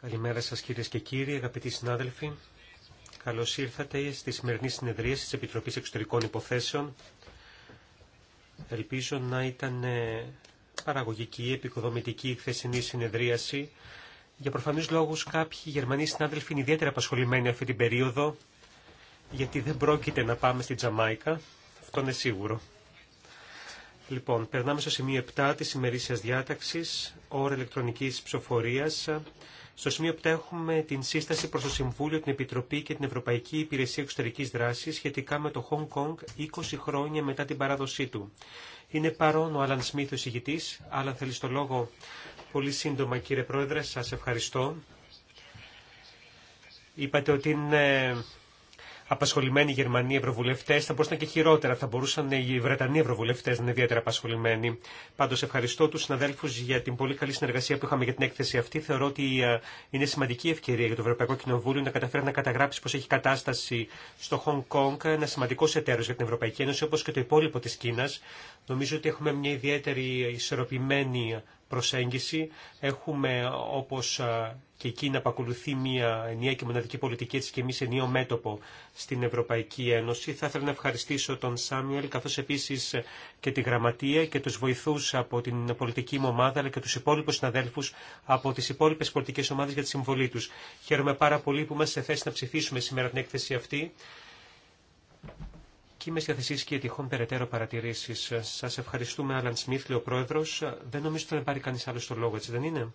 Καλημέρα σας κυρίες και κύριοι, αγαπητοί συνάδελφοι. Καλώς ήρθατε στη σημερινή συνεδρία της Επιτροπής Εξωτερικών Υποθέσεων. Ελπίζω να ήταν ε, παραγωγική, επικοδομητική η χθεσινή συνεδρίαση. Για προφανείς λόγους κάποιοι Γερμανοί συνάδελφοι είναι ιδιαίτερα απασχολημένοι αυτή την περίοδο, γιατί δεν πρόκειται να πάμε στη Τζαμάικα, αυτό είναι σίγουρο. Λοιπόν, περνάμε στο σημείο 7 της ημερήσιας διάταξης, ώρα ηλεκτρονικής ψηφοφορίας. Στο σημείο 7 έχουμε την σύσταση προς το Συμβούλιο, την Επιτροπή και την Ευρωπαϊκή Υπηρεσία Εξωτερικής Δράσης σχετικά με το Hong Kong 20 χρόνια μετά την παράδοσή του. Είναι παρόν ο Άλαν Σμίθ, ο εισηγητής. Άλαν, θέλεις το λόγο. Πολύ σύντομα, κύριε Πρόεδρε, σας ευχαριστώ. Είπατε ότι είναι απασχολημένοι οι Γερμανοί ευρωβουλευτέ, θα μπορούσαν και χειρότερα, θα μπορούσαν οι Βρετανοί ευρωβουλευτέ να είναι ιδιαίτερα απασχολημένοι. Πάντω, ευχαριστώ του συναδέλφου για την πολύ καλή συνεργασία που είχαμε για την έκθεση αυτή. Θεωρώ ότι ε, είναι σημαντική ευκαιρία για το Ευρωπαϊκό Κοινοβούλιο να καταφέρει να καταγράψει πώ έχει κατάσταση στο Χονγκ Κόνγκ, ένα σημαντικό εταίρο για την Ευρωπαϊκή Ένωση, όπω και το υπόλοιπο τη Κίνα. Νομίζω ότι έχουμε μια ιδιαίτερη ισορροπημένη προσέγγιση. Έχουμε όπως ε, και η να πακολουθεί μια ενιαία και μοναδική πολιτική, έτσι και εμείς ενίο μέτωπο στην Ευρωπαϊκή Ένωση. Θα ήθελα να ευχαριστήσω τον Σάμιελ καθώς επίσης και τη Γραμματεία και τους βοηθούς από την πολιτική μου ομάδα, αλλά και τους υπόλοιπους συναδέλφους από τις υπόλοιπες πολιτικές ομάδες για τη συμβολή τους. Χαίρομαι πάρα πολύ που είμαστε σε θέση να ψηφίσουμε σήμερα την έκθεση αυτή. Εκεί είμαι στη και τυχόν περαιτέρω παρατηρήσει. Σα ευχαριστούμε, Άλαν Σμιθ, λέει ο πρόεδρο. Δεν νομίζω ότι θα πάρει κανεί άλλο το λόγο, έτσι δεν είναι.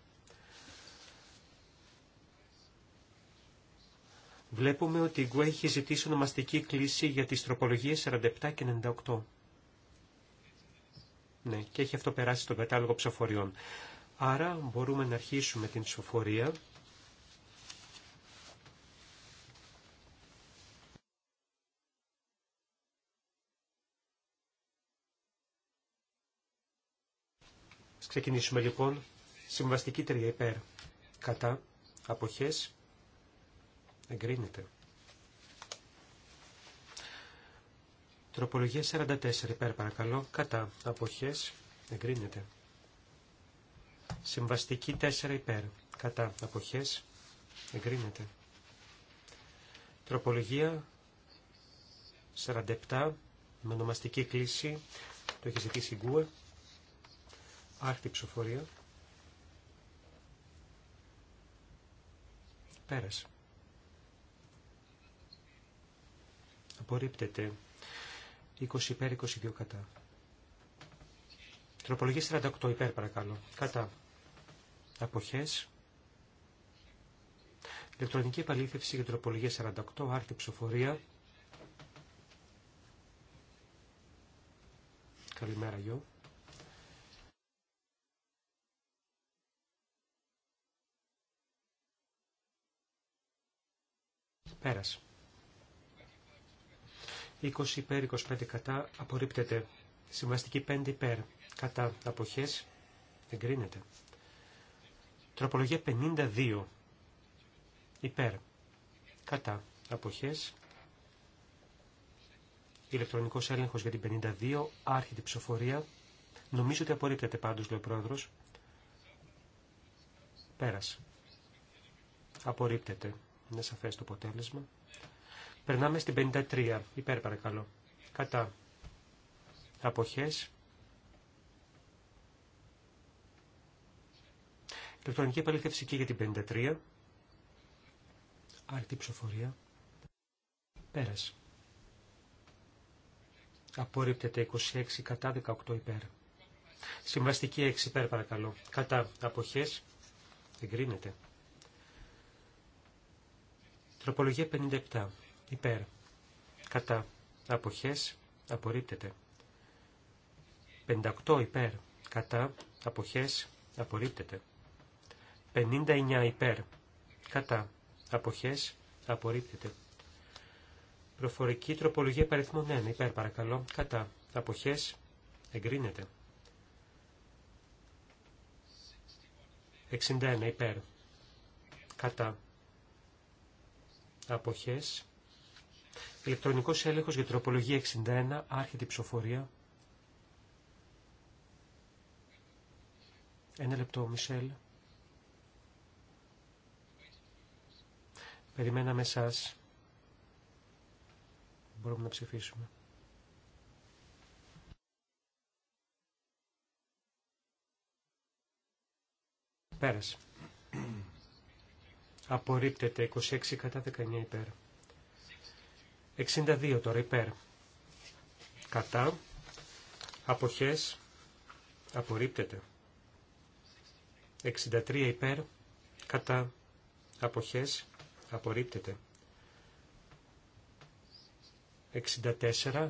Βλέπουμε ότι η Γκουέ έχει ζητήσει ονομαστική κλίση για τις τροπολογίες 47 και 98. Ναι, και έχει αυτό περάσει στον κατάλογο ψηφοφοριών. Άρα μπορούμε να αρχίσουμε την ψηφοφορία. ξεκινήσουμε λοιπόν. Συμβαστική 3 υπέρ. Κατά. Αποχές. Εγκρίνεται. Τροπολογία 44 υπέρ παρακαλώ. Κατά. Αποχές. Εγκρίνεται. Συμβαστική 4 υπέρ. Κατά. Αποχές. Εγκρίνεται. Τροπολογία 47 με νομαστική κλίση. Το έχει ζητήσει η Γκουε. Άρχτη ψηφοφορία. Πέρασε. Απορρίπτεται. 20 υπέρ, 22 κατά. Τροπολογία 48 υπέρ παρακαλώ. Κατά. Αποχές. Ηλεκτρονική επαλήθευση για τροπολογία 48, άρτη ψηφοφορία. Καλημέρα, Γιώργο. Πέρας. 20 υπέρ, 25 κατά, απορρίπτεται. Συμβαστική 5 υπέρ, κατά, αποχές, εγκρίνεται. Τροπολογία 52, υπέρ, κατά, αποχές. Ηλεκτρονικός έλεγχος για την 52, άρχιτη ψηφοφορία. Νομίζω ότι απορρίπτεται πάντως, λέει ο πρόεδρος. Πέρας. Απορρίπτεται. Είναι σαφές το αποτέλεσμα. Περνάμε στην 53. Υπέρ παρακαλώ. Κατά. Αποχές. Ηλεκτρονική επαλήθευση και για την 53. Άρτη ψηφοφορία. Πέρασε. Απορρίπτεται 26 κατά 18 υπέρ. Συμβαστική 6 υπέρ παρακαλώ. Κατά αποχές εγκρίνεται. Τροπολογία 57. Υπέρ. Κατά. Αποχές. Απορρίπτεται. 58. Υπέρ. Κατά. Αποχές. Απορρίπτεται. 59. Υπέρ. Κατά. Αποχές. Απορρίπτεται. Προφορική τροπολογία παριθμών 1. Υπέρ παρακαλώ. Κατά. Αποχές. Εγκρίνεται. 61. Υπέρ. Κατά αποχές. Ηλεκτρονικός έλεγχος για τροπολογία 61, άρχιτη ψηφοφορία. Ένα λεπτό, Μισελ. Περιμέναμε εσά. Μπορούμε να ψηφίσουμε. Πέρασε. Απορρίπτεται 26 κατά 19 υπέρ. 62 τώρα υπέρ. Κατά. Αποχές. Απορρίπτεται. 63 υπέρ. Κατά. Αποχές. Απορρίπτεται. 64.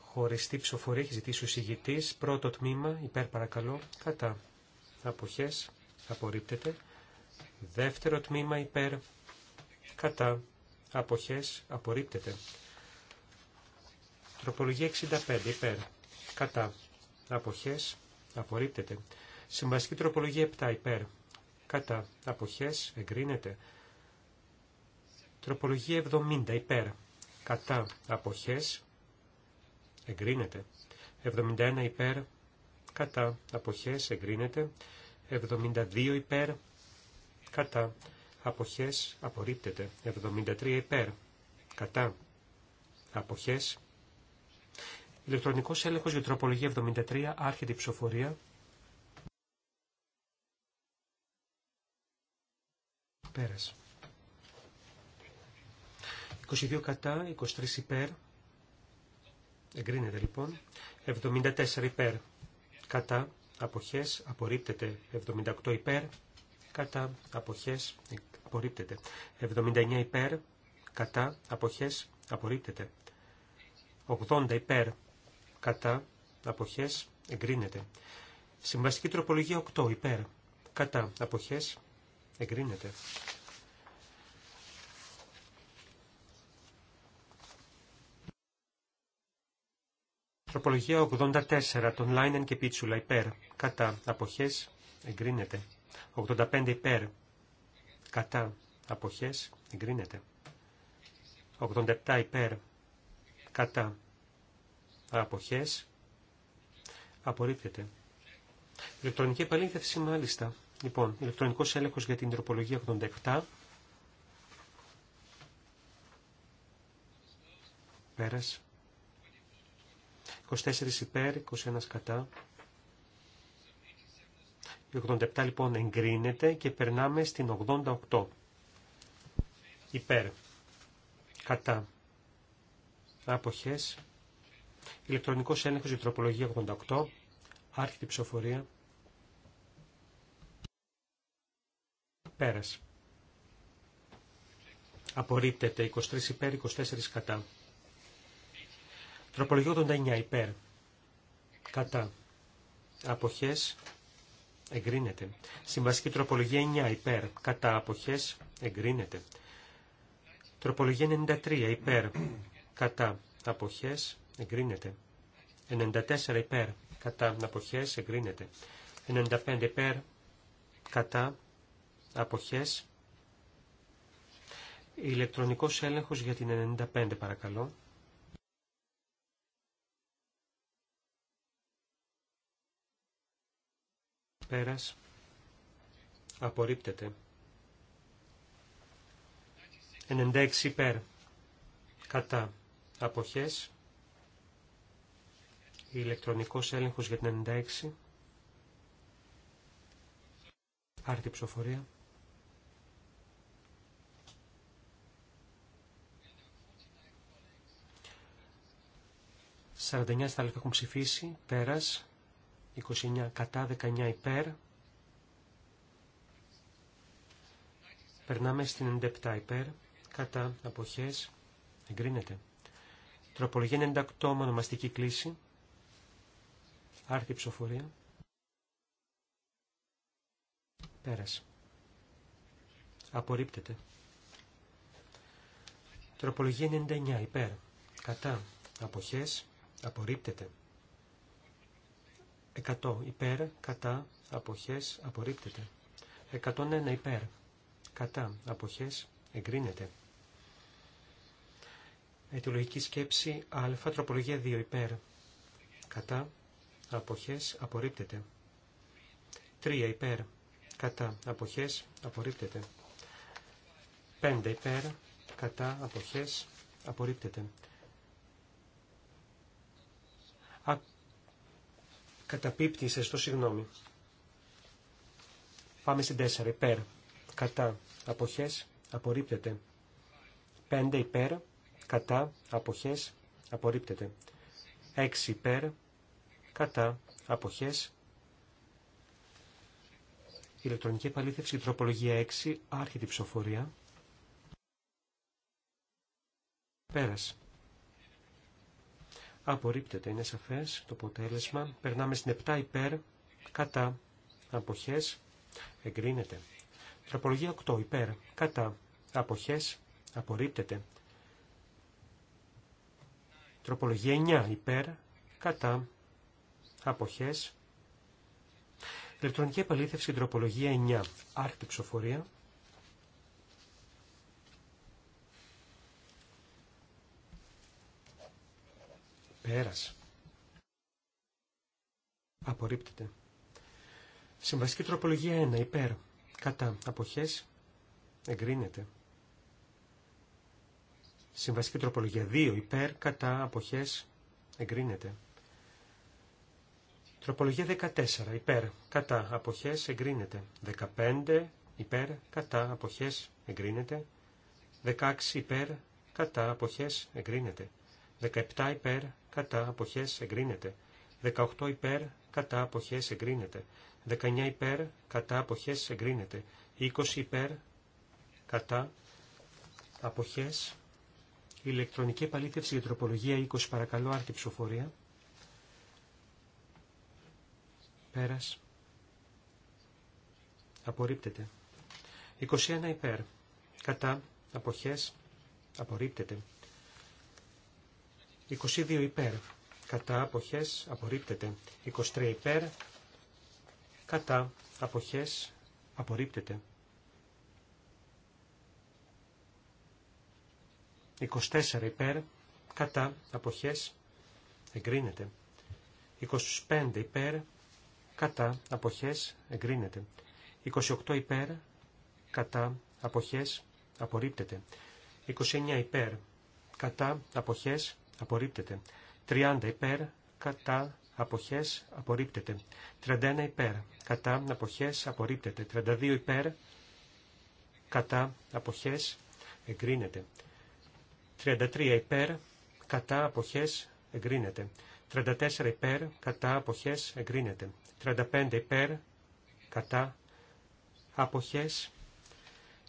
Χωριστή ψηφοφορία έχει ζητήσει ο συγητής. Πρώτο τμήμα υπέρ παρακαλώ. Κατά. Αποχές. Απορρίπτεται. Δεύτερο τμήμα υπέρ κατά αποχές απορρίπτεται. Τροπολογία 65 υπέρ κατά αποχές απορρίπτεται. Συμβαστική τροπολογία 7 υπέρ κατά αποχές εγκρίνεται. Τροπολογία 70 υπέρ κατά αποχές εγκρίνεται. 71 υπέρ κατά αποχές εγκρίνεται. 72 υπέρ κατά, αποχές απορρίπτεται. 73 υπέρ, κατά, αποχές. Ηλεκτρονικός έλεγχος για τροπολογία 73, άρχεται η ψηφοφορία. Πέρας. 22 κατά, 23 υπέρ. Εγκρίνεται λοιπόν. 74 υπέρ. Κατά. Αποχές. Απορρίπτεται. 78 υπέρ κατά αποχές απορρίπτεται. 79 υπέρ κατά αποχές απορρίπτεται. 80 υπέρ κατά αποχές εγκρίνεται. Συμβαστική τροπολογία 8 υπέρ κατά αποχές εγκρίνεται. Τροπολογία 84 των Λάινεν και Πίτσουλα υπέρ κατά αποχές εγκρίνεται. 85 υπέρ. Κατά. Αποχές. Εγκρίνεται. 87 υπέρ. Κατά. Αποχές. Απορρίπτεται. Ηλεκτρονική επαλήθευση μάλιστα. Λοιπόν, ηλεκτρονικός έλεγχος για την τροπολογία 87. Πέρας. 24 υπέρ, 21 κατά. Η 87 λοιπόν εγκρίνεται και περνάμε στην 88. Υπέρ. Κατά. Αποχές. Ηλεκτρονικός έλεγχος για τροπολογία 88. Άρχιτη ψηφοφορία. Πέρας. Απορρίπτεται 23 υπέρ, 24 κατά. Τροπολογία 89 υπέρ. Κατά. Αποχές εγκρίνεται. Συμβασική τροπολογία 9 υπέρ, κατά αποχές, εγκρίνεται. Τροπολογία 93 υπέρ, κατά αποχές, εγκρίνεται. 94 υπέρ, κατά αποχές, εγκρίνεται. 95 υπέρ, κατά αποχές. Ηλεκτρονικός έλεγχος για την 95 παρακαλώ. Πέρας. Απορρίπτεται. 96 υπέρ. Κατά. Αποχές. Ηλεκτρονικός έλεγχος για την 96. Άρτη ψηφοφορία. 49 στα που έχουν ψηφίσει. Πέρας. 29 κατά, 19 υπέρ. Περνάμε στην 97 υπέρ, κατά αποχές, εγκρίνεται. Τροπολογία 98 μονομαστική κλίση, άρθρη ψηφοφορία. Πέρασε. Απορρίπτεται. Τροπολογία 99 υπέρ, κατά αποχές, απορρίπτεται. 100 υπέρ, κατά, αποχές, απορρίπτεται. 101 υπέρ, κατά, αποχές, εγκρίνεται. Αιτιολογική σκέψη α, τροπολογία 2 υπέρ, κατά, αποχές, απορρίπτεται. 3 υπέρ, κατά, αποχές, απορρίπτεται. 5 υπέρ, κατά, αποχές, απορρίπτεται. Καταπίπτει, σε συγγνώμη. Πάμε στην 4. Υπέρ. Κατά. Αποχές. Απορρίπτεται. 5. Υπέρ. Κατά. Αποχές. Απορρίπτεται. 6. Υπέρ. Κατά. Αποχές. Ηλεκτρονική επαλήθευση τροπολογία 6. Άρχιτη ψηφοφορία. Πέρας. Απορρίπτεται, είναι σαφές το αποτέλεσμα. Περνάμε στην 7 υπέρ, κατά, αποχές, εγκρίνεται. Τροπολογία 8 υπέρ, κατά, αποχές, απορρίπτεται. Τροπολογία 9 υπέρ, κατά, αποχές. Ηλεκτρονική επαλήθευση τροπολογία 9, άρτη ψηφοφορία. Πέρας. Απορρίπτεται. Συμβαστική τροπολογία 1. Υπέρ. Κατά. Αποχές. Εγκρίνεται. Συμβαστική τροπολογία 2. Υπέρ. Κατά. Αποχές. Εγκρίνεται. Τροπολογία 14. Υπέρ. Κατά. Αποχές. Εγκρίνεται. 15. Υπέρ. Κατά. Αποχές. Εγκρίνεται. 16. Υπέρ. Κατά. Αποχές. Εγκρίνεται. 17 υπέρ, κατά αποχές εγκρίνεται. 18 υπέρ, κατά αποχές εγκρίνεται. 19 υπέρ, κατά αποχές εγκρίνεται. 20 υπέρ, κατά αποχές. Ηλεκτρονική επαλήθευση για τροπολογία 20 παρακαλώ, άρτη ψηφοφορία. Πέρας. Απορρίπτεται. 21 υπέρ, κατά αποχές απορρίπτεται. 22 υπέρ. Κατά αποχές απορρίπτεται. 23 υπέρ. Κατά αποχές απορρίπτεται. 24 υπέρ. Κατά αποχές εγκρίνεται. 25 υπέρ. Κατά αποχές εγκρίνεται. 28 υπέρ. Κατά αποχές απορρίπτεται. 29 υπέρ. Κατά αποχές απορρίπτεται. 30 υπέρ, κατά, αποχές, απορρίπτεται. 31 υπέρ, κατά, αποχές, απορρίπτεται. 32 υπέρ, κατά, αποχές, εγκρίνεται. 33 υπέρ, κατά, αποχές, εγκρίνεται. 34 υπέρ, κατά, αποχές, εγκρίνεται. 35 υπέρ, κατά, αποχές,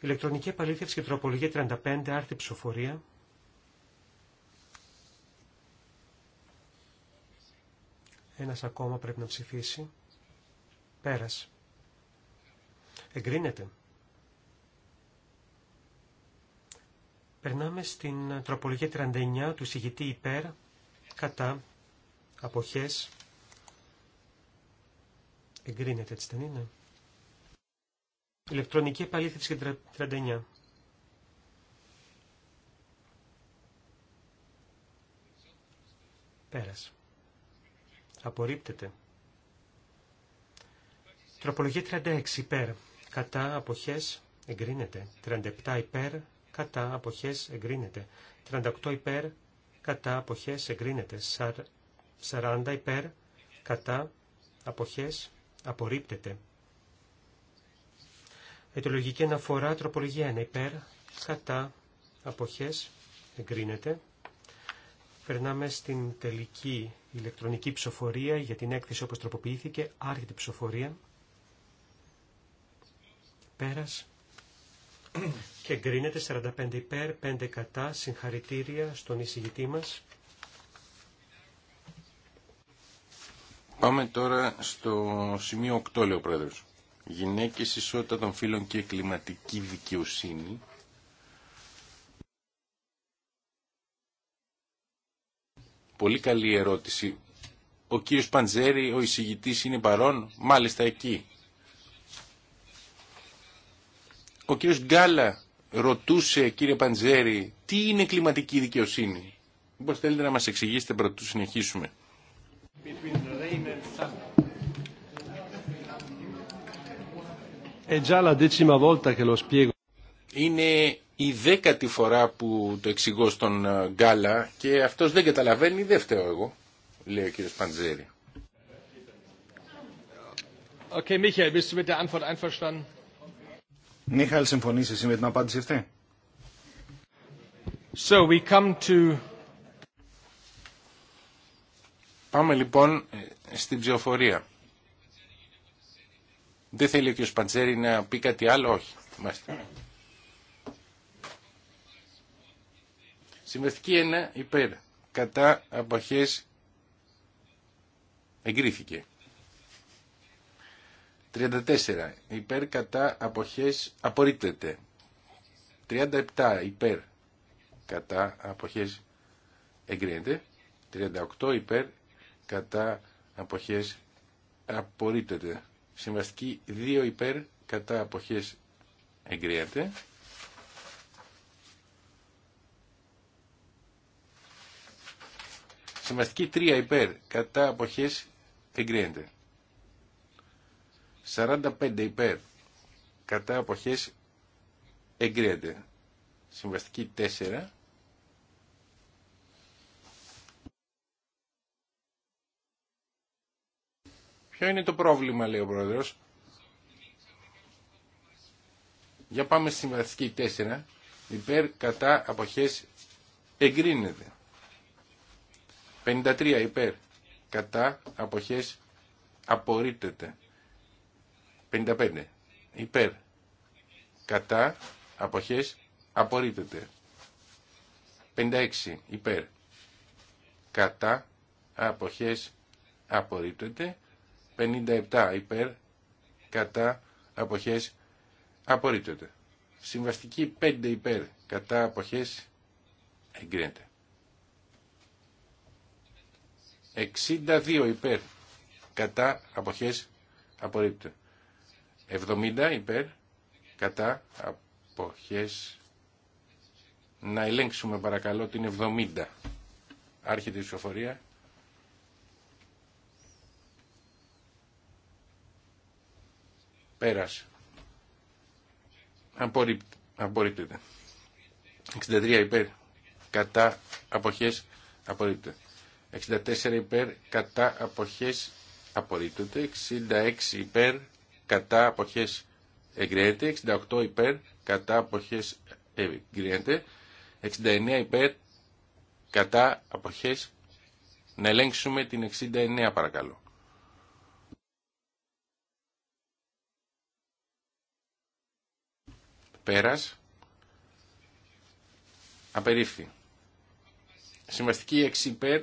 ηλεκτρονική επαλήθευση και τροπολογία 35, άρθρη ψηφοφορία. Ένας ακόμα πρέπει να ψηφίσει. Πέρασε. Εγκρίνεται. Περνάμε στην τροπολογία 39 του συγητή υπέρ, κατά, αποχές. Εγκρίνεται, έτσι δεν είναι. Ηλεκτρονική επαλήθευση 39. Πέρασε. Απορρίπτεται. Τροπολογία 36 υπέρ. Κατά αποχές εγκρίνεται. 37 υπέρ. Κατά αποχές εγκρίνεται. 38 υπέρ. Κατά αποχές εγκρίνεται. 40 υπέρ. Κατά αποχές απορρίπτεται. Ετολογική αναφορά τροπολογία 1 υπέρ. Κατά αποχές εγκρίνεται. Περνάμε στην τελική η ηλεκτρονική ψηφοφορία για την έκθεση όπως τροποποιήθηκε, άρχεται ψηφοφορία. Πέρας. Και εγκρίνεται 45 υπέρ, 5 κατά, συγχαρητήρια στον εισηγητή μας. Πάμε τώρα στο σημείο 8, λέει ο Πρόεδρος. Γυναίκες, ισότητα των φίλων και κλιματική δικαιοσύνη. Πολύ καλή ερώτηση. Ο κύριος Παντζέρη, ο εισηγητής, είναι παρόν, μάλιστα εκεί. Ο κύριος Γκάλα ρωτούσε, κύριε Παντζέρη, τι είναι κλιματική δικαιοσύνη. Μήπως θέλετε να μας εξηγήσετε πρωτού συνεχίσουμε. Είναι η δέκατη φορά που το εξηγώ στον ε, Γκάλα και αυτός δεν καταλαβαίνει, δεν φταίω εγώ, λέει ο κύριος Παντζέρη. Okay, Michael, bist du mit der Antwort einverstanden? Michael, συμφωνείς εσύ με την απάντηση αυτή? So we come to... Πάμε λοιπόν ε, στην ψηφοφορία. Δεν θέλει ο κ. Παντζέρη να πει κάτι άλλο, όχι. Μάλιστα. Συμβαστική 1 υπέρ. Κατά αποχές εγκρίθηκε. 34 υπέρ. Κατά αποχές απορρίπτεται. 37 υπέρ. Κατά αποχές εγκρίνεται. 38 υπέρ. Κατά αποχές απορρίπτεται. Συμβαστική 2 υπέρ. Κατά αποχές εγκρίνεται. Συμβαστική 3 υπέρ κατά αποχές εγκρίνεται. 45 υπέρ κατά αποχές εγκρίνεται. Συμβαστική 4 Ποιο είναι το πρόβλημα, λέει ο πρόεδρος. Για πάμε στη συμβαστική 4. Υπέρ κατά αποχές εγκρίνεται. 53 υπέρ κατά αποχές απορρίπτεται. 55 υπέρ κατά αποχές απορρίπτεται. 56 υπέρ κατά αποχές απορρίπτεται. 57 υπέρ κατά αποχές απορρίπτεται. Συμβαστική 5 υπέρ κατά αποχές εγκρίνεται. 62 υπέρ κατά αποχές απορρίπτω. 70 υπέρ κατά αποχές να ελέγξουμε παρακαλώ την 70 άρχεται η ψηφοφορία πέρασε απορρίπτεται 63 υπέρ κατά αποχές απορρίπτεται 64 υπέρ κατά αποχές απορρίπτωται. 66 υπέρ κατά αποχές εγκρίνεται, 68 υπέρ κατά αποχές εγκρίνεται, 69 υπέρ κατά αποχές να ελέγξουμε την 69 παρακαλώ. Πέρας. Απερίφθη. Συμβαστική 6 υπέρ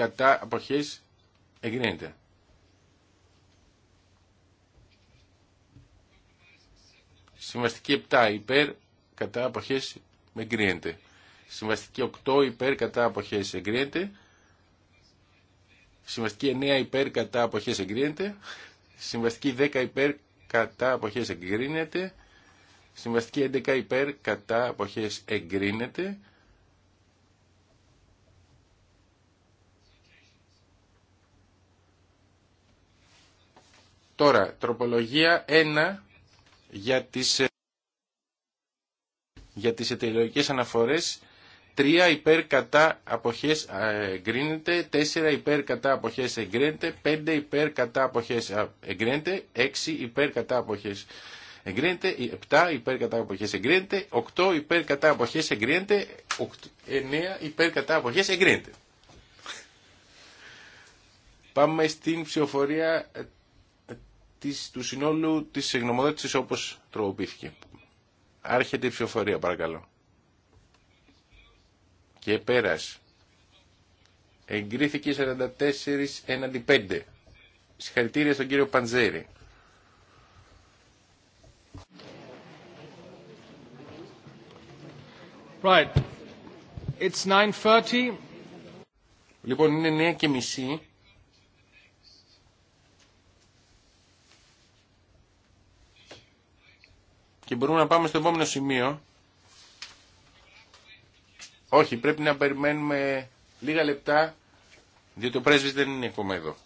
κατά αποχές εγκρίνεται. Συμβαστική 7 υπέρ κατά αποχές εγκρίνεται. Συμβαστική 8 υπέρ κατά αποχές εγκρίνεται. Συμβαστική 9 υπέρ κατά αποχές εγκρίνεται. Συμβαστική 10 υπέρ κατά αποχές εγκρίνεται. Συμβαστική 11 υπέρ κατά αποχές εγκρίνεται. Τώρα, τροπολογία 1 για τις, ε, για τις εταιρεολογικές αναφορές 3 υπέρ κατά αποχές εγκρίνεται, 4 υπέρ κατά αποχές εγκρίνεται, 5 ε, υπέρ κατά αποχές εγκρίνεται, 6 υπέρ κατά αποχές εγκρίνεται, 7 υπέρ κατά αποχές εγκρίνεται, 8 υπέρ κατά αποχές εγκρίνεται, 9 υπέρ κατά αποχές εγκρίνεται. Πάμε στην ψηφοφορία της, του συνόλου της εγγνωμοδότησης όπως τροποποιήθηκε. Άρχεται η ψηφοφορία παρακαλώ. Και πέρας. Εγκρίθηκε 44 έναντι 5. Συγχαρητήρια στον κύριο Παντζέρη. Right. It's 9.30. Λοιπόν, είναι 9 και μισή. Και μπορούμε να πάμε στο επόμενο σημείο. Όχι, πρέπει να περιμένουμε λίγα λεπτά, διότι ο πρέσβης δεν είναι ακόμα εδώ.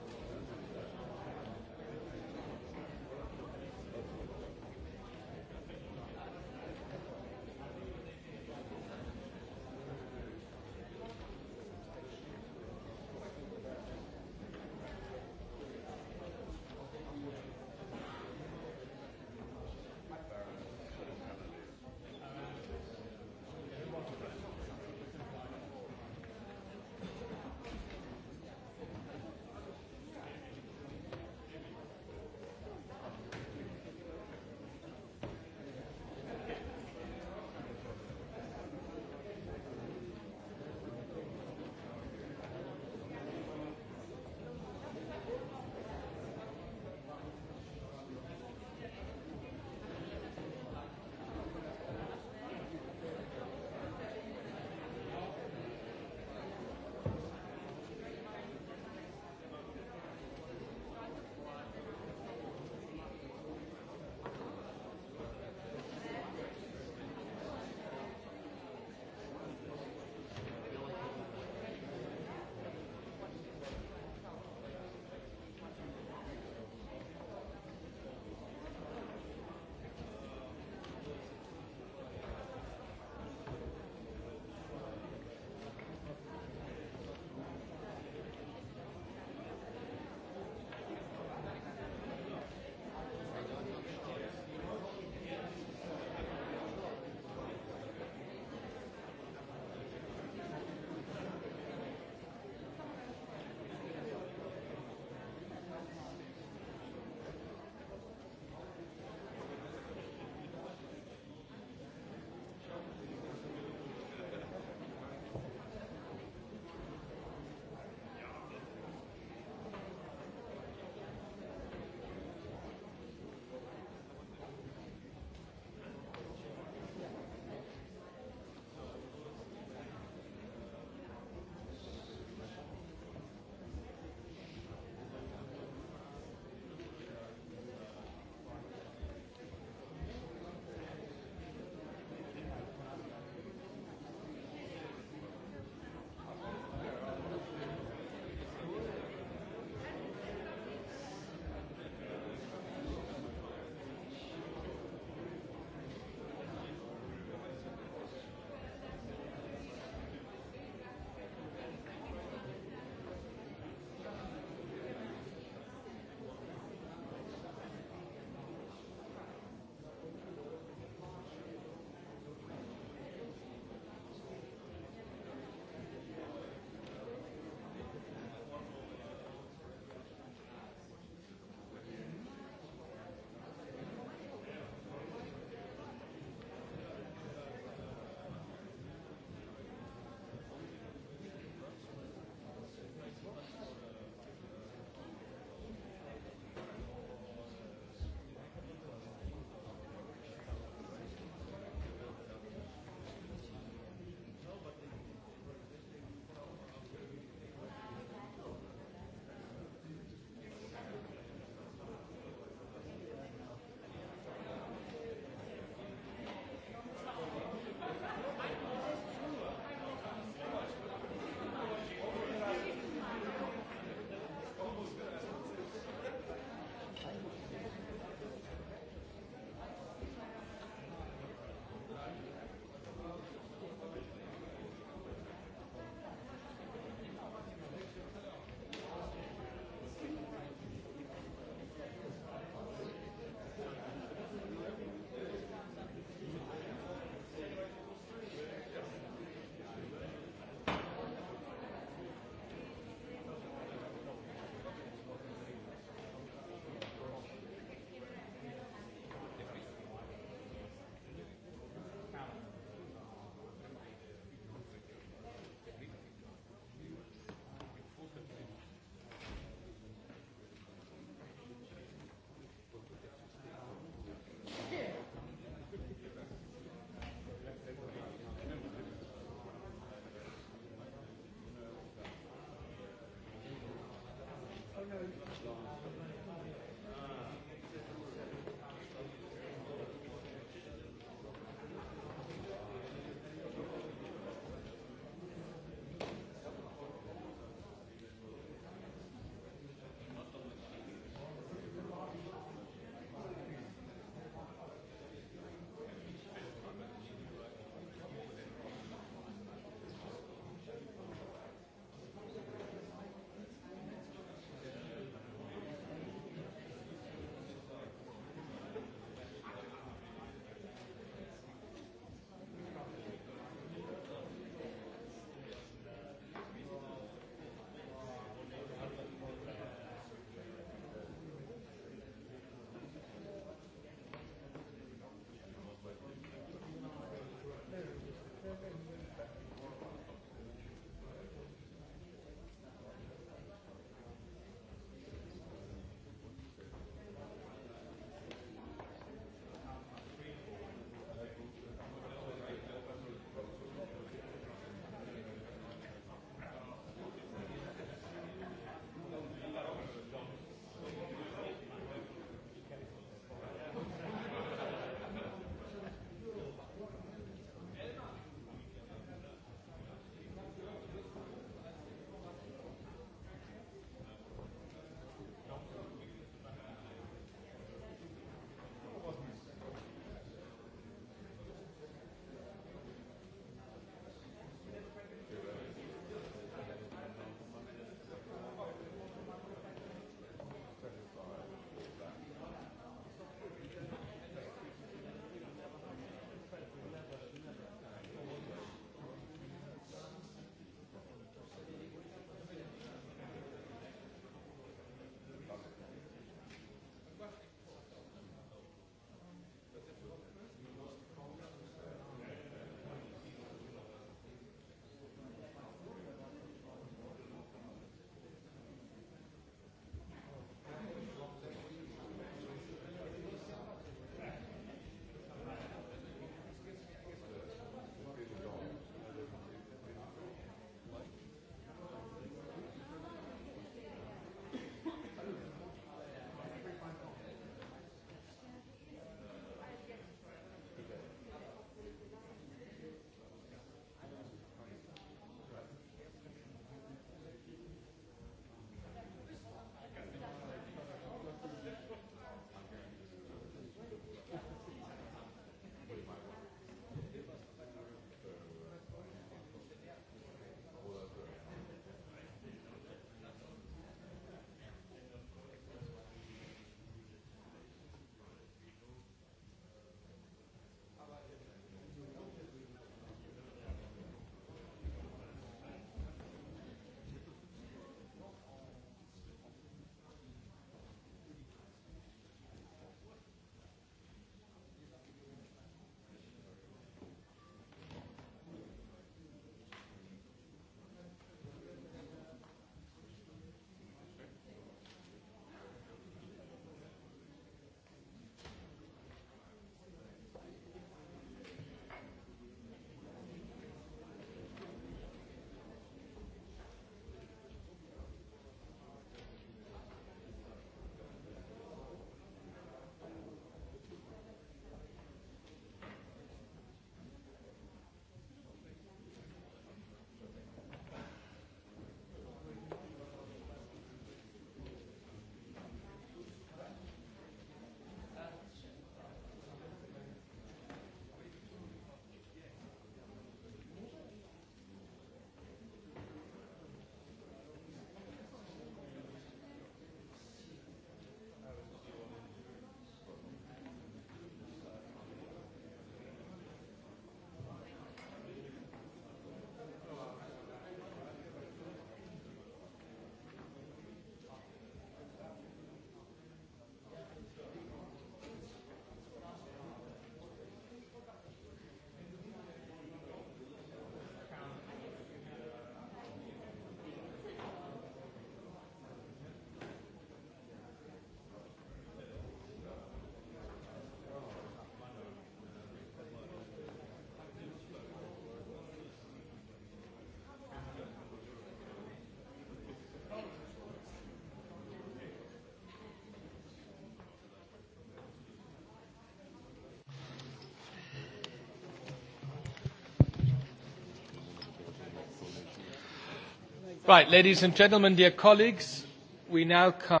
Right, ladies and gentlemen, dear colleagues, we now come...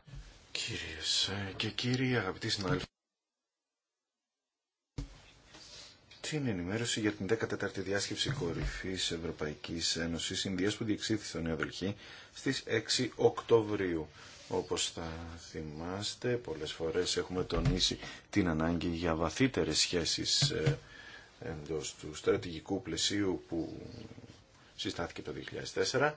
Κυρίες ε, και κύριοι, αγαπητοί συνάδελφοι, την ενημέρωση για την 14η διάσκεψη κορυφή Ευρωπαϊκή Ένωση Ινδία που διεξήθη στο Νέο Δελχή στις 6 Οκτωβρίου. Όπω θα θυμάστε, πολλέ φορέ έχουμε τονίσει την ανάγκη για βαθύτερε σχέσει ε, εντό του στρατηγικού πλαισίου που συστάθηκε το 2004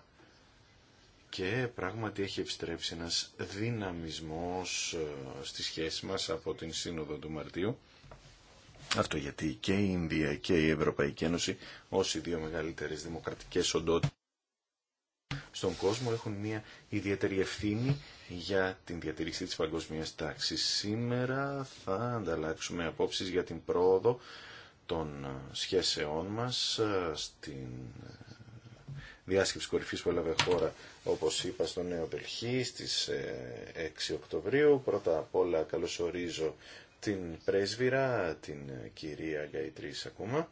και πράγματι έχει επιστρέψει ένας δυναμισμός ε, στη σχέση μας από την Σύνοδο του Μαρτίου. Αυτό γιατί και η Ινδία και η Ευρωπαϊκή Ένωση ως οι δύο μεγαλύτερες δημοκρατικές οντότητες στον κόσμο έχουν μια ιδιαίτερη ευθύνη για την διατηρήση της παγκοσμίας τάξης. Σήμερα θα ανταλλάξουμε απόψεις για την πρόοδο των ε, σχέσεών μας ε, στην διάσκεψη κορυφής που έλαβε χώρα, όπως είπα, στο Νέο Δελχή στις 6 ε, Οκτωβρίου. Πρώτα απ' όλα καλωσορίζω την πρέσβυρα, την ε, κυρία Γκαϊτρή ακόμα,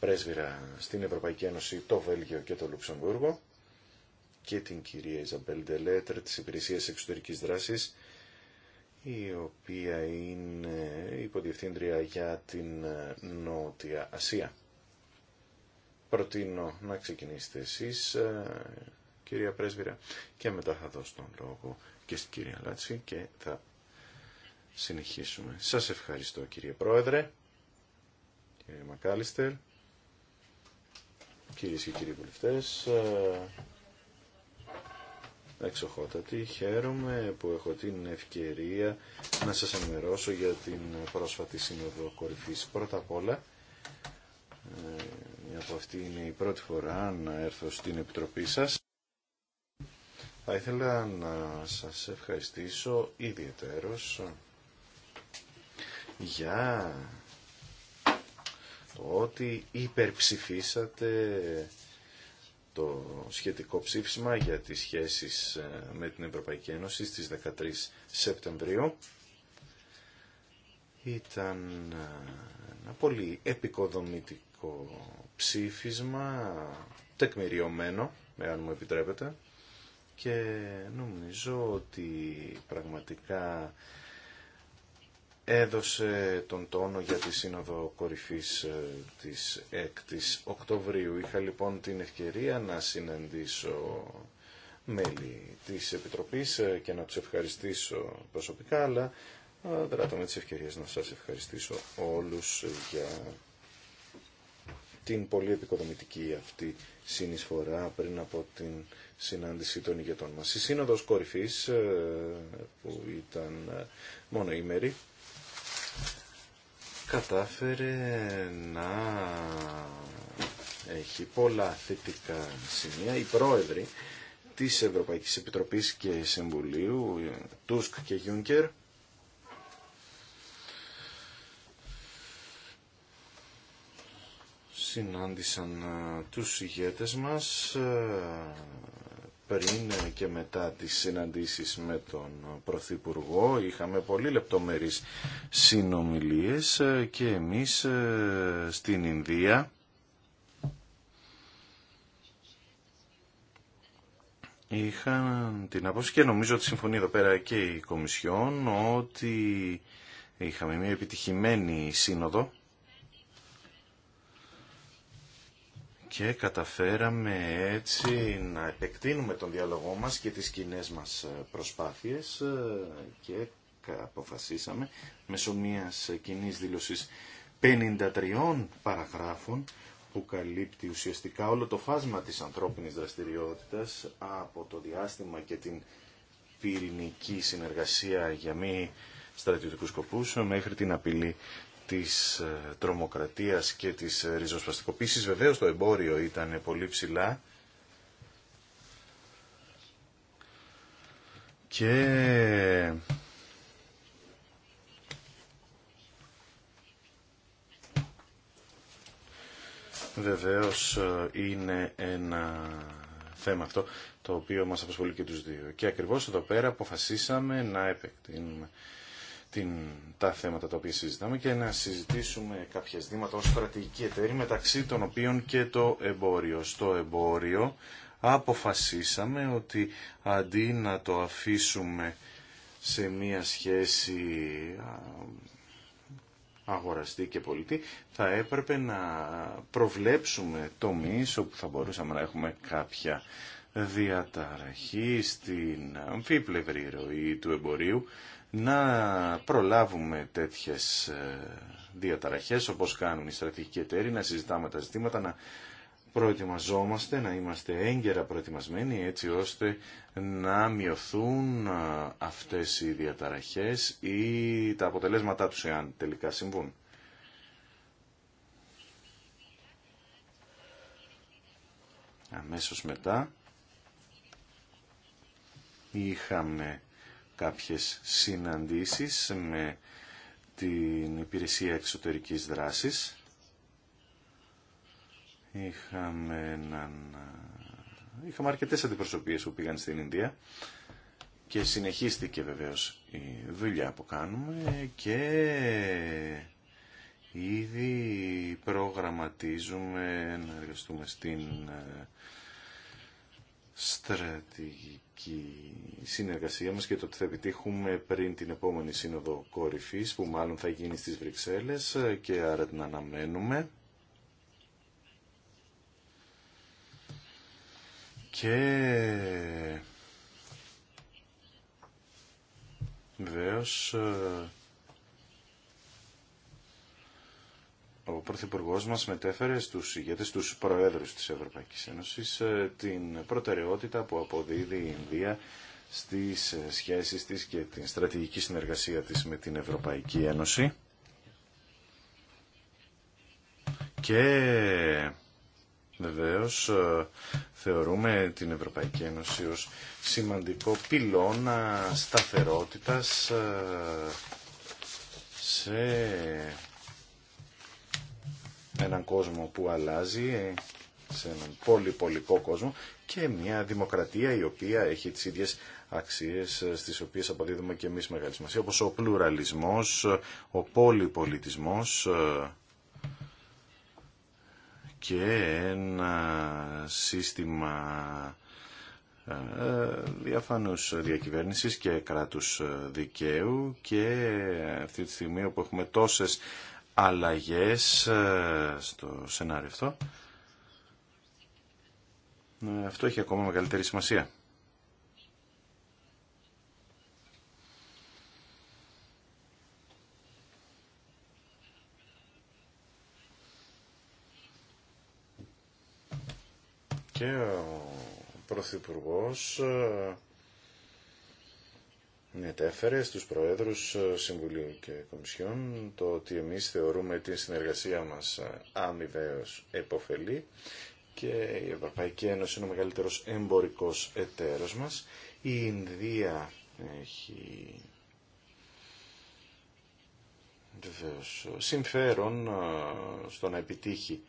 πρέσβυρα στην Ευρωπαϊκή Ένωση, το Βέλγιο και το Λουξεμβούργο και την κυρία Ιζαμπέλ Ντελέτρ της Υπηρεσίας Εξωτερικής Δράσης, η οποία είναι υποδιευθύντρια για την ε, Νότια Ασία προτείνω να ξεκινήσετε εσείς, ε, κυρία Πρέσβυρα, και μετά θα δώσω τον λόγο και στην κυρία Λάτση και θα συνεχίσουμε. Σας ευχαριστώ κύριε Πρόεδρε, κύριε Μακάλιστερ, κυρίες και κύριοι βουλευτές, ε, εξοχότατη, χαίρομαι που έχω την ευκαιρία να σας ενημερώσω για την πρόσφατη Σύνοδο Κορυφής. Πρώτα απ' όλα, ε, από αυτή είναι η πρώτη φορά να έρθω στην Επιτροπή σας. Θα ήθελα να σας ευχαριστήσω ιδιαίτερος για το ότι υπερψηφίσατε το σχετικό ψήφισμα για τις σχέσεις ε, με την Ευρωπαϊκή Ένωση στις 13 Σεπτεμβρίου. Ήταν ε, ένα πολύ επικοδομητικό ψήφισμα τεκμηριωμένο, εάν μου επιτρέπετε, και νομίζω ότι πραγματικά έδωσε τον τόνο για τη Σύνοδο Κορυφής ε, της 6ης Οκτωβρίου. Είχα λοιπόν την ευκαιρία να συναντήσω μέλη της Επιτροπής ε, και να τους ευχαριστήσω προσωπικά, αλλά ε, δράτω με τις ευκαιρίες να σας ευχαριστήσω όλους για την πολύ επικοδομητική αυτή συνεισφορά πριν από την συνάντηση των ηγετών μας. Η Σύνοδος Κορυφής, ε, που ήταν ε, μόνο ημέρη, κατάφερε να έχει πολλά θετικά σημεία. Οι πρόεδροι της Ευρωπαϊκής Επιτροπής και Συμβουλίου, ε, Τούσκ και Γιούνκερ, συνάντησαν ε, τους ηγέτες μας ε, πριν και μετά τις συναντήσεις με τον Πρωθυπουργό. Είχαμε πολύ λεπτομερείς συνομιλίες ε, και εμείς στην Ινδία είχαν την άποψη και νομίζω ότι συμφωνεί εδώ πέρα και η Κομισιόν ότι είχαμε μια επιτυχημένη σύνοδο και καταφέραμε έτσι να επεκτείνουμε τον διάλογό μας και τις κοινέ μας ε, προσπάθειες ε, και αποφασίσαμε μέσω μιας κοινή δήλωσης 53 παραγράφων που καλύπτει ουσιαστικά όλο το φάσμα της ανθρώπινης δραστηριότητας από το διάστημα και την πυρηνική συνεργασία για μη στρατιωτικούς σκοπούς μέχρι την απειλή της ε, τρομοκρατίας και της ε, ριζοσπαστικοποίησης. Βεβαίως το εμπόριο ήταν πολύ ψηλά και βεβαίως ε, είναι ένα θέμα αυτό το οποίο μας απασχολεί και τους δύο. Και ακριβώς εδώ πέρα αποφασίσαμε να επεκτείνουμε την, τα θέματα τα οποία συζητάμε και να συζητήσουμε κάποια ζητήματα ως στρατηγική εταίρη μεταξύ των οποίων και το εμπόριο. Στο εμπόριο αποφασίσαμε ότι αντί να το αφήσουμε σε μία σχέση αγοραστή και πολιτή, θα έπρεπε να προβλέψουμε τομείς όπου θα μπορούσαμε να έχουμε κάποια διαταραχή στην αμφίπλευρη ροή του εμπορίου να προλάβουμε τέτοιες ε, διαταραχές όπως κάνουν οι στρατηγικοί εταίροι, να συζητάμε τα ζητήματα, να προετοιμαζόμαστε, να είμαστε έγκαιρα προετοιμασμένοι έτσι ώστε να μειωθούν ε, αυτές οι διαταραχές ή τα αποτελέσματά τους εάν τελικά συμβούν. Αμέσως μετά είχαμε κάποιες συναντήσεις με την Υπηρεσία Εξωτερικής Δράσης. Είχαμε, έναν... Είχαμε αρκετές αντιπροσωπείες που πήγαν στην Ινδία και συνεχίστηκε βεβαίως η δουλειά που κάνουμε και ήδη προγραμματίζουμε να εργαστούμε στην στρατηγική συνεργασία μας και το ότι θα επιτύχουμε πριν την επόμενη σύνοδο κορυφής που μάλλον θα γίνει στις Βρυξέλλες και άρα την αναμένουμε. Και βεβαίως ο Πρωθυπουργό μας μετέφερε στους ηγέτε, τους προέδρους της Ευρωπαϊκής Ένωσης ε, την προτεραιότητα που αποδίδει η Ινδία στις ε, σχέσεις της και την στρατηγική συνεργασία της με την Ευρωπαϊκή Ένωση και βεβαίω ε, θεωρούμε την Ευρωπαϊκή Ένωση ως σημαντικό πυλώνα σταθερότητας σε έναν κόσμο που αλλάζει, ε, σε έναν πολυπολικό κόσμο και μια δημοκρατία η οποία έχει τις ίδιες αξίες ε, στις οποίες αποδίδουμε και εμείς μεγάλη σημασία, όπως ο πλουραλισμός, ε, ο πολυπολιτισμός και ένα σύστημα διαφανούς διακυβέρνησης και κράτους δικαίου και αυτή τη στιγμή όπου έχουμε τόσες αλλαγές ε, στο σενάριο αυτό. Ε, αυτό έχει ακόμα μεγαλύτερη σημασία. Και ο Πρωθυπουργός ε, μετέφερε στους Προέδρους ε, Συμβουλίου και Κομισιόν το ότι εμείς θεωρούμε την συνεργασία μας ε, αμοιβαίως επωφελή και η Ευρωπαϊκή Ένωση είναι ο μεγαλύτερος εμπορικός εταίρος μας. Η Ινδία έχει βεβαίως συμφέρον ε, στο να επιτύχει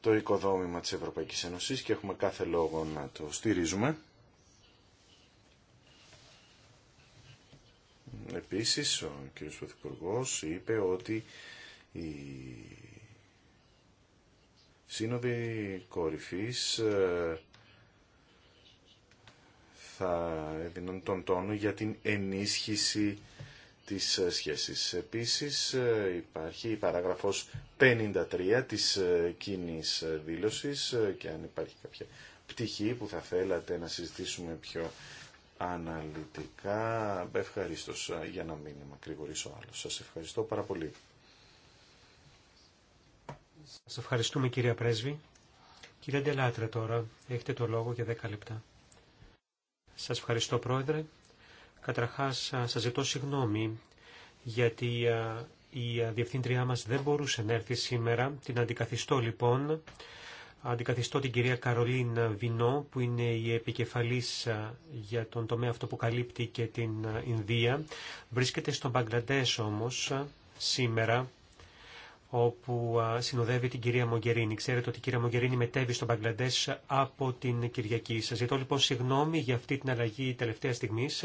το οικοδόμημα της Ευρωπαϊκής Ένωσης και έχουμε κάθε λόγο να το στηρίζουμε. Επίσης, ο κ. Πρωθυπουργό είπε ότι οι σύνοδοι κορυφής ε, θα έδιναν τον τόνο για την ενίσχυση της ε, σχέσης. Επίσης ε, υπάρχει η παράγραφος 53 της κοινή δήλωσης και αν υπάρχει κάποια πτυχή που θα θέλατε να συζητήσουμε πιο αναλυτικά. Ευχαριστώ ε, για να μην ο άλλο. Σας ευχαριστώ πάρα πολύ. Σας ευχαριστούμε κυρία Πρέσβη. Κύριε Ντελάτρε τώρα, έχετε το λόγο για 10 λεπτά. Σας ευχαριστώ πρόεδρε. Καταρχάς ε, σας ζητώ συγγνώμη γιατί ε, η διευθύντριά μας δεν μπορούσε να έρθει σήμερα. Την αντικαθιστώ λοιπόν Αντικαθιστώ την κυρία Καρολίν Βινό, που είναι η επικεφαλής για τον τομέα αυτό που καλύπτει και την Ινδία. Βρίσκεται στον Μπαγκλαντές όμως σήμερα, όπου συνοδεύει την κυρία Μογκερίνη. Ξέρετε ότι η κυρία Μογκερίνη μετέβη στον Μπαγκλαντές από την Κυριακή. Σας ζητώ λοιπόν συγγνώμη για αυτή την αλλαγή τελευταία στιγμής.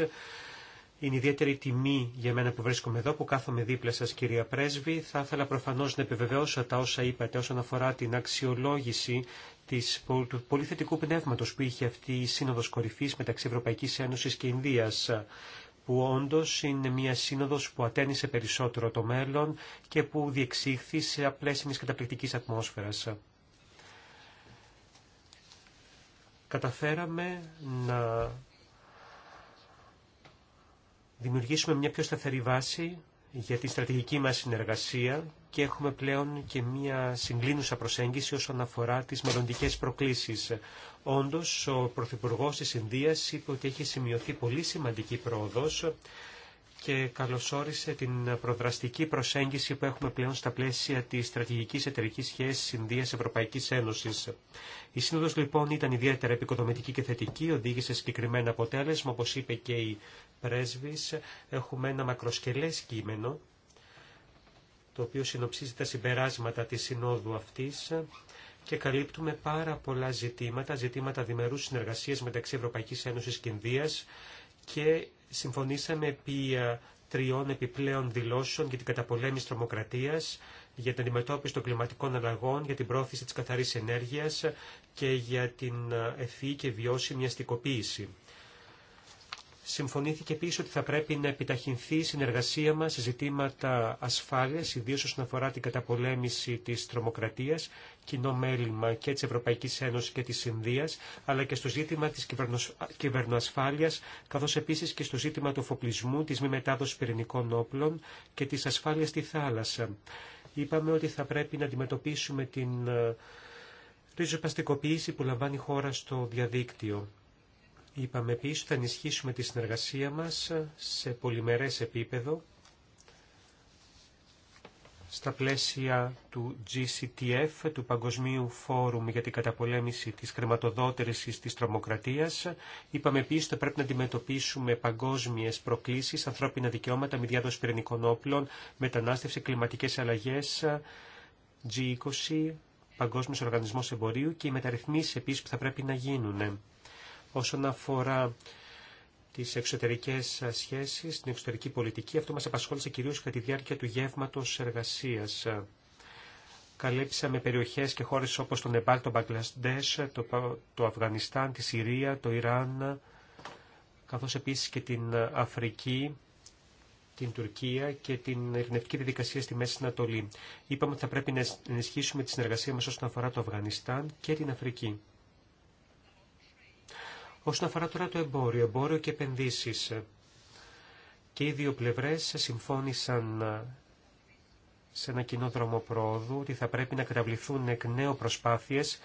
Είναι ιδιαίτερη τιμή για μένα που βρίσκομαι εδώ, που κάθομαι δίπλα σας κυρία Πρέσβη. Θα ήθελα προφανώς να επιβεβαιώσω τα όσα είπατε όσον αφορά την αξιολόγηση της, του πολυθετικού πνεύματος που είχε αυτή η Σύνοδος Κορυφής μεταξύ Ευρωπαϊκής Ένωσης και Ινδίας που όντως είναι μια σύνοδος που ατένισε περισσότερο το μέλλον και που διεξήχθη σε απλές μιας καταπληκτικής ατμόσφαιρας. Καταφέραμε να δημιουργήσουμε μια πιο σταθερή βάση για τη στρατηγική μας συνεργασία και έχουμε πλέον και μια συγκλίνουσα προσέγγιση όσον αφορά τις μελλοντικέ προκλήσεις. Όντως, ο Πρωθυπουργό της Ινδίας είπε ότι έχει σημειωθεί πολύ σημαντική πρόοδος και καλωσόρισε την προδραστική προσέγγιση που έχουμε πλέον στα πλαίσια της στρατηγικής εταιρικής σχέσης Ινδία Ευρωπαϊκής Ένωσης. Η σύνοδος λοιπόν ήταν ιδιαίτερα επικοδομητική και θετική, οδήγησε συγκεκριμένα αποτέλεσμα, όπως είπε και η πρέσβης. Έχουμε ένα μακροσκελές κείμενο, το οποίο συνοψίζει τα συμπεράσματα της συνόδου αυτής και καλύπτουμε πάρα πολλά ζητήματα, ζητήματα διμερούς συνεργασίας μεταξύ Ευρωπαϊκής Ένωσης και Ινδίας και συμφωνήσαμε επί ε, τριών επιπλέον δηλώσεων για την καταπολέμηση τρομοκρατίας, για την αντιμετώπιση των κλιματικών αλλαγών, για την πρόθεση της καθαρής ενέργειας και για την ε, ευφύ και βιώσιμη αστικοποίηση. Συμφωνήθηκε επίση ότι θα πρέπει να επιταχυνθεί η συνεργασία μα σε ζητήματα ασφάλεια, ιδίω όσον αφορά την καταπολέμηση τη τρομοκρατία κοινό μέλημα και της Ευρωπαϊκής Ένωσης και της Ινδίας, αλλά και στο ζήτημα της κυβερνοασφάλειας, καθώς επίσης και στο ζήτημα του φοπλισμού, της μη μετάδοσης πυρηνικών όπλων και της ασφάλειας στη θάλασσα. Είπαμε ότι θα πρέπει να αντιμετωπίσουμε την ε, ριζοπαστικοποίηση που λαμβάνει η χώρα στο διαδίκτυο. Είπαμε επίσης ότι θα ενισχύσουμε τη συνεργασία μας σε πολυμερές επίπεδο στα πλαίσια του GCTF, του Παγκοσμίου Φόρουμ για την καταπολέμηση της Χρηματοδότερησης της τρομοκρατίας. Είπαμε επίσης ότι πρέπει να αντιμετωπίσουμε παγκόσμιες προκλήσεις, ανθρώπινα δικαιώματα, μη διάδοση πυρηνικών όπλων, μετανάστευση, κλιματικές αλλαγές, G20, Παγκόσμιος Οργανισμός Εμπορίου και οι μεταρρυθμίσεις επίσης που θα πρέπει να γίνουν. Όσον αφορά τι εξωτερικές σχέσεις, την εξωτερική πολιτική. Αυτό μας απασχόλησε κυρίω κατά τη διάρκεια του γεύματο εργασία. Καλέψαμε περιοχές και χώρες όπως το Νεπάλ, το Μπαγκλαντέ, το, Αφγανιστάν, τη Συρία, το Ιράν, καθώς επίσης και την Αφρική, την Τουρκία και την ειρηνευτική διαδικασία στη Μέση Ανατολή. Είπαμε ότι θα πρέπει να ενισχύσουμε τη συνεργασία μας όσον αφορά το Αφγανιστάν και την Αφρική. Όσον αφορά τώρα το εμπόριο, εμπόριο και επενδύσεις, ε, και οι δύο πλευρές συμφώνησαν ε, σε ένα κοινό δρόμο πρόοδου ότι θα πρέπει να καταβληθούν εκ νέου προσπάθειες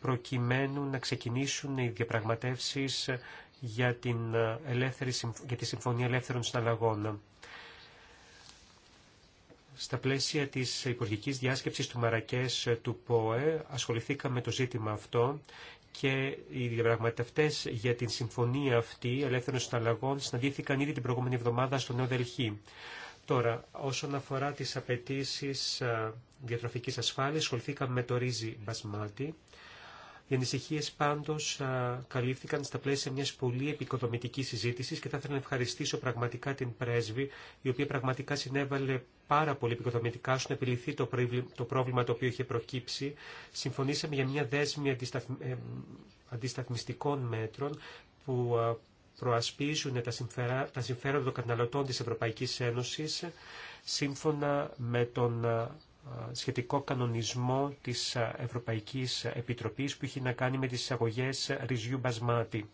προκειμένου να ξεκινήσουν οι διαπραγματεύσεις ε, για, την για τη Συμφωνία Ελεύθερων Συναλλαγών. Στα πλαίσια της υπουργικής διάσκεψης του Μαρακές του ΠΟΕ ασχοληθήκαμε με το ζήτημα αυτό και οι διαπραγματευτέ για την συμφωνία αυτή ελεύθερων συναλλαγών συναντήθηκαν ήδη την προηγούμενη εβδομάδα στο Νέο Δελχή. Τώρα, όσον αφορά τι απαιτήσει διατροφική ασφάλεια, ασχοληθήκαμε με το ρύζι μπασμάτι. Οι ανησυχίε πάντω καλύφθηκαν στα πλαίσια μια πολύ επικοδομητική συζήτηση και θα ήθελα να ευχαριστήσω πραγματικά την πρέσβη, η οποία πραγματικά συνέβαλε πάρα πολύ επικοδομητικά στο να επιληθεί το, το πρόβλημα το οποίο είχε προκύψει. Συμφωνήσαμε για μια δέσμη ε, αντισταθμιστικών μέτρων που προασπίζουν τα, συμφέρα, τα συμφέροντα των καταναλωτών της Ευρωπαϊκής Ένωσης σύμφωνα με τον ε, σχετικό κανονισμό της ε, Ευρωπαϊκής Επιτροπής που είχε να κάνει με τις εισαγωγές Ριζιού μπασμάτη.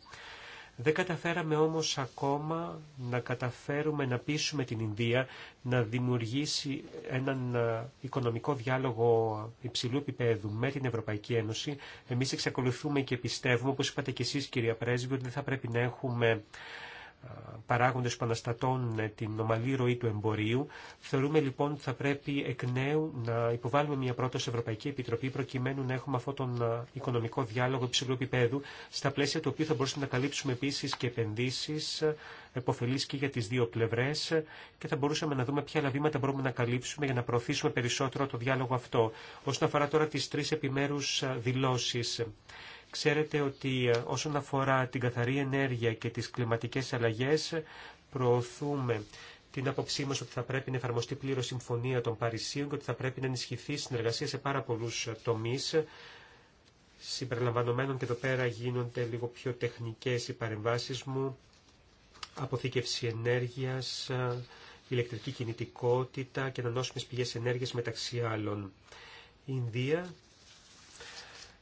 Δεν καταφέραμε όμως ακόμα να καταφέρουμε να πείσουμε την Ινδία να δημιουργήσει έναν ε, οικονομικό διάλογο υψηλού επίπεδου με την Ευρωπαϊκή Ένωση. Εμείς εξακολουθούμε και πιστεύουμε, όπως είπατε και εσείς κυρία Πρέσβη, ότι δεν θα πρέπει να έχουμε παράγοντες που αναστατώνουν την ομαλή ροή του εμπορίου. Θεωρούμε λοιπόν ότι θα πρέπει εκ νέου να υποβάλουμε μια πρόταση Ευρωπαϊκή Επιτροπή προκειμένου να έχουμε αυτόν τον οικονομικό διάλογο υψηλού επίπεδου, στα πλαίσια του οποίου θα μπορούσαμε να καλύψουμε επίση και επενδύσει εποφελείς και για τι δύο πλευρέ και θα μπορούσαμε να δούμε ποια άλλα βήματα μπορούμε να καλύψουμε για να προωθήσουμε περισσότερο το διάλογο αυτό. Όσον αφορά τώρα τι τρει επιμέρου δηλώσει. Ξέρετε ότι ε, όσον αφορά την καθαρή ενέργεια και τις κλιματικές αλλαγές, προωθούμε την άποψή μας ότι θα πρέπει να εφαρμοστεί πλήρω συμφωνία των Παρισίων και ότι θα πρέπει να ενισχυθεί συνεργασία σε πάρα πολλού ε, τομεί. Συμπεριλαμβανομένων και εδώ πέρα γίνονται λίγο πιο τεχνικές οι παρεμβάσει μου. Αποθήκευση ενέργεια, ε, ηλεκτρική κινητικότητα και ανανόσιμε πηγέ ενέργεια μεταξύ άλλων. Η Ινδία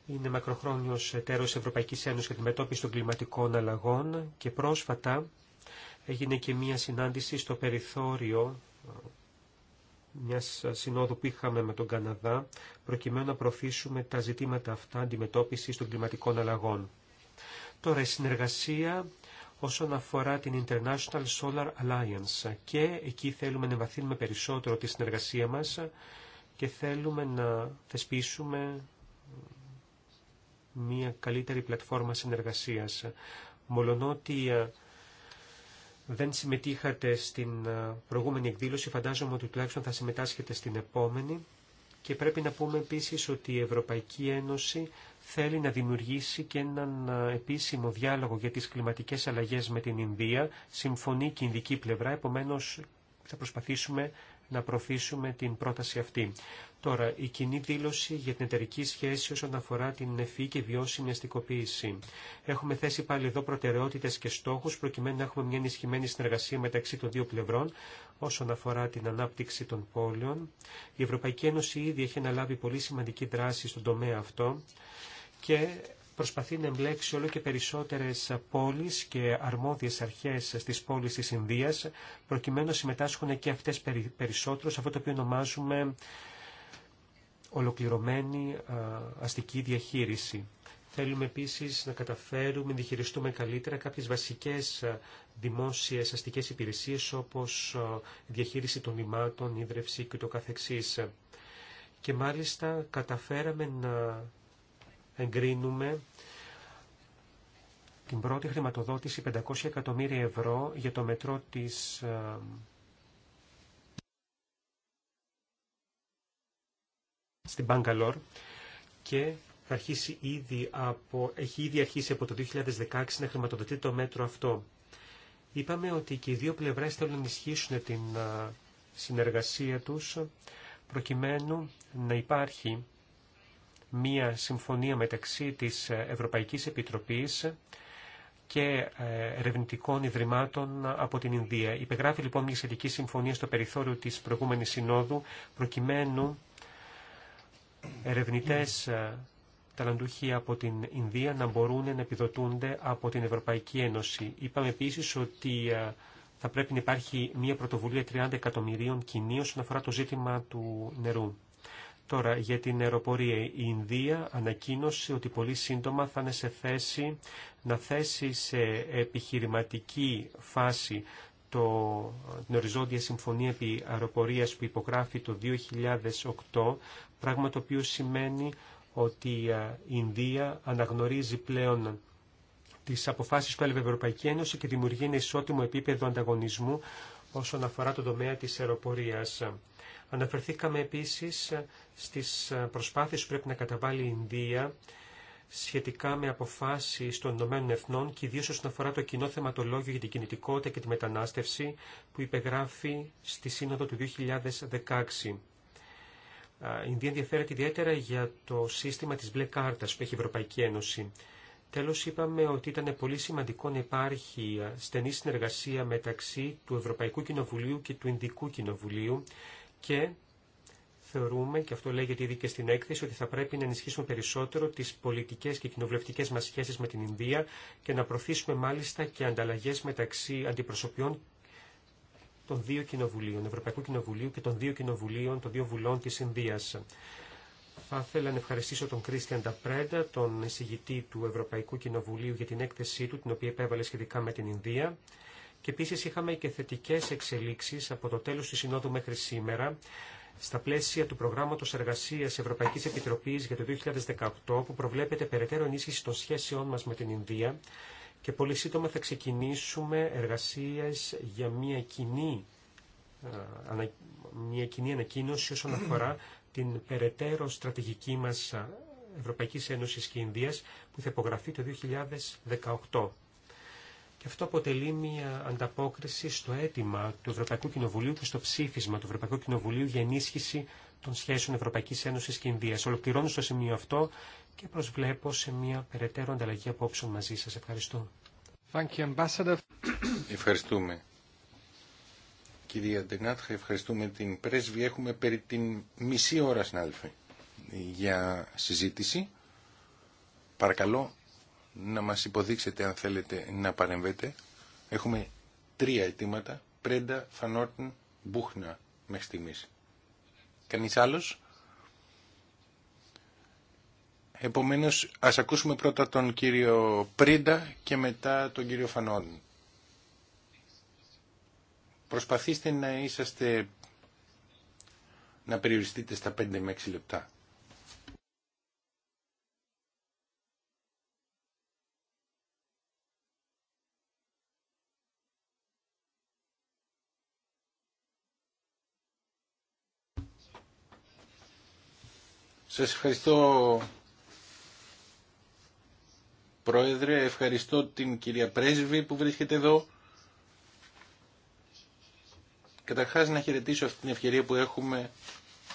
είναι μακροχρόνιος εταίρος Ευρωπαϊκής Ένωσης για την μετώπιση των κλιματικών αλλαγών και πρόσφατα έγινε και μία συνάντηση στο περιθώριο ε, μιας συνόδου που είχαμε με τον Καναδά προκειμένου να προωθήσουμε τα ζητήματα αυτά αντιμετώπιση των κλιματικών αλλαγών. Τώρα η συνεργασία όσον αφορά την International Solar Alliance και εκεί θέλουμε να βαθύνουμε περισσότερο τη συνεργασία μας και θέλουμε να θεσπίσουμε μια καλύτερη πλατφόρμα συνεργασίας. Μολονότι ε, δεν συμμετείχατε στην ε, προηγούμενη εκδήλωση, φαντάζομαι ότι τουλάχιστον θα συμμετάσχετε στην επόμενη. Και πρέπει να πούμε επίσης ότι η Ευρωπαϊκή Ένωση θέλει να δημιουργήσει και έναν ε, επίσημο διάλογο για τις κλιματικές αλλαγές με την Ινδία. Συμφωνεί και η Ινδική πλευρά, επομένως θα προσπαθήσουμε να προωθήσουμε την πρόταση αυτή. Τώρα, η κοινή δήλωση για την εταιρική σχέση όσον αφορά την ευφύ και βιώσιμη αστικοποίηση. Έχουμε θέσει πάλι εδώ προτεραιότητε και στόχου προκειμένου να έχουμε μια ενισχυμένη συνεργασία μεταξύ των δύο πλευρών όσον αφορά την ανάπτυξη των πόλεων. Η Ευρωπαϊκή Ένωση ήδη έχει αναλάβει πολύ σημαντική δράση στον τομέα αυτό και προσπαθεί να εμπλέξει όλο και περισσότερες πόλεις και αρμόδιες αρχές στις πόλεις της Ινδίας, προκειμένου να συμμετάσχουν και αυτές περισσότερο σε αυτό το οποίο ονομάζουμε ολοκληρωμένη αστική διαχείριση. Θέλουμε επίσης να καταφέρουμε να διχειριστούμε καλύτερα κάποιες βασικές δημόσιες αστικές υπηρεσίες όπως διαχείριση των λιμάτων, ίδρυυση και το καθεξής. Και μάλιστα καταφέραμε να εγκρίνουμε την πρώτη χρηματοδότηση 500 εκατομμύρια ευρώ για το μετρό της ε, στην Μπαγκαλόρ και θα αρχίσει από, έχει ήδη αρχίσει από το 2016 να χρηματοδοτεί το μέτρο αυτό. Είπαμε ότι και οι δύο πλευρές θέλουν να ενισχύσουν την ε, συνεργασία τους προκειμένου να υπάρχει μία συμφωνία μεταξύ της Ευρωπαϊκής Επιτροπής και ε, ερευνητικών ιδρυμάτων από την Ινδία. Υπεγράφει λοιπόν μια σχετική συμφωνία στο περιθώριο της προηγούμενης συνόδου προκειμένου ερευνητές ε, ταλαντούχοι από την Ινδία να μπορούν να επιδοτούνται από την Ευρωπαϊκή Ένωση. Είπαμε επίσης ότι ε, θα πρέπει να υπάρχει μια πρωτοβουλία 30 εκατομμυρίων κοινή όσον αφορά το ζήτημα του νερού. Τώρα για την αεροπορία η Ινδία ανακοίνωσε ότι πολύ σύντομα θα είναι σε θέση να θέσει σε επιχειρηματική φάση το, την οριζόντια συμφωνία επί αεροπορίας που υπογράφει το 2008, πράγμα το οποίο σημαίνει ότι η Ινδία αναγνωρίζει πλέον τις αποφάσεις που έλεγε η Ευρωπαϊκή Ένωση και δημιουργεί ένα ισότιμο επίπεδο ανταγωνισμού όσον αφορά το τομέα της αεροπορίας. Αναφερθήκαμε επίσης στις προσπάθειες που πρέπει να καταβάλει η Ινδία σχετικά με αποφάσεις των Ηνωμένων Εθνών και ιδίως όσον αφορά το κοινό θεματολόγιο για την κινητικότητα και τη μετανάστευση που υπεγράφει στη Σύνοδο του 2016. Η Ινδία ενδιαφέρεται ιδιαίτερα για το σύστημα της μπλε κάρτας που έχει η Ευρωπαϊκή Ένωση. Τέλος είπαμε ότι ήταν πολύ σημαντικό να υπάρχει στενή συνεργασία μεταξύ του Ευρωπαϊκού Κοινοβουλίου και του Ινδικού Κοινοβουλίου και θεωρούμε, και αυτό λέγεται ήδη και στην έκθεση, ότι θα πρέπει να ενισχύσουμε περισσότερο τις πολιτικές και κοινοβουλευτικές μας σχέσεις με την Ινδία και να προωθήσουμε μάλιστα και ανταλλαγές μεταξύ αντιπροσωπιών των δύο κοινοβουλίων, Ευρωπαϊκού Κοινοβουλίου και των δύο κοινοβουλίων, των δύο βουλών της Ινδίας. Θα ήθελα να ευχαριστήσω τον Κρίστιαν Ταπρέντα, τον εισηγητή του Ευρωπαϊκού Κοινοβουλίου για την έκθεσή του, την οποία επέβαλε σχετικά με την Ινδία. Και επίση είχαμε και θετικέ εξελίξεις από το τέλος τη Συνόδου μέχρι σήμερα στα πλαίσια του προγράμματος εργασία Ευρωπαϊκής Επιτροπής για το 2018 που προβλέπεται περαιτέρω ενίσχυση των σχέσεών μας με την Ινδία και πολύ σύντομα θα ξεκινήσουμε εργασίε για μια κοινή, ε, μια κοινή ανακοίνωση όσον αφορά την περαιτέρω στρατηγική μας ε, Ευρωπαϊκής Ένωσης και Ινδίας που θα υπογραφεί το 2018 αυτό αποτελεί μια ανταπόκριση στο αίτημα του Ευρωπαϊκού Κοινοβουλίου και στο ψήφισμα του Ευρωπαϊκού Κοινοβουλίου για ενίσχυση των σχέσεων Ευρωπαϊκή Ένωση και Ινδία. Ολοκληρώνω στο σημείο αυτό και προσβλέπω σε μια περαιτέρω ανταλλαγή απόψεων μαζί σα. Ευχαριστώ. Ευχαριστούμε. Κυρία Ντενάτχα, ευχαριστούμε την πρέσβη. Έχουμε περί την μισή ώρα, συνάδελφοι, για συζήτηση. Παρακαλώ, να μας υποδείξετε αν θέλετε να παρεμβέτε. Έχουμε τρία αιτήματα, Πρέντα, Φανόρτιν, Μπούχνα μέχρι στιγμής. Κανείς άλλος? Επομένως, ας ακούσουμε πρώτα τον κύριο Πρίντα και μετά τον κύριο Φανόρτιν. Προσπαθήστε να είσαστε να περιοριστείτε στα 5 με 6 λεπτά. Σας ευχαριστώ Πρόεδρε, ευχαριστώ την κυρία Πρέσβη που βρίσκεται εδώ. Καταρχάς να χαιρετήσω αυτή την ευκαιρία που έχουμε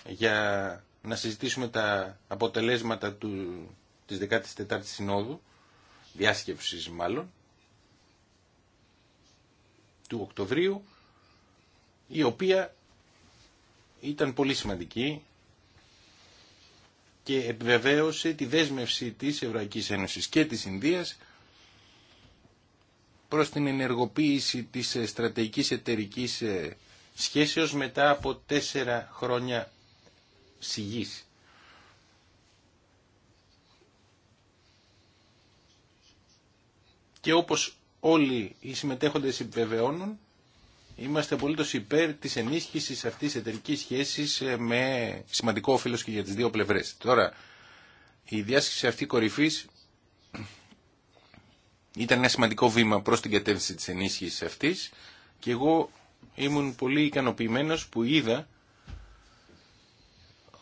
για να συζητήσουμε τα αποτελέσματα του, της 14ης Συνόδου, διάσκεψης μάλλον, του Οκτωβρίου, η οποία ήταν πολύ σημαντική και επιβεβαίωσε τη δέσμευση της Ευρωπαϊκής Ένωσης και της Ινδίας προς την ενεργοποίηση της ε, στρατηγικής εταιρικής ε, σχέσεως μετά από τέσσερα χρόνια σιγής. Και όπως όλοι οι συμμετέχοντες επιβεβαιώνουν, Είμαστε απολύτω υπέρ τη ενίσχυση αυτή τη εταιρική σχέση ε, με σημαντικό όφελο και για τι δύο πλευρέ. Τώρα, η διάσκεψη αυτή κορυφή ήταν ένα σημαντικό βήμα προ την κατεύθυνση τη ενίσχυση αυτή και εγώ ήμουν πολύ ικανοποιημένο που είδα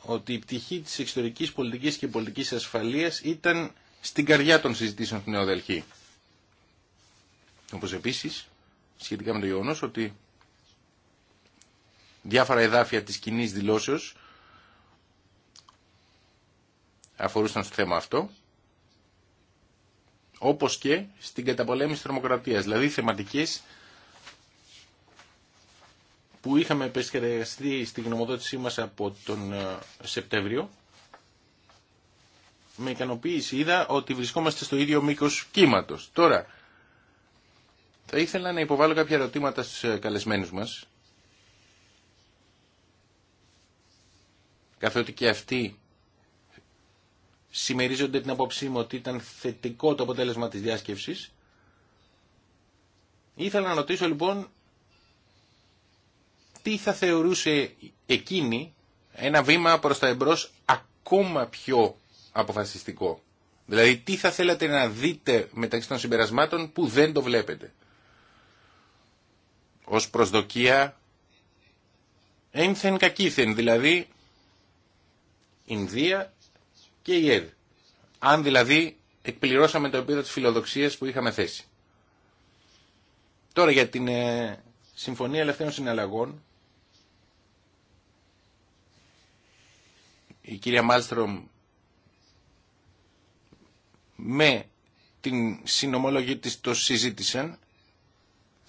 ότι η πτυχή της εξωτερικής πολιτικής και πολιτικής ασφαλείας ήταν στην καρδιά των συζητήσεων του Νεοδελχή. Όπως επίσης σχετικά με το γεγονό ότι διάφορα εδάφια της κοινή δηλώσεως αφορούσαν στο θέμα αυτό, όπως και στην καταπολέμηση τρομοκρατίας, δηλαδή θεματικές που είχαμε επεσκευαστεί στη γνωμοδότησή μας από τον ε, Σεπτέμβριο, με ικανοποίηση είδα ότι βρισκόμαστε στο ίδιο μήκος κύματος. Τώρα, θα ήθελα να υποβάλω κάποια ερωτήματα στους ε, καλεσμένους μας. Καθότι και αυτοί συμμερίζονται την απόψή μου ότι ήταν θετικό το αποτέλεσμα της διάσκευσης. Ήθελα να ρωτήσω λοιπόν τι θα θεωρούσε εκείνη ένα βήμα προς τα εμπρός ακόμα πιο αποφασιστικό. Δηλαδή τι θα θέλατε να δείτε μεταξύ των συμπερασμάτων που δεν το βλέπετε ως προσδοκία ένθεν κακήθεν, δηλαδή Ινδία και η ΕΔ. Αν δηλαδή εκπληρώσαμε το επίπεδο της φιλοδοξίας που είχαμε θέσει. Τώρα για την ε, Συμφωνία Ελευθέρων Συναλλαγών, η κυρία Μάλστρομ με την συνομολόγη της το συζήτησαν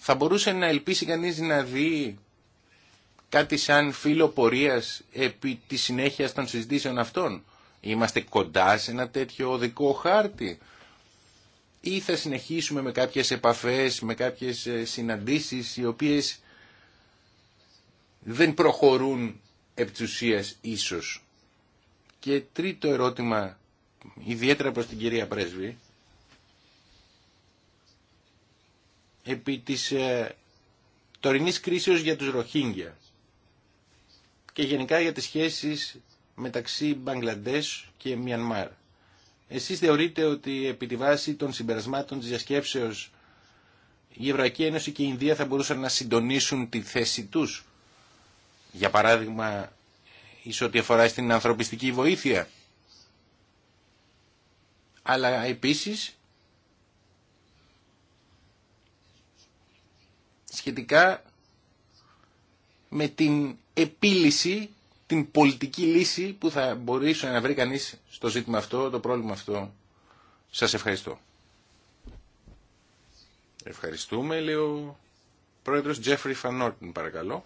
θα μπορούσε να ελπίσει κανείς να δει κάτι σαν φύλλο πορείας επί τη συνέχεια των συζητήσεων αυτών. Είμαστε κοντά σε ένα τέτοιο οδικό χάρτη ή θα συνεχίσουμε με κάποιες επαφές, με κάποιες ε, συναντήσεις οι οποίες δεν προχωρούν επί της ουσίας ίσως. Και τρίτο ερώτημα, ιδιαίτερα προς την κυρία Πρέσβη, επί της ε, τωρινής κρίσεως για τους Ροχίνγκια και γενικά για τις σχέσεις μεταξύ Μπαγκλαντές και Μιανμάρ. Εσείς θεωρείτε ότι επί τη βάση των συμπερασμάτων της διασκέψεως η Ευρωπαϊκή Ένωση και η Ινδία θα μπορούσαν να συντονίσουν τη θέση τους. Για παράδειγμα, ίσως ό,τι αφορά στην ανθρωπιστική βοήθεια. Αλλά επίσης σχετικά με την επίλυση, την πολιτική λύση που θα μπορούσε να βρει κανείς στο ζήτημα αυτό, το πρόβλημα αυτό. Σας ευχαριστώ. Ευχαριστούμε, λέει ο πρόεδρος Τζέφρι Φανόρτιν, παρακαλώ.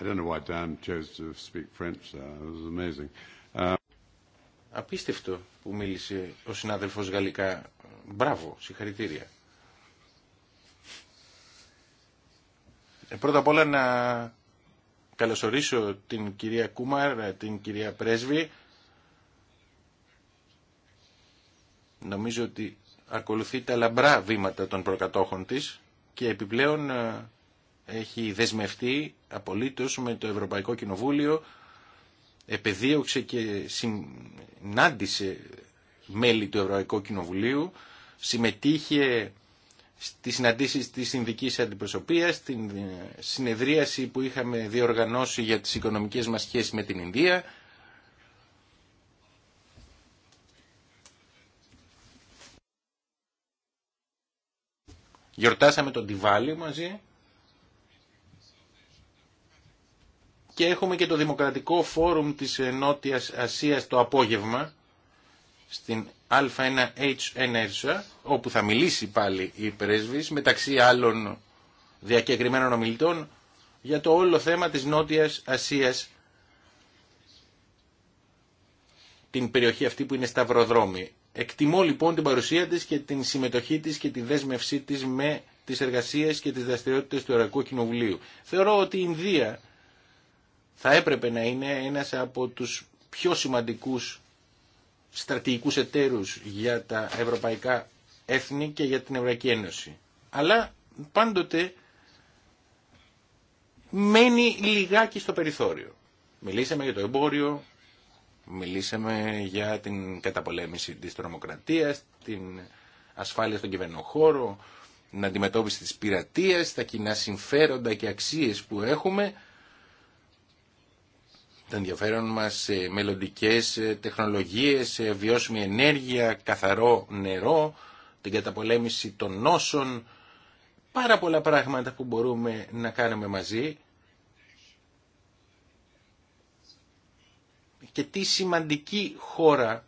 I don't know speak French. was amazing. Uh, Απίστευτο που μίλησε ο συνάδελφος γαλλικά. Μπράβο, συγχαρητήρια. Πρώτα απ' όλα να καλωσορίσω την κυρία Κούμαρ, την κυρία Πρέσβη. Νομίζω ότι ακολουθεί τα λαμπρά βήματα των προκατόχων της και επιπλέον ε, έχει δεσμευτεί απολύτως με το Ευρωπαϊκό Κοινοβούλιο, επεδίωξε και συνάντησε μέλη του Ευρωπαϊκού Κοινοβουλίου, συμμετείχε στις συναντήσεις της Συνδικής Αντιπροσωπείας, την συνεδρίαση που είχαμε διοργανώσει για τις οικονομικές μας σχέσεις με την Ινδία. Γιορτάσαμε τον Τιβάλι μαζί και έχουμε και το Δημοκρατικό Φόρουμ της Νότιας Ασίας το απόγευμα στην Α1H1 οπου θα μιλήσει πάλι η πρέσβης μεταξύ άλλων διακεκριμένων ομιλητών για το όλο θέμα της Νότιας Ασίας την περιοχή αυτή που είναι σταυροδρόμη. Εκτιμώ λοιπόν την παρουσία της και την συμμετοχή της και τη δέσμευσή της με τις εργασίες και τις δραστηριότητες του Ευρωπαϊκού Κοινοβουλίου. Θεωρώ ότι η Ινδία θα έπρεπε να είναι ένας από τους πιο σημαντικούς στρατηγικούς εταίρους για τα ευρωπαϊκά έθνη και για την Ευρωπαϊκή Ένωση. Αλλά πάντοτε μένει λιγάκι στο περιθώριο. Μιλήσαμε για το εμπόριο, μιλήσαμε για την καταπολέμηση της τρομοκρατίας, την ασφάλεια στον κυβερνοχώρο, την αντιμετώπιση της πειρατείας, τα κοινά συμφέροντα και αξίες που έχουμε το ενδιαφέρον μας σε μελλοντικές ε, τεχνολογίες, σε βιώσιμη ενέργεια, καθαρό νερό, την καταπολέμηση των νόσων, πάρα πολλά πράγματα που μπορούμε να κάνουμε μαζί. Και τι σημαντική χώρα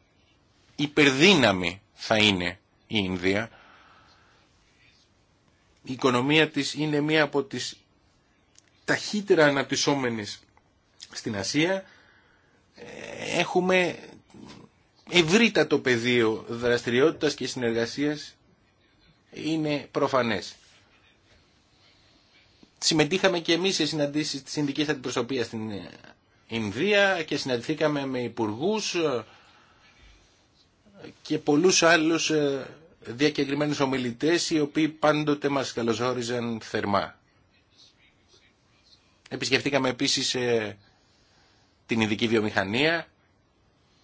υπερδύναμη θα είναι η Ινδία. Η οικονομία της είναι μία από τις ταχύτερα αναπτυσσόμενες στην Ασία ε, έχουμε ευρύτατο πεδίο δραστηριότητας και συνεργασίας είναι προφανές. Συμμετείχαμε και εμείς σε συναντήσεις της Ινδικής Αντιπροσωπείας στην ε, Ινδία και συναντηθήκαμε με υπουργούς ε, και πολλούς άλλους διακεκριμένους ομιλητές οι οποίοι πάντοτε μας καλωσόριζαν θερμά. Επισκεφτήκαμε επίσης την ειδική βιομηχανία,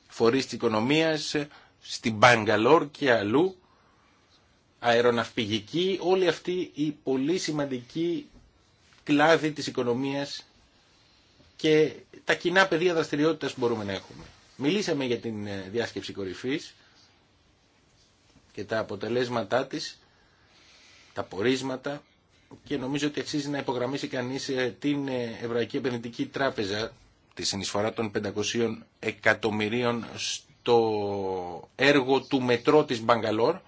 φορείς της οικονομίας, στην Μπαγκαλόρ και αλλού, αεροναυπηγική, όλη αυτή η πολύ σημαντική κλάδη της οικονομίας και τα κοινά πεδία δραστηριότητας που μπορούμε να έχουμε. Μιλήσαμε για την ε, διάσκεψη κορυφής και τα αποτελέσματά της, τα πορίσματα και νομίζω ότι αξίζει να υπογραμμίσει κανείς ε, την Ευρωπαϊκή Επενδυτική Τράπεζα τη συνεισφορά των 500 εκατομμυρίων στο έργο του μετρό της Μπαγκαλόρ.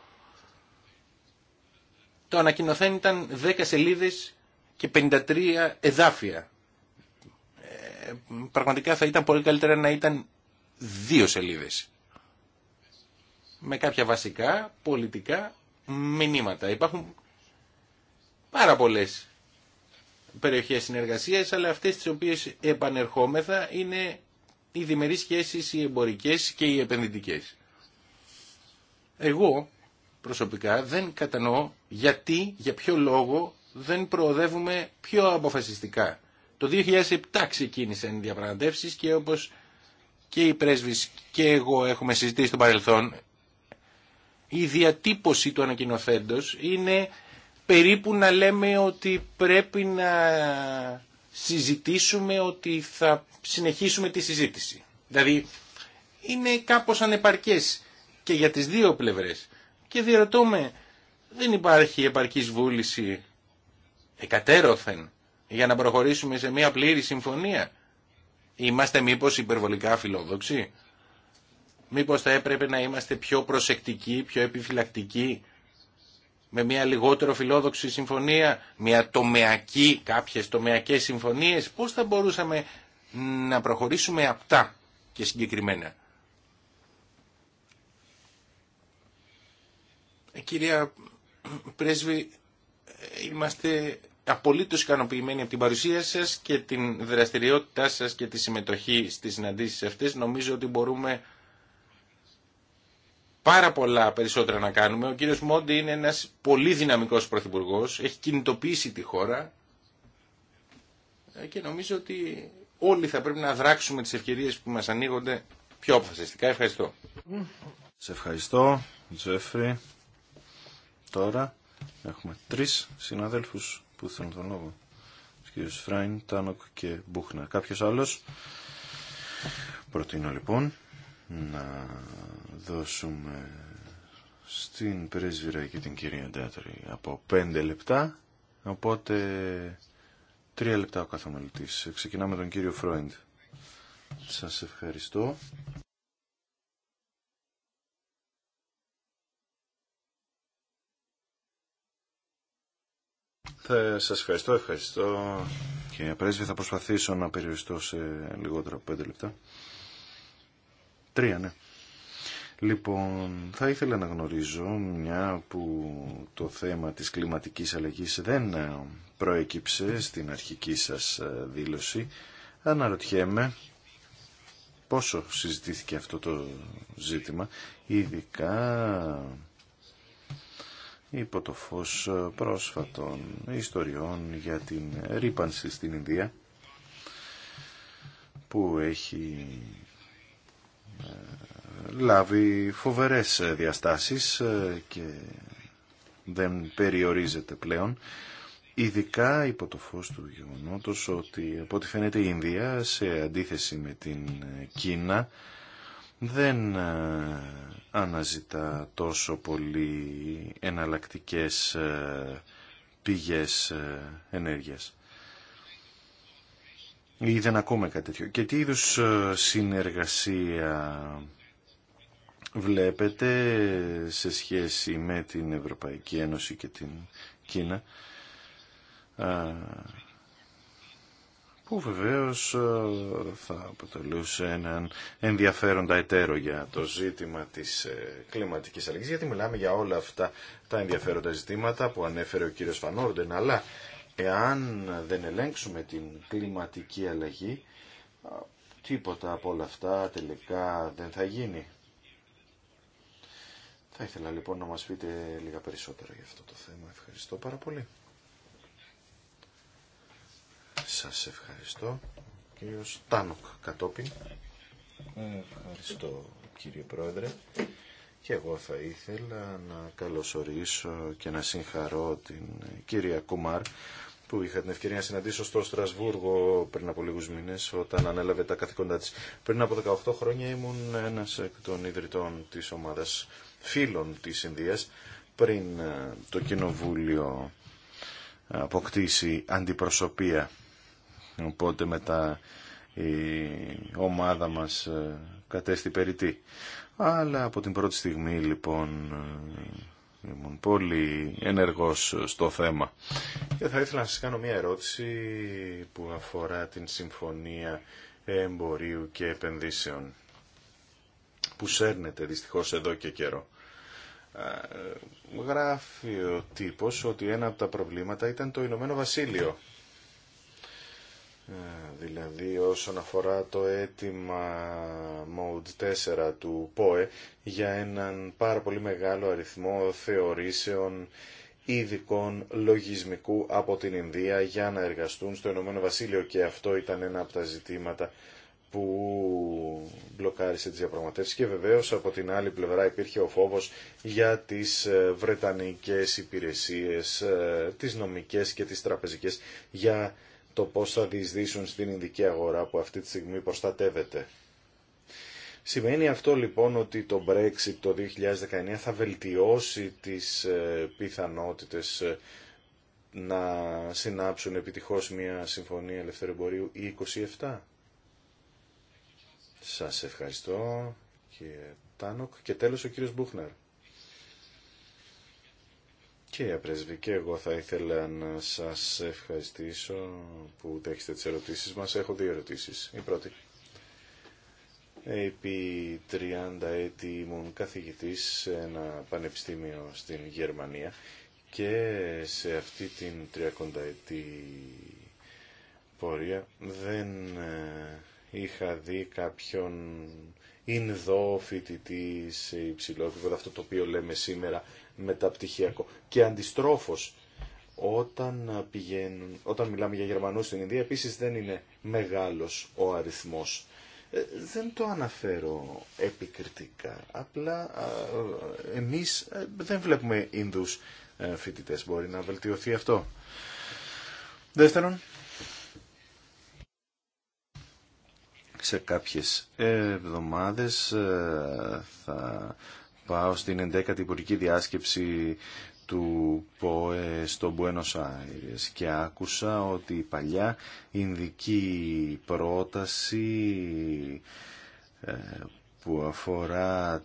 Το ανακοινωθέν ήταν 10 σελίδες και 53 εδάφια. Ε, πραγματικά θα ήταν πολύ καλύτερα να ήταν δύο σελίδες. Με κάποια βασικά πολιτικά μηνύματα. Υπάρχουν πάρα πολλές περιοχές συνεργασίας, αλλά αυτές τις οποίες επανερχόμεθα είναι οι διμερείς σχέσεις, οι εμπορικές και οι επενδυτικές. Εγώ προσωπικά δεν κατανοώ γιατί, για ποιο λόγο δεν προοδεύουμε πιο αποφασιστικά. Το 2007 ξεκίνησαν οι διαπραγματεύσεις και όπως και οι πρέσβεις και εγώ έχουμε συζητήσει στο παρελθόν, η διατύπωση του ανακοινοθέντος είναι περίπου να λέμε ότι πρέπει να συζητήσουμε ότι θα συνεχίσουμε τη συζήτηση. Δηλαδή είναι κάπως ανεπαρκές και για τις δύο πλευρές. Και διερωτώ δεν υπάρχει επαρκής βούληση εκατέρωθεν για να προχωρήσουμε σε μια πλήρη συμφωνία. Είμαστε μήπως υπερβολικά φιλόδοξοι. Μήπως θα έπρεπε να είμαστε πιο προσεκτικοί, πιο επιφυλακτικοί με μια λιγότερο φιλόδοξη συμφωνία, μια τομεακή, κάποιες τομεακές συμφωνίες, πώς θα μπορούσαμε να προχωρήσουμε απτά και συγκεκριμένα. Ε, κυρία Πρέσβη, είμαστε απολύτως ικανοποιημένοι από την παρουσία σας και την δραστηριότητά σας και τη συμμετοχή στις συναντήσεις αυτές. Νομίζω ότι μπορούμε πάρα πολλά περισσότερα να κάνουμε. Ο κύριος Μόντι είναι ένας πολύ δυναμικός Πρωθυπουργό έχει κινητοποιήσει τη χώρα και νομίζω ότι όλοι θα πρέπει να δράξουμε τις ευκαιρίες που μας ανοίγονται πιο αποφασιστικά. Ευχαριστώ. Σε ευχαριστώ, Τζέφρι. Τώρα έχουμε τρεις συναδέλφους που θέλουν τον λόγο. Ο κύριους Φράιν, Τάνοκ και Μπούχνα. Κάποιος άλλος. Προτείνω λοιπόν να δώσουμε στην πρέσβυρα και την κυρία Ντέατρη από 5 λεπτά, οπότε 3 λεπτά ο καθομελητής. Ξεκινάμε τον κύριο Φρόιντ. Σας ευχαριστώ. Θα σας ευχαριστώ, ευχαριστώ. Και Πρέσβη, θα προσπαθήσω να περιοριστώ σε λιγότερο από 5 λεπτά. Ναι. Λοιπόν, θα ήθελα να γνωρίζω, μια που το θέμα της κλιματικής αλλαγής δεν προέκυψε στην αρχική σας ε, δήλωση, αναρωτιέμαι πόσο συζητήθηκε αυτό το ζήτημα, ειδικά υπό το φως πρόσφατων ιστοριών για την ρήπανση στην Ινδία που έχει ε, λάβει φοβερές ε, διαστάσεις ε, και δεν περιορίζεται πλέον. Ειδικά υπό το φως του γεγονότος ότι από ό,τι φαίνεται η Ινδία σε αντίθεση με την Κίνα δεν αναζητά τόσο πολύ εναλλακτικές πηγές ενέργειας ή δεν ακούμε κάτι τέτοιο. Και τι είδους ε, συνεργασία βλέπετε σε σχέση με την Ευρωπαϊκή Ένωση και την Κίνα που βεβαίως ε, θα αποτελούσε έναν ενδιαφέροντα εταίρο για το ζήτημα της ε, κλιματικής αλλαγής, γιατί μιλάμε για όλα αυτά τα ενδιαφέροντα ζητήματα που ανέφερε ο κύριος Φανόρντεν, αλλά Εάν δεν ελέγξουμε την κλιματική αλλαγή, τίποτα από όλα αυτά τελικά δεν θα γίνει. Θα ήθελα λοιπόν να μας πείτε λίγα περισσότερα για αυτό το θέμα. Ευχαριστώ πάρα πολύ. Σας ευχαριστώ. Κύριος Τάνοκ κατόπιν. Ευχαριστώ κύριε Πρόεδρε. Και εγώ θα ήθελα να καλωσορίσω και να συγχαρώ την κυρία Κουμάρ που είχα την ευκαιρία να συναντήσω στο Στρασβούργο πριν από λίγους μήνες όταν ανέλαβε τα καθήκοντά της. Πριν από 18 χρόνια ήμουν ένας εκ των ιδρυτών της ομάδας φίλων της Ινδίας πριν ε, το Κοινοβούλιο ε, αποκτήσει αντιπροσωπεία. Οπότε μετά η ομάδα μας ε, κατέστη περιττή. Αλλά από την πρώτη στιγμή λοιπόν Ήμουν πολύ ενεργός στο θέμα. Και θα ήθελα να σας κάνω μια ερώτηση που αφορά την Συμφωνία Εμπορίου και Επενδύσεων που σέρνεται δυστυχώς εδώ και καιρό. Γράφει ο τύπος ότι ένα από τα προβλήματα ήταν το Ηνωμένο Βασίλειο ε, δηλαδή όσον αφορά το αίτημα Mode 4 του ΠΟΕ για έναν πάρα πολύ μεγάλο αριθμό θεωρήσεων ειδικών λογισμικού από την Ινδία για να εργαστούν στο Ηνωμένο Βασίλειο και αυτό ήταν ένα από τα ζητήματα που μπλοκάρισε τις διαπραγματεύσεις και βεβαίως από την άλλη πλευρά υπήρχε ο φόβος για τις ε, Βρετανικές υπηρεσίες, ε, τις νομικές και τις τραπεζικές για το πώς θα διεισδύσουν στην ειδική αγορά που αυτή τη στιγμή προστατεύεται. Σημαίνει αυτό λοιπόν ότι το Brexit το 2019 θα βελτιώσει τις ε, πιθανότητες ε, να συνάψουν επιτυχώς μια συμφωνία ελευθερεμπορίου ή e 27. Σας ευχαριστώ και Τάνοκ και τέλος ο κύριος Μπούχνερ. Κύριε Πρέσβη, και εγώ θα ήθελα να σας ευχαριστήσω που δέχεστε τις ερωτήσεις μας. Έχω δύο ερωτήσεις. Η πρώτη. Επί 30 έτη ήμουν καθηγητής σε ένα πανεπιστήμιο στην Γερμανία και σε αυτή την 30 έτη πορεία δεν ε, είχα δει κάποιον Ινδό φοιτητή σε υψηλό επίπεδο, αυτό το οποίο λέμε σήμερα μεταπτυχιακό. Και αντιστρόφως, όταν, όταν μιλάμε για Γερμανούς στην Ινδία, επίσης δεν είναι μεγάλος ο αριθμός. Ε, δεν το αναφέρω επικριτικά, απλά εμείς ε, δεν βλέπουμε Ινδούς ε, φοιτητές. Μπορεί να βελτιωθεί αυτό. Δεύτερον, σε κάποιες εβδομάδες θα πάω στην 11η Υπουργική Διάσκεψη του ΠΟΕ στο Μπουένος Άιρες και άκουσα ότι η παλιά Ινδική πρόταση ε, που αφορά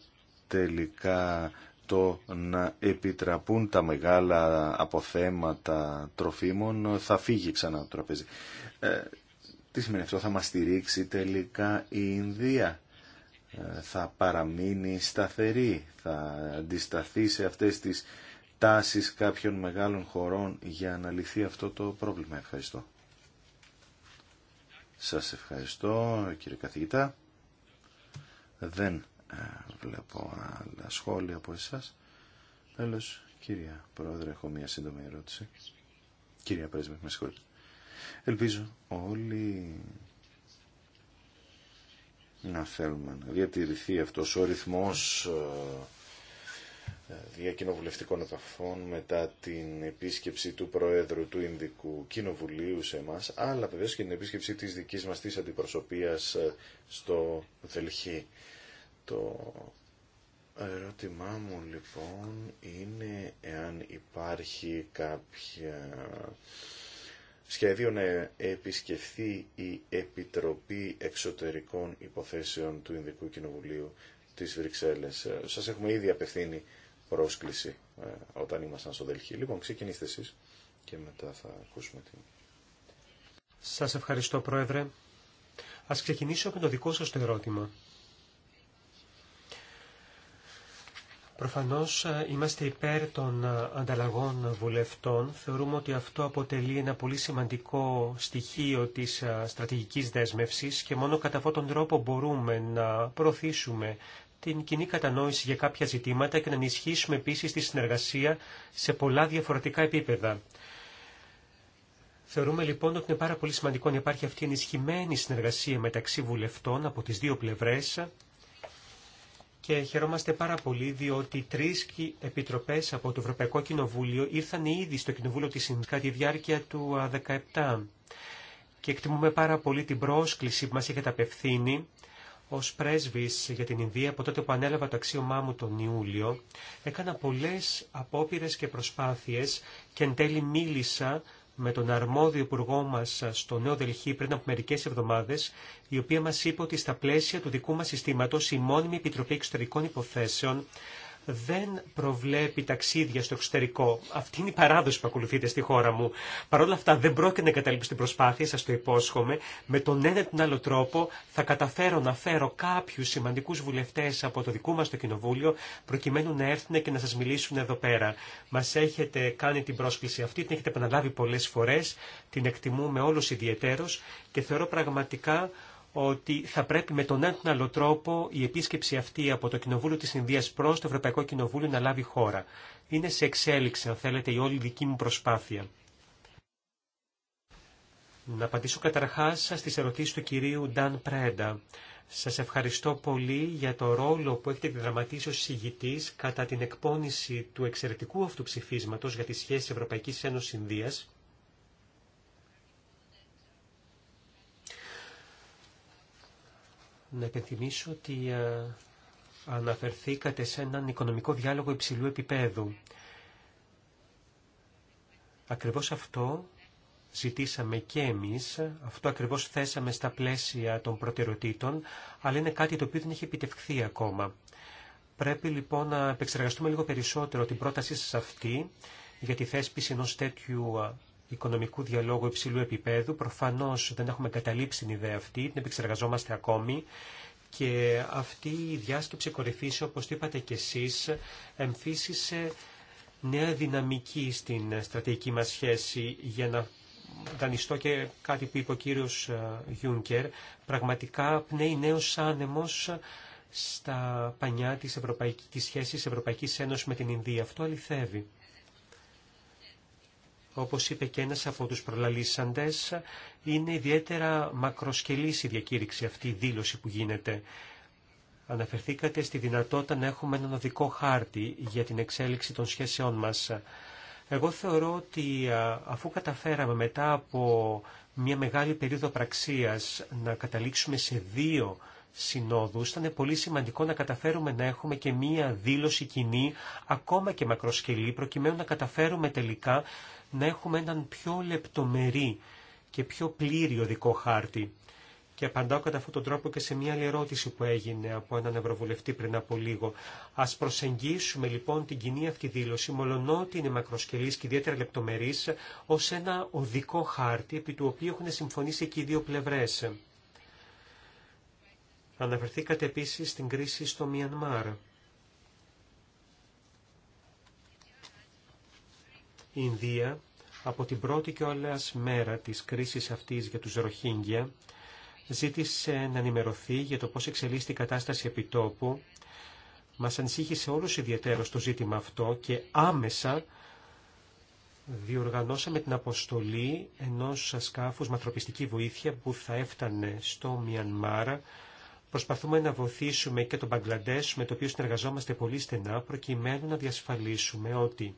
τελικά το να επιτραπούν τα μεγάλα αποθέματα τροφίμων θα φύγει ξανά το τραπέζι. Ε, τι σημαίνει αυτό, θα μας στηρίξει τελικά η Ινδία θα παραμείνει σταθερή, θα αντισταθεί σε αυτές τις τάσεις κάποιων μεγάλων χωρών για να λυθεί αυτό το πρόβλημα. Ευχαριστώ. Σας ευχαριστώ κύριε καθηγητά. Δεν ε, βλέπω άλλα σχόλια από εσάς. Τέλος, κυρία Πρόεδρε, έχω μία σύντομη ερώτηση. Κυρία Πρέσβη, με συγχωρείτε. Ελπίζω όλοι να θέλουμε να διατηρηθεί αυτός ο ρυθμός ε, ε, διακοινοβουλευτικών επαφών μετά την επίσκεψη του Προέδρου του Ινδικού Κοινοβουλίου σε εμά, αλλά βεβαίως και την επίσκεψη της δικής μας της αντιπροσωπείας ε, στο Δελχή. Το ερώτημά μου λοιπόν είναι εάν υπάρχει κάποια σχέδιο να επισκεφθεί η Επιτροπή Εξωτερικών Υποθέσεων του Ινδικού Κοινοβουλίου της Βρυξέλλες. Ε, σας έχουμε ήδη απευθύνει πρόσκληση ε, όταν ήμασταν στο Δελχή. Λοιπόν, ξεκινήστε εσείς και μετά θα ακούσουμε την... Σας ευχαριστώ, Πρόεδρε. Ας ξεκινήσω με το δικό σας το ερώτημα. Προφανώς ε, είμαστε υπέρ των ε, ανταλλαγών βουλευτών. Θεωρούμε ότι αυτό αποτελεί ένα πολύ σημαντικό στοιχείο της ε, στρατηγικής δέσμευσης και μόνο κατά αυτόν τον τρόπο μπορούμε να προωθήσουμε την κοινή κατανόηση για κάποια ζητήματα και να ενισχύσουμε επίσης τη συνεργασία σε πολλά διαφορετικά επίπεδα. Θεωρούμε λοιπόν ότι είναι πάρα πολύ σημαντικό να υπάρχει αυτή η ενισχυμένη συνεργασία μεταξύ βουλευτών από τις δύο πλευρές και χαιρόμαστε πάρα πολύ διότι τρει επιτροπές από το Ευρωπαϊκό Κοινοβούλιο ήρθαν ήδη στο Κοινοβούλιο τη Συνδικής τη διάρκεια του 2017 και εκτιμούμε πάρα πολύ την πρόσκληση που μα είχε απευθύνει ως πρέσβης για την Ινδία από τότε που ανέλαβα το αξίωμά μου τον Ιούλιο έκανα πολλέ απόπειρε και προσπάθειες και εν τέλει μίλησα με τον αρμόδιο υπουργό μα στο Νέο Δελχή πριν από μερικέ εβδομάδε, η οποία μα είπε ότι στα πλαίσια του δικού μα συστήματο η μόνιμη Επιτροπή Εξωτερικών Υποθέσεων δεν προβλέπει ταξίδια στο εξωτερικό. Αυτή είναι η παράδοση που ακολουθείται στη χώρα μου. Παρ' όλα αυτά δεν πρόκειται να εγκαταλείψω την προσπάθεια, σας το υπόσχομαι. Με τον ένα ή τον άλλο τρόπο θα καταφέρω να φέρω κάποιους σημαντικούς βουλευτές από το δικό μας το κοινοβούλιο προκειμένου να έρθουν και να σας μιλήσουν εδώ πέρα. Μας έχετε κάνει την πρόσκληση αυτή, την έχετε επαναλάβει πολλές φορές, την εκτιμούμε όλους ιδιαιτέρως και θεωρώ πραγματικά ότι θα πρέπει με τον έναν άλλο τρόπο η επίσκεψη αυτή από το Κοινοβούλιο της Ινδίας προς το Ευρωπαϊκό Κοινοβούλιο να λάβει χώρα. Είναι σε εξέλιξη, αν θέλετε, η όλη δική μου προσπάθεια. Να απαντήσω καταρχάς στις ερωτήσεις του κυρίου Νταν Πρέντα. Σας ευχαριστώ πολύ για το ρόλο που έχετε διδραματίσει ως συγητής κατά την εκπόνηση του εξαιρετικού αυτού ψηφίσματος για τις σχέσεις Ευρωπαϊκής Ένωσης Ινδίας να επενθυμίσω ότι ε, αναφερθήκατε σε έναν οικονομικό διάλογο υψηλού επίπεδου. Ακριβώς αυτό ζητήσαμε και εμείς, αυτό ακριβώς θέσαμε στα πλαίσια των προτεραιοτήτων, αλλά είναι κάτι το οποίο δεν έχει επιτευχθεί ακόμα. Πρέπει λοιπόν να επεξεργαστούμε λίγο περισσότερο την πρότασή σας αυτή για τη θέσπιση ενός τέτοιου ε, οικονομικού διαλόγου υψηλού επίπεδου. Προφανώς δεν έχουμε καταλήψει την ιδέα αυτή, την επεξεργαζόμαστε ακόμη και αυτή η διάσκεψη κορυφής, όπως το είπατε κι εσείς, εμφύσισε νέα δυναμική στην στρατηγική μας σχέση για να δανειστώ και κάτι που είπε ο κύριος ε, Γιούνκερ, πραγματικά πνέει νέος άνεμος στα πανιά της, σχέση της Ευρωπαϊκής Ένωσης με την Ινδία. Αυτό αληθεύει όπως είπε και ένας από τους προλαλήσαντες, είναι ιδιαίτερα μακροσκελής η διακήρυξη αυτή, η δήλωση που γίνεται. Αναφερθήκατε στη δυνατότητα να έχουμε έναν οδικό χάρτη για την εξέλιξη των σχέσεών μας. Εγώ θεωρώ ότι αφού καταφέραμε μετά από μια μεγάλη περίοδο πραξίας να καταλήξουμε σε δύο συνόδους, ήταν πολύ σημαντικό να καταφέρουμε να έχουμε και μία δήλωση κοινή, ακόμα και μακροσκελή, προκειμένου να καταφέρουμε τελικά να έχουμε έναν πιο λεπτομερή και πιο πλήρη οδικό χάρτη. Και απαντάω κατά αυτόν τον τρόπο και σε μια άλλη ερώτηση που έγινε από έναν Ευρωβουλευτή πριν από λίγο. Α προσεγγίσουμε λοιπόν την κοινή αυτή δήλωση, μολονότι είναι μακροσκελή και ιδιαίτερα λεπτομερή, ω ένα οδικό χάρτη επί του οποίου έχουν συμφωνήσει και οι δύο πλευρέ. Αναφερθήκατε επίση στην κρίση στο Μιανμάρ. η Ινδία από την πρώτη και όλα μέρα της κρίσης αυτής για τους Ροχίνγκια ζήτησε να ενημερωθεί για το πώς εξελίσσεται η κατάσταση επιτόπου. Μας ανησύχησε όλους ιδιαίτερο το ζήτημα αυτό και άμεσα διοργανώσαμε την αποστολή ενός σκάφους με ανθρωπιστική βοήθεια που θα έφτανε στο Μιανμάρα. Προσπαθούμε να βοηθήσουμε και τον Μπαγκλαντές με το οποίο συνεργαζόμαστε πολύ στενά προκειμένου να διασφαλίσουμε ότι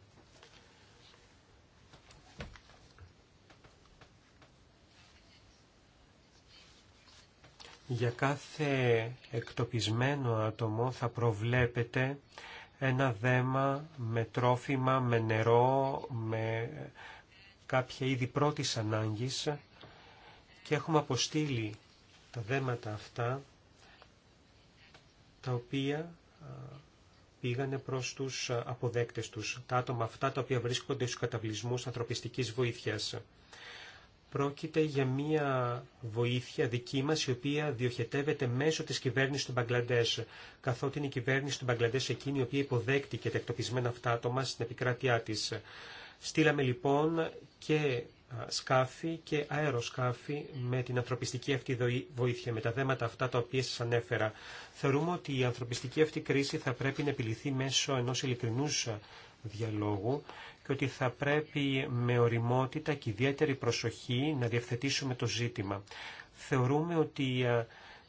Για κάθε εκτοπισμένο άτομο θα προβλέπεται ένα δέμα με τρόφιμα, με νερό, με κάποια είδη πρώτης ανάγκης και έχουμε αποστείλει τα δέματα αυτά τα οποία πήγανε προς τους αποδέκτες τους, τα άτομα αυτά τα οποία βρίσκονται στους καταβλισμούς ανθρωπιστικής βοήθειας. Πρόκειται για μια βοήθεια δική μας η οποία διοχετεύεται μέσω της κυβέρνησης του Μπαγκλαντές, καθότι είναι η κυβέρνηση του Μπαγκλαντές εκείνη η οποία υποδέκτηκε τα εκτοπισμένα αυτά άτομα στην επικράτειά της. Στείλαμε λοιπόν και σκάφη και αεροσκάφη με την ανθρωπιστική αυτή βοήθεια, με τα θέματα αυτά τα οποία σας ανέφερα. Θεωρούμε ότι η ανθρωπιστική αυτή κρίση θα πρέπει να επιληθεί μέσω ενός ειλικρινούς διαλόγου και ότι θα πρέπει με οριμότητα και ιδιαίτερη προσοχή να διευθετήσουμε το ζήτημα. Θεωρούμε ότι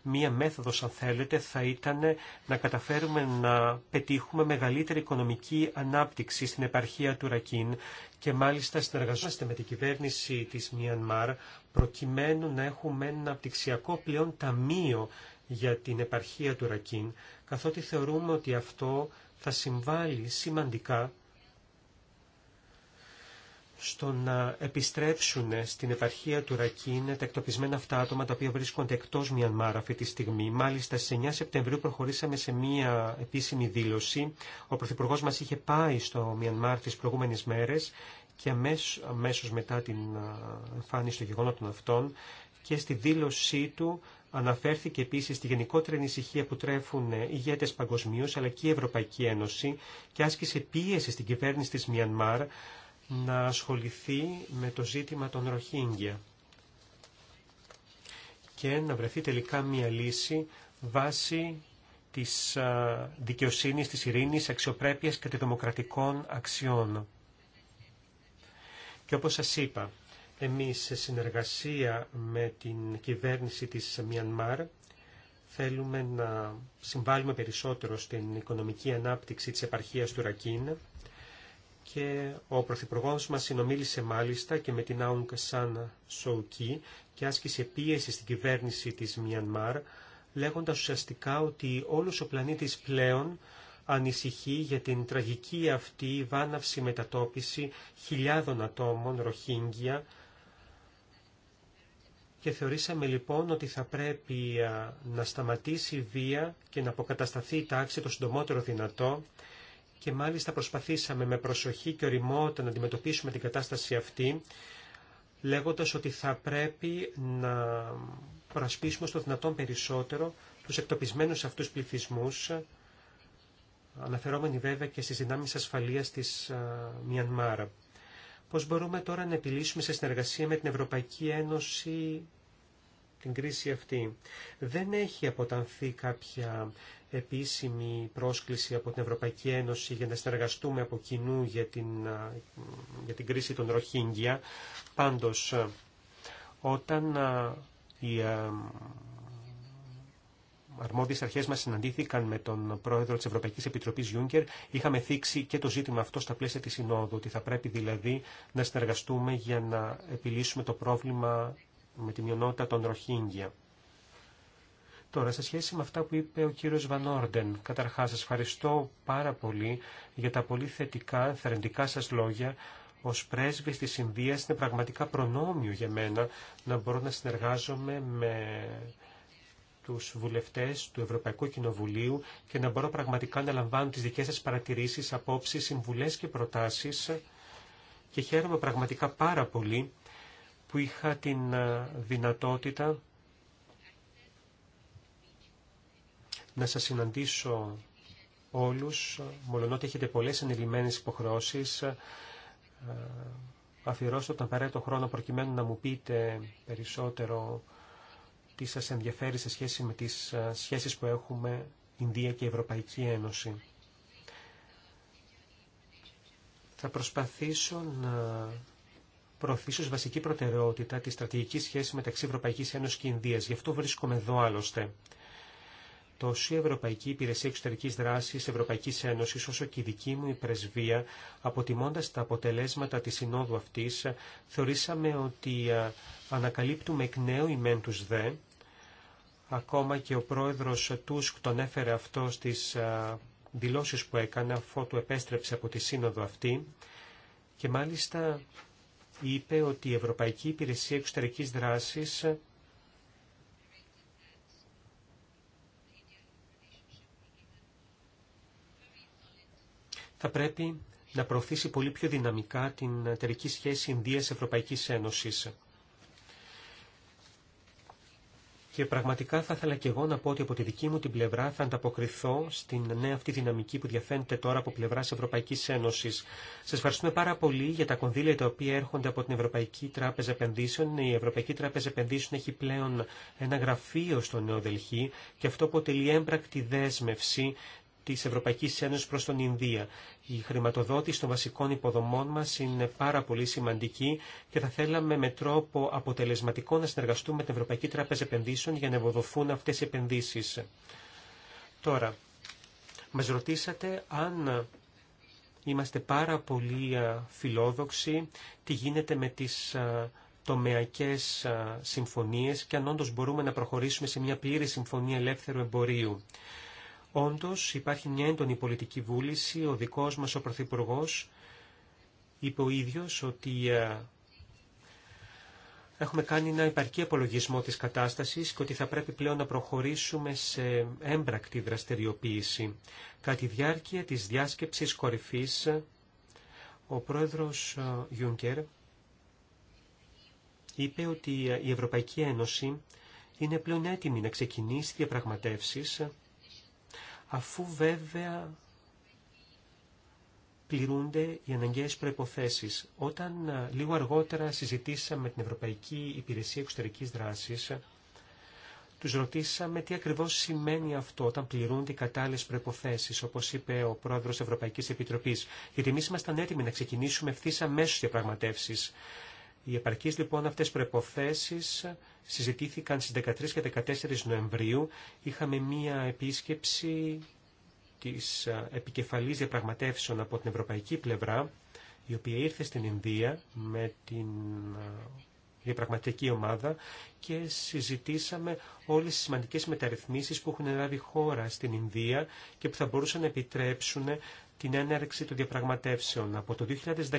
μία μέθοδος, αν θέλετε, θα ήταν να καταφέρουμε να πετύχουμε μεγαλύτερη οικονομική ανάπτυξη στην επαρχία του Ρακίν και μάλιστα συνεργαζόμαστε με την κυβέρνηση της Μιανμάρ προκειμένου να έχουμε ένα αναπτυξιακό πλέον ταμείο για την επαρχία του Ρακίν, καθότι θεωρούμε ότι αυτό θα συμβάλλει σημαντικά στο να επιστρέψουν στην επαρχία του Ρακίν τα εκτοπισμένα αυτά άτομα τα οποία βρίσκονται εκτό Μιανμάρ αυτή τη στιγμή. Μάλιστα στι 9 Σεπτεμβρίου προχωρήσαμε σε μία επίσημη δήλωση. Ο Πρωθυπουργό μα είχε πάει στο Μιανμάρ τι προηγούμενε μέρε και αμέσω μετά την εμφάνιση των γεγονότων αυτών και στη δήλωσή του αναφέρθηκε επίση τη γενικότερη ανησυχία που τρέφουν οι ηγέτε παγκοσμίω αλλά και η Ευρωπαϊκή Ένωση και άσκησε πίεση στην κυβέρνηση τη Μιανμάρ να ασχοληθεί με το ζήτημα των Ροχίνγκια και να βρεθεί τελικά μια λύση βάσει της δικαιοσύνης, της ειρήνης, αξιοπρέπειας και των δημοκρατικών αξιών. Και όπως σας είπα, εμείς σε συνεργασία με την κυβέρνηση της Μιανμάρ θέλουμε να συμβάλλουμε περισσότερο στην οικονομική ανάπτυξη της επαρχίας του Ρακίν και ο Πρωθυπουργό μας συνομίλησε μάλιστα και με την Άουν Σαν Σοουκή και άσκησε πίεση στην κυβέρνηση της Μιανμάρ, λέγοντας ουσιαστικά ότι όλος ο πλανήτης πλέον ανησυχεί για την τραγική αυτή βάναυση μετατόπιση χιλιάδων ατόμων Ροχίνγκια και θεωρήσαμε λοιπόν ότι θα πρέπει να σταματήσει η βία και να αποκατασταθεί η τάξη το συντομότερο δυνατό και μάλιστα προσπαθήσαμε με προσοχή και οριμότητα να αντιμετωπίσουμε την κατάσταση αυτή, λέγοντας ότι θα πρέπει να προασπίσουμε στο δυνατόν περισσότερο τους εκτοπισμένους αυτούς πληθυσμούς, αναφερόμενοι βέβαια και στις δυνάμεις ασφαλείας της Μιανμάρα. Πώς μπορούμε τώρα να επιλύσουμε σε συνεργασία με την Ευρωπαϊκή Ένωση την κρίση αυτή. Δεν έχει αποτανθεί κάποια επίσημη πρόσκληση από την Ευρωπαϊκή Ένωση για να συνεργαστούμε από κοινού για την, για την κρίση των Ροχίνγκια. Πάντως, όταν οι αρμόδιες αρχές μας συναντήθηκαν με τον πρόεδρο της Ευρωπαϊκής Επιτροπής Γιούγκερ, είχαμε θίξει και το ζήτημα αυτό στα πλαίσια της Συνόδου, ότι θα πρέπει δηλαδή να συνεργαστούμε για να επιλύσουμε το πρόβλημα με τη μειονότητα των Ροχίνγκια. Τώρα, σε σχέση με αυτά που είπε ο κύριος Βανόρντεν, καταρχάς σας ευχαριστώ πάρα πολύ για τα πολύ θετικά, θερεντικά σας λόγια. Ως πρέσβης της Ινδίας είναι πραγματικά προνόμιο για μένα να μπορώ να συνεργάζομαι με τους βουλευτές του Ευρωπαϊκού Κοινοβουλίου και να μπορώ πραγματικά να λαμβάνω τις δικές σας παρατηρήσεις, απόψεις, συμβουλές και προτάσεις και χαίρομαι πραγματικά πάρα πολύ που είχα την ε, δυνατότητα να σας συναντήσω όλους, μολονότι έχετε πολλές ανελημμένες υποχρεώσεις, ε, αφιερώστε τον απαραίτητο χρόνο προκειμένου να μου πείτε περισσότερο τι σας ενδιαφέρει σε σχέση με τις ε, σχέσεις που έχουμε Ινδία και Ευρωπαϊκή Ένωση. Θα προσπαθήσω να προωθήσει ω βασική προτεραιότητα τη στρατηγική σχέση μεταξύ Ευρωπαϊκή Ένωση και Ινδία. Γι' αυτό βρίσκομαι εδώ άλλωστε. Τόσο η Ευρωπαϊκή Υπηρεσία Εξωτερικής Δράσης Ευρωπαϊκή Ένωση, όσο και η δική μου η πρεσβεία, αποτιμώντας τα αποτελέσματα τη συνόδου αυτή, θεωρήσαμε ότι ε, ανακαλύπτουμε εκ νέου ημέν τους δε. Ακόμα και ο πρόεδρο Τούσκ τον έφερε αυτό στι ε, δηλώσει που έκανε αφού του επέστρεψε από τη σύνοδο αυτή και μάλιστα είπε ότι η Ευρωπαϊκή Υπηρεσία Εξωτερικής Δράσης θα πρέπει να προωθήσει πολύ πιο δυναμικά την εταιρική σχέση Ινδίας-Ευρωπαϊκής Ένωσης. Και πραγματικά θα ήθελα και εγώ να πω ότι από τη δική μου την πλευρά θα ανταποκριθώ στην νέα αυτή δυναμική που διαφαίνεται τώρα από πλευρά Ευρωπαϊκή Ένωση. Σα ευχαριστούμε πάρα πολύ για τα κονδύλια τα οποία έρχονται από την Ευρωπαϊκή Τράπεζα Επενδύσεων. Η Ευρωπαϊκή Τράπεζα Επενδύσεων έχει πλέον ένα γραφείο στο Νέο Δελχή και αυτό αποτελεί έμπρακτη δέσμευση της Ευρωπαϊκής Ένωσης προς τον Ινδία. Η χρηματοδότηση των βασικών υποδομών μας είναι πάρα πολύ σημαντική και θα θέλαμε με τρόπο αποτελεσματικό να συνεργαστούμε με την Ευρωπαϊκή Τράπεζα Επενδύσεων για να ευοδοθούν αυτές οι επενδύσεις. Τώρα, μας ρωτήσατε αν είμαστε πάρα πολύ φιλόδοξοι, τι γίνεται με τις τομεακές συμφωνίες και αν όντως μπορούμε να προχωρήσουμε σε μια πλήρη συμφωνία ελεύθερου εμπορίου. Όντως υπάρχει μια έντονη πολιτική βούληση, ο δικός μας ο Πρωθυπουργό είπε ο ίδιος ότι ε, έχουμε κάνει ένα υπαρκή απολογισμό της κατάστασης και ότι θα πρέπει πλέον να προχωρήσουμε σε έμπρακτη δραστηριοποίηση. Κατά τη διάρκεια της διάσκεψης κορυφής, ο πρόεδρος ε, Γιούνκερ είπε ότι ε, η Ευρωπαϊκή Ένωση είναι πλέον έτοιμη να ξεκινήσει διαπραγματεύσεις αφού βέβαια πληρούνται οι αναγκαίες προϋποθέσεις. Όταν λίγο αργότερα συζητήσαμε με την Ευρωπαϊκή Υπηρεσία Εξωτερικής Δράσης, τους ρωτήσαμε τι ακριβώς σημαίνει αυτό όταν πληρούνται οι κατάλληλες προϋποθέσεις, όπως είπε ο πρόεδρος Ευρωπαϊκής Επιτροπής. Γιατί εμείς ήμασταν έτοιμοι να ξεκινήσουμε ευθύ αμέσω διαπραγματεύσεις. Οι επαρκείς λοιπόν αυτές προϋποθέσεις συζητήθηκαν στις 13 και 14 Νοεμβρίου. Είχαμε μία επίσκεψη της ε, επικεφαλής διαπραγματεύσεων από την ευρωπαϊκή πλευρά, η οποία ήρθε στην Ινδία με την ε, διαπραγματική ομάδα και συζητήσαμε όλες τις σημαντικές μεταρρυθμίσεις που έχουν λάβει χώρα στην Ινδία και που θα μπορούσαν να επιτρέψουν την έναρξη των διαπραγματεύσεων. Από το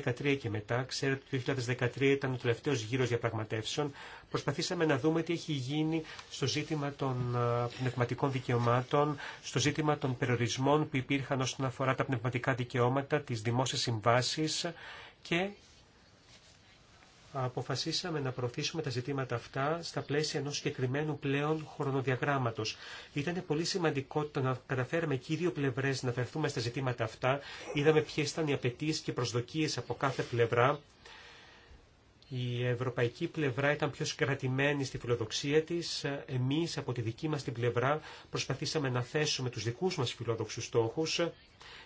2013 και μετά, ξέρετε ότι το 2013 ήταν ο τελευταίο γύρο διαπραγματεύσεων, προσπαθήσαμε να δούμε τι έχει γίνει στο ζήτημα των πνευματικών δικαιωμάτων, στο ζήτημα των περιορισμών που υπήρχαν όσον αφορά τα πνευματικά δικαιώματα, τι δημόσιε συμβάσει και αποφασίσαμε να προωθήσουμε τα ζητήματα αυτά στα πλαίσια ενός συγκεκριμένου πλέον χρονοδιαγράμματος. Ήταν πολύ σημαντικό το να καταφέραμε και οι δύο πλευρές να φερθούμε στα ζητήματα αυτά. Είδαμε ποιε ήταν οι απαιτήσει και προσδοκίες από κάθε πλευρά. Η ευρωπαϊκή πλευρά ήταν πιο συγκρατημένη στη φιλοδοξία της. Εμείς από τη δική μας την πλευρά προσπαθήσαμε να θέσουμε τους δικούς μας φιλοδοξού στόχους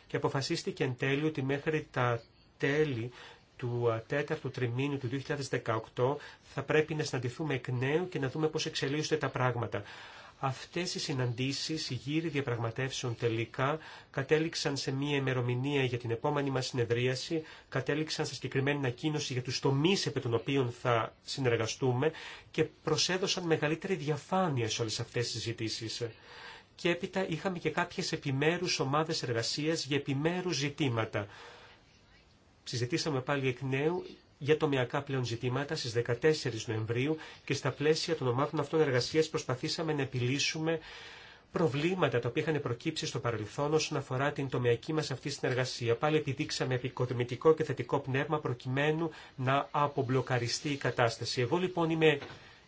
και αποφασίστηκε εν τέλει ότι μέχρι τα τέλη του ε, τέταρτου τριμήνου του 2018 θα πρέπει να συναντηθούμε εκ νέου και να δούμε πώς εξελίσσονται τα πράγματα. Αυτές οι συναντήσεις, οι γύροι διαπραγματεύσεων τελικά, κατέληξαν σε μία ημερομηνία για την επόμενη μας συνεδρίαση, κατέληξαν σε συγκεκριμένη ανακοίνωση για τους τομείς επί των οποίων θα συνεργαστούμε και προσέδωσαν μεγαλύτερη διαφάνεια σε όλες αυτές τις συζητήσεις και έπειτα είχαμε και κάποιες επιμέρους ομάδες εργασίας για επιμέρους ζητήματα συζητήσαμε πάλι εκ νέου για τομιακά πλέον ζητήματα στις 14 Νοεμβρίου και στα πλαίσια των ομάδων αυτών εργασίας προσπαθήσαμε να επιλύσουμε προβλήματα τα οποία είχαν προκύψει στο παρελθόν όσον αφορά την τομιακή μας αυτή συνεργασία. Πάλι επιδείξαμε επικοδομητικό και θετικό πνεύμα προκειμένου να απομπλοκαριστεί η κατάσταση. Εγώ λοιπόν είμαι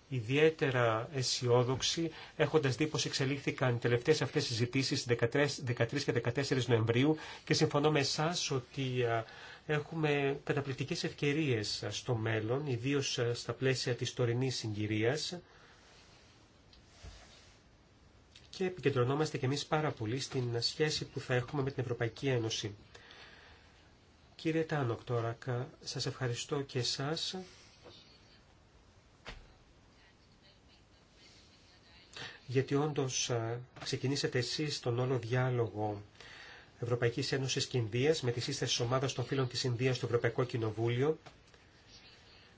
ιδιαίτερα αισιόδοξη, έχοντα δει πώ εξελίχθηκαν οι τελευταίε αυτέ συζητήσει 13, 13 και 14 Νοεμβρίου και συμφωνώ με εσά ότι έχουμε καταπληκτικές ευκαιρίες στο μέλλον, ιδίως στα πλαίσια της τωρινής συγκυρίας και επικεντρωνόμαστε και εμείς πάρα πολύ στην σχέση που θα έχουμε με την Ευρωπαϊκή Ένωση. Κύριε Τάνοκ τώρα σας ευχαριστώ και εσάς. γιατί όντως ξεκινήσατε εσείς τον όλο διάλογο Ευρωπαϊκή Ένωση και με τη σύσταση τη ομάδα των φίλων τη Ινδία στο Ευρωπαϊκό Κοινοβούλιο.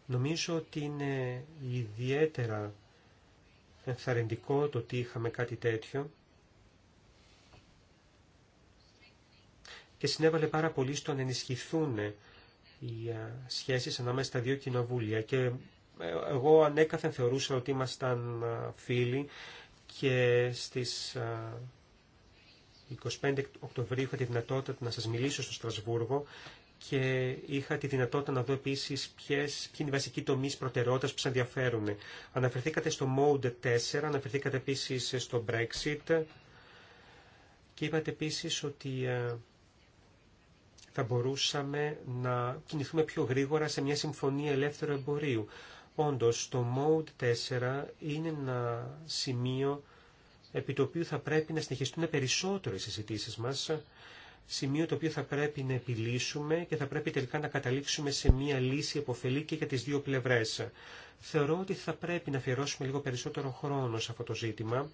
Νομίζω ότι είναι ιδιαίτερα ενθαρρυντικό το ότι είχαμε κάτι τέτοιο και συνέβαλε πάρα πολύ στο να ενισχυθούν οι σχέσεις ανάμεσα στα δύο κοινοβούλια και ε, εγώ ανέκαθεν θεωρούσα ότι ήμασταν φίλοι και στις 25 Οκτωβρίου είχα τη δυνατότητα να σας μιλήσω στο Στρασβούργο και είχα τη δυνατότητα να δω επίση ποιοι είναι οι βασικοί τομεί προτεραιότητα που σα ενδιαφέρουν. Αναφερθήκατε στο Mode 4, αναφερθήκατε επίση στο Brexit και είπατε επίση ότι ε, θα μπορούσαμε να κινηθούμε πιο γρήγορα σε μια συμφωνία ελεύθερου εμπορίου. Όντω, το Mode 4 είναι ένα σημείο επί το οποίο θα πρέπει να συνεχιστούν περισσότερο οι συζητήσεις μας, σημείο το οποίο θα πρέπει να επιλύσουμε και θα πρέπει τελικά να καταλήξουμε σε μία λύση επωφελή και για τις δύο πλευρές. Θεωρώ ότι θα πρέπει να αφιερώσουμε λίγο περισσότερο χρόνο σε αυτό το ζήτημα.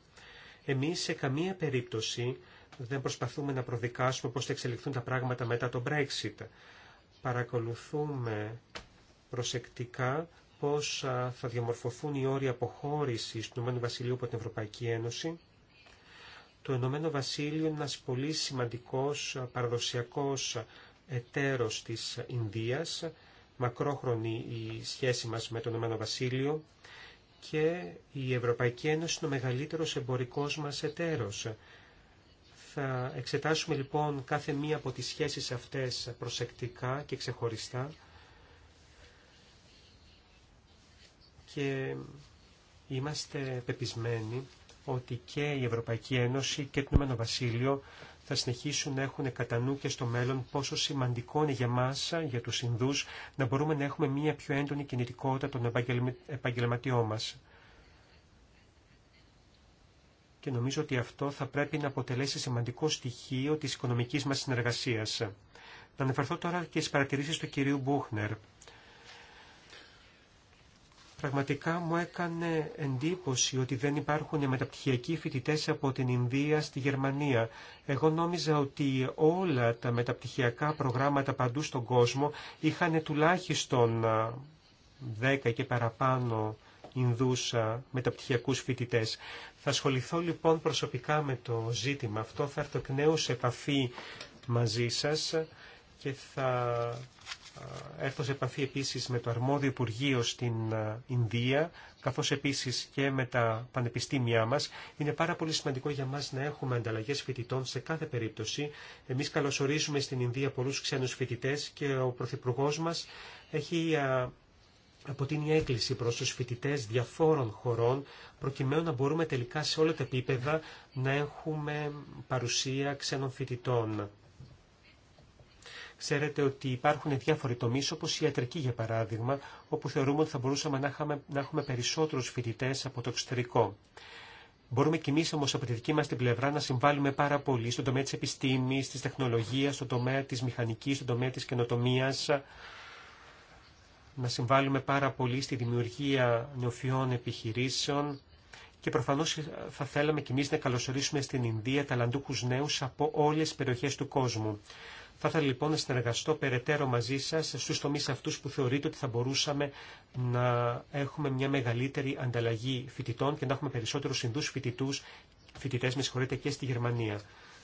Εμείς σε καμία περίπτωση δεν προσπαθούμε να προδικάσουμε πώς θα εξελιχθούν τα πράγματα μετά το Brexit. Παρακολουθούμε προσεκτικά πώς θα διαμορφωθούν οι όροι αποχώρησης του Ηνωμένου Βασιλείου από την Ευρωπαϊκή Ένωση το Ηνωμένο Βασίλειο είναι ένας πολύ σημαντικός παραδοσιακός εταίρος της Ινδίας, μακρόχρονη η σχέση μας με το Ηνωμένο Βασίλειο και η Ευρωπαϊκή Ένωση είναι ο μεγαλύτερος εμπορικός μας εταίρος. Θα εξετάσουμε λοιπόν κάθε μία από τις σχέσεις αυτές προσεκτικά και ξεχωριστά και είμαστε πεπισμένοι ότι και η Ευρωπαϊκή Ένωση και το Ηνωμένο Βασίλειο θα συνεχίσουν να έχουν κατά νου και στο μέλλον πόσο σημαντικό είναι για μας, για τους Ινδούς, να μπορούμε να έχουμε μια πιο έντονη κινητικότητα των επαγγελματιών μας. Και νομίζω ότι αυτό θα πρέπει να αποτελέσει σημαντικό στοιχείο της οικονομικής μας συνεργασίας. Να αναφερθώ τώρα και στις παρατηρήσεις του κυρίου Μπούχνερ Πραγματικά μου έκανε εντύπωση ότι δεν υπάρχουν μεταπτυχιακοί φοιτητέ από την Ινδία στη Γερμανία. Εγώ νόμιζα ότι όλα τα μεταπτυχιακά προγράμματα παντού στον κόσμο είχαν τουλάχιστον 10 και παραπάνω Ινδούς μεταπτυχιακούς φοιτητέ. Θα ασχοληθώ λοιπόν προσωπικά με το ζήτημα αυτό, θα έρθω εκ νέου σε επαφή μαζί σας και θα έρθω σε επαφή επίσης με το αρμόδιο Υπουργείο στην ε, Ινδία, καθώς επίσης και με τα πανεπιστήμια μας. Είναι πάρα πολύ σημαντικό για μας να έχουμε ανταλλαγές φοιτητών σε κάθε περίπτωση. Εμείς καλωσορίζουμε στην Ινδία πολλούς ξένους φοιτητές και ο Πρωθυπουργό μας έχει ε, αποτείνει έκκληση προς τους φοιτητές διαφόρων χωρών, προκειμένου να μπορούμε τελικά σε όλα τα επίπεδα να έχουμε παρουσία ξένων φοιτητών. Ξέρετε ότι υπάρχουν διάφοροι τομεί, όπω η ιατρική για παράδειγμα, όπου θεωρούμε ότι θα μπορούσαμε να, έχουμε, έχουμε περισσότερου φοιτητέ από το εξωτερικό. Μπορούμε κι εμεί όμω από τη δική μα την πλευρά να συμβάλλουμε πάρα πολύ στον τομέα τη επιστήμη, τη τεχνολογία, στον τομέα τη μηχανική, στον τομέα τη καινοτομία. Να συμβάλλουμε πάρα πολύ στη δημιουργία νεοφιών επιχειρήσεων. Και προφανώ θα θέλαμε κι εμείς να καλωσορίσουμε στην Ινδία ταλαντούχου νέου από όλε τι περιοχέ του κόσμου. Θα ήθελα λοιπόν να συνεργαστώ περαιτέρω μαζί σας στους τομείς αυτούς που θεωρείτε ότι θα μπορούσαμε να έχουμε μια μεγαλύτερη ανταλλαγή φοιτητών και να έχουμε περισσότερους Ινδούς φοιτητούς, φοιτητές με συγχωρείτε και στη Γερμανία.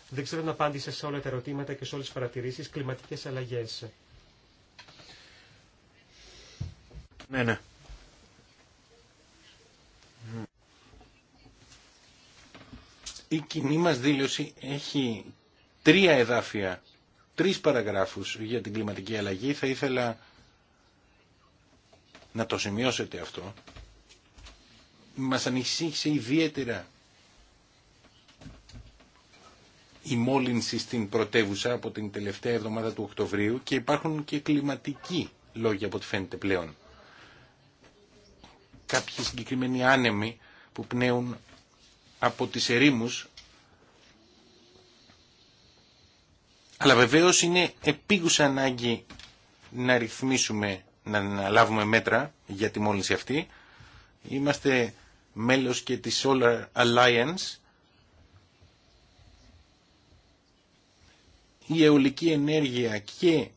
Δεν ξέρω να απάντησα σε όλα τα ερωτήματα και σε όλες τις παρατηρήσεις κλιματικές αλλαγές. Ναι, ναι. Η κοινή μας δήλωση έχει τρία εδάφια τρεις παραγράφους για την κλιματική αλλαγή. Θα ήθελα να το σημειώσετε αυτό. Μας ανησύχησε ιδιαίτερα η μόλυνση στην πρωτεύουσα από την τελευταία εβδομάδα του Οκτωβρίου και υπάρχουν και κλιματικοί λόγοι από ό,τι φαίνεται πλέον. Κάποιοι συγκεκριμένοι άνεμοι που πνέουν από τις ερήμους Αλλά βεβαίως είναι επίγουσα ανάγκη να ρυθμίσουμε, να, να λάβουμε μέτρα για τη μόλυνση αυτή. Είμαστε μέλος και της Solar Alliance. Η αιωλική ενέργεια και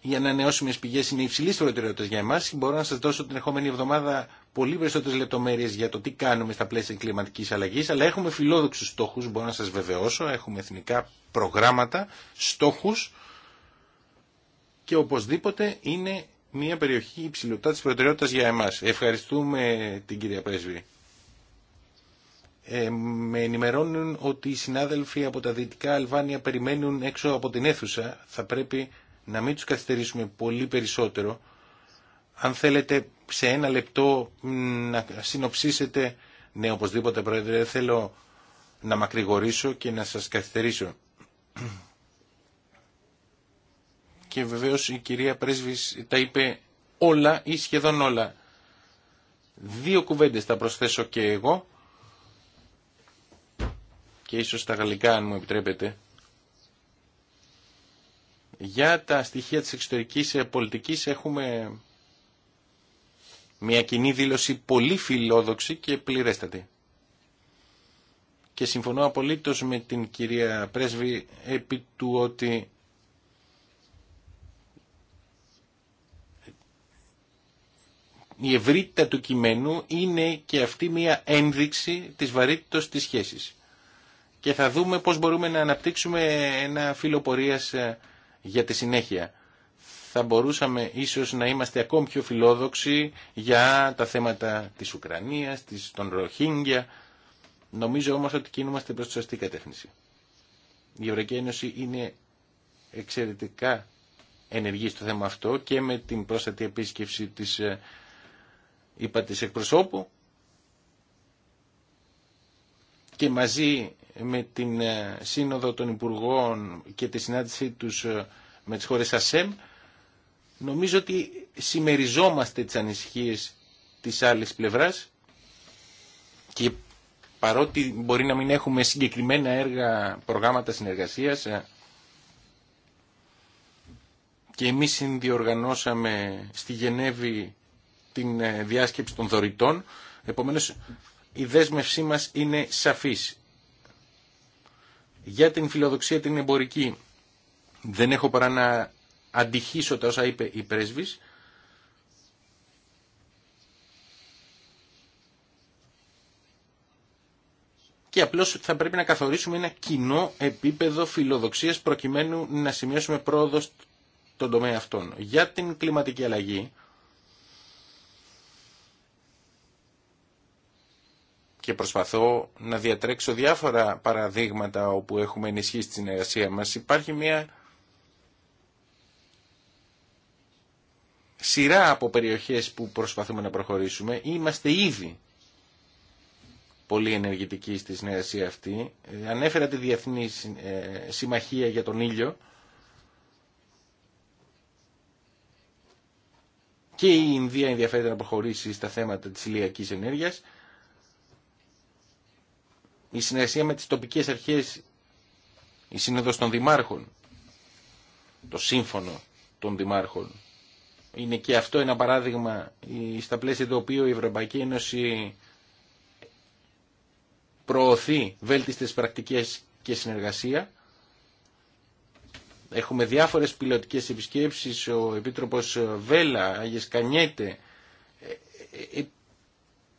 οι ανανεώσιμες πηγές είναι υψηλής προτεραιότητας για εμάς. Μπορώ να σας δώσω την ερχόμενη εβδομάδα πολύ περισσότερε λεπτομέρειε για το τι κάνουμε στα πλαίσια κλιματική αλλαγή. αλλά έχουμε φιλόδοξου στόχου. μπορώ να σα βεβαιώσω, έχουμε εθνικά προγράμματα, στόχου. και οπωσδήποτε είναι μια περιοχή υψηλωτά τη προτεραιότητα για εμά. Ευχαριστούμε την κυρία Πρέσβη. Ε, με ενημερώνουν ότι οι συνάδελφοι από τα Δυτικά Αλβάνια περιμένουν έξω από την αίθουσα. Θα πρέπει να μην τους καθυστερήσουμε πολύ περισσότερο. Αν θέλετε σε ένα λεπτό να συνοψίσετε. Ναι, οπωσδήποτε, Πρόεδρε, θέλω να μακρηγορήσω και να σας καθυστερήσω. Και βεβαίως η κυρία Πρέσβης τα είπε όλα ή σχεδόν όλα. Δύο κουβέντες θα προσθέσω και εγώ και ίσως τα γαλλικά αν μου επιτρέπετε για τα στοιχεία της εξωτερικής πολιτικής έχουμε μια κοινή δήλωση πολύ φιλόδοξη και πληρέστατη. Και συμφωνώ απολύτως με την κυρία Πρέσβη επί του ότι η ευρύτητα του κειμένου είναι και αυτή μια ένδειξη της βαρύτητος της σχέσης. Και θα δούμε πώς μπορούμε να αναπτύξουμε ένα φιλοπορίας ε, για τη συνέχεια θα μπορούσαμε ίσως να είμαστε ακόμη πιο φιλόδοξοι για τα θέματα της Ουκρανίας, των Ροχίνγκια. Νομίζω όμως ότι κινούμαστε προς τη σωστή κατεύθυνση. Η Ευρωπαϊκή Ένωση είναι εξαιρετικά ενεργή στο θέμα αυτό και με την πρόσθετη επίσκεψη της ε, είπα εκπροσώπου και μαζί με την ε, Σύνοδο των Υπουργών και τη συνάντησή τους ε, με τις χώρες ΑΣΕΜ Νομίζω ότι συμμεριζόμαστε τις ανησυχίες της άλλης πλευράς και παρότι μπορεί να μην έχουμε συγκεκριμένα έργα, προγράμματα συνεργασίας ε, και εμείς συνδιοργανώσαμε στη Γενέβη την ε, διάσκεψη των δωρητών, επομένως η δέσμευσή μας είναι σαφής. Για την φιλοδοξία την εμπορική δεν έχω παρά να αντιχίσω τα όσα είπε η πρέσβης, και απλώς θα πρέπει να καθορίσουμε ένα κοινό επίπεδο φιλοδοξίας προκειμένου να σημειώσουμε πρόοδο στον τομέα αυτών. Για την κλιματική αλλαγή και προσπαθώ να διατρέξω διάφορα παραδείγματα όπου έχουμε ενισχύσει τη συνεργασία μας υπάρχει μια σειρά από περιοχές που προσπαθούμε να προχωρήσουμε. Είμαστε ήδη πολύ ενεργητικοί στη συνεργασία αυτή. Ε, ανέφερα τη Διεθνή ε, Συμμαχία για τον Ήλιο και η Ινδία ενδιαφέρεται να προχωρήσει στα θέματα της ηλιακής ενέργειας. Η συνεργασία με τις τοπικές αρχές, η Σύνοδος των Δημάρχων, το Σύμφωνο των Δημάρχων είναι και αυτό ένα παράδειγμα στα πλαίσια του οποίου η Ευρωπαϊκή Ένωση προωθεί βέλτιστες πρακτικές και συνεργασία. Έχουμε διάφορες πιλωτικές επισκέψεις, ο Επίτροπος Βέλα, Άγιες ε, ε,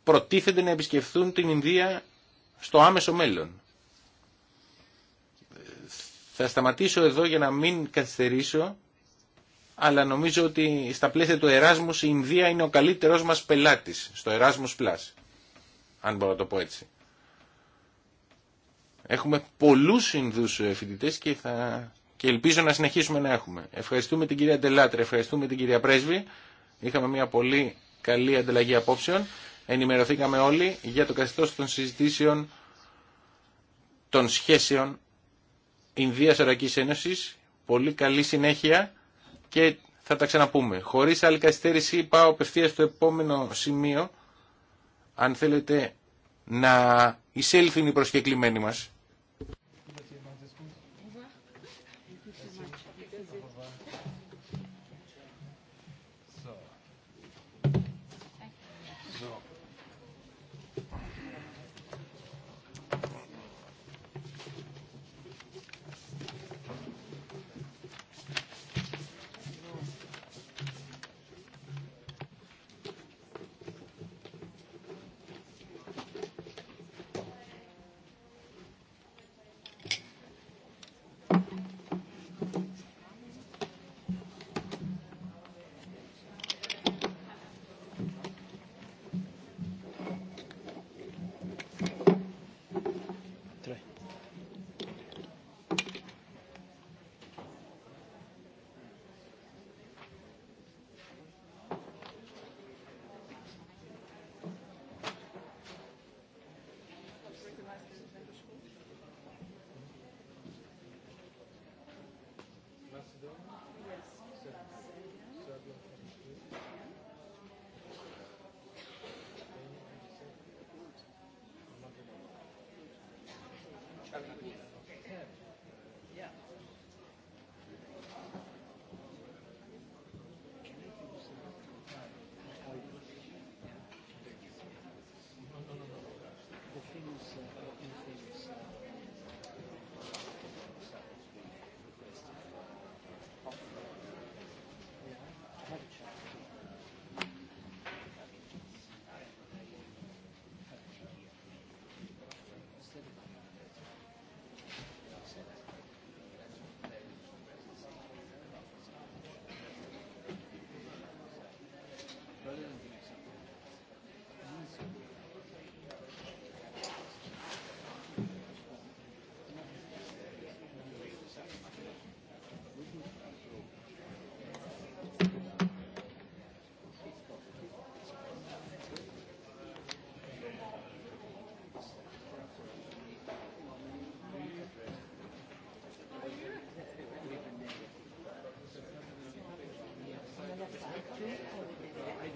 προτίθεται να επισκεφθούν την Ινδία στο άμεσο μέλλον. Θα σταματήσω εδώ για να μην καθυστερήσω αλλά νομίζω ότι στα πλαίσια του Εράσμους η Ινδία είναι ο καλύτερος μας πελάτης στο Εράσμους Plus, αν μπορώ να το πω έτσι. Έχουμε πολλούς Ινδούς φοιτητέ και, θα... και ελπίζω να συνεχίσουμε να έχουμε. Ευχαριστούμε την κυρία Ντελάτρε, ευχαριστούμε την κυρία Πρέσβη. Είχαμε μια πολύ καλή ανταλλαγή απόψεων. Ενημερωθήκαμε όλοι για το καθεστώς των συζητήσεων των σχέσεων Ινδίας Ευρωπαϊκής Ένωσης. Πολύ καλή συνέχεια και θα τα ξαναπούμε. Χωρίς άλλη καθυστέρηση πάω απευθεία στο επόμενο σημείο αν θέλετε να εισέλθουν οι προσκεκλημένοι μας.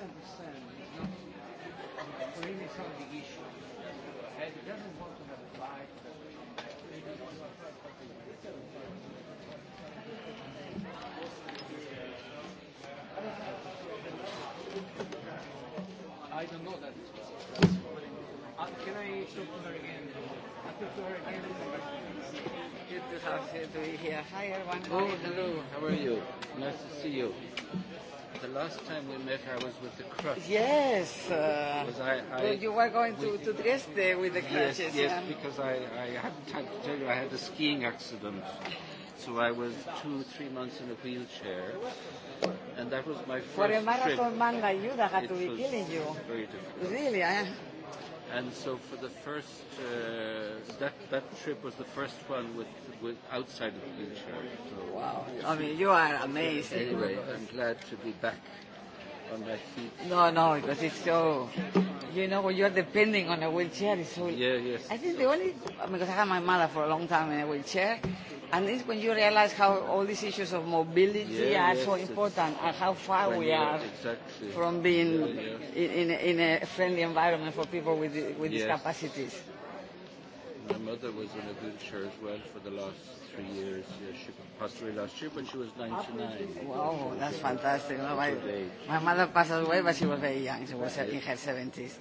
understand is not for any sort of issue. And he doesn't want to have a fight. I don't know that. Uh, can I talk to her again? I talk to her again. Good to have you here. Hi, everyone. Oh, hello. How are you? Nice to see you. The last time we met, I was with the crutches. Yes. Uh, I, you were going to, to there with the crutches. Yes, because I, I haven't time to tell you, I had a skiing accident. So I was two, three months in a wheelchair. And that was my first For a marathon man like you, that had to be killing you. Really, I and so for the first that that trip was the first one with with outside of So Wow! I mean, you are amazing. Anyway, I'm glad to be back on my feet. No, no, because it's so. You know, when you're depending on a wheelchair, it's so. Yeah, yes. I think the only because I had my mother for a long time in a wheelchair, and it's when you realize how all these issues of mobility are so important and how far we are from being in, in, a, friendly environment for people with with disabilities. My mother was in a wheelchair as well for the last three years. Yeah, she passed away last year, but she was 99. Wow, that's fantastic. my, my mother passed away, but she was very young. She was in her 70s.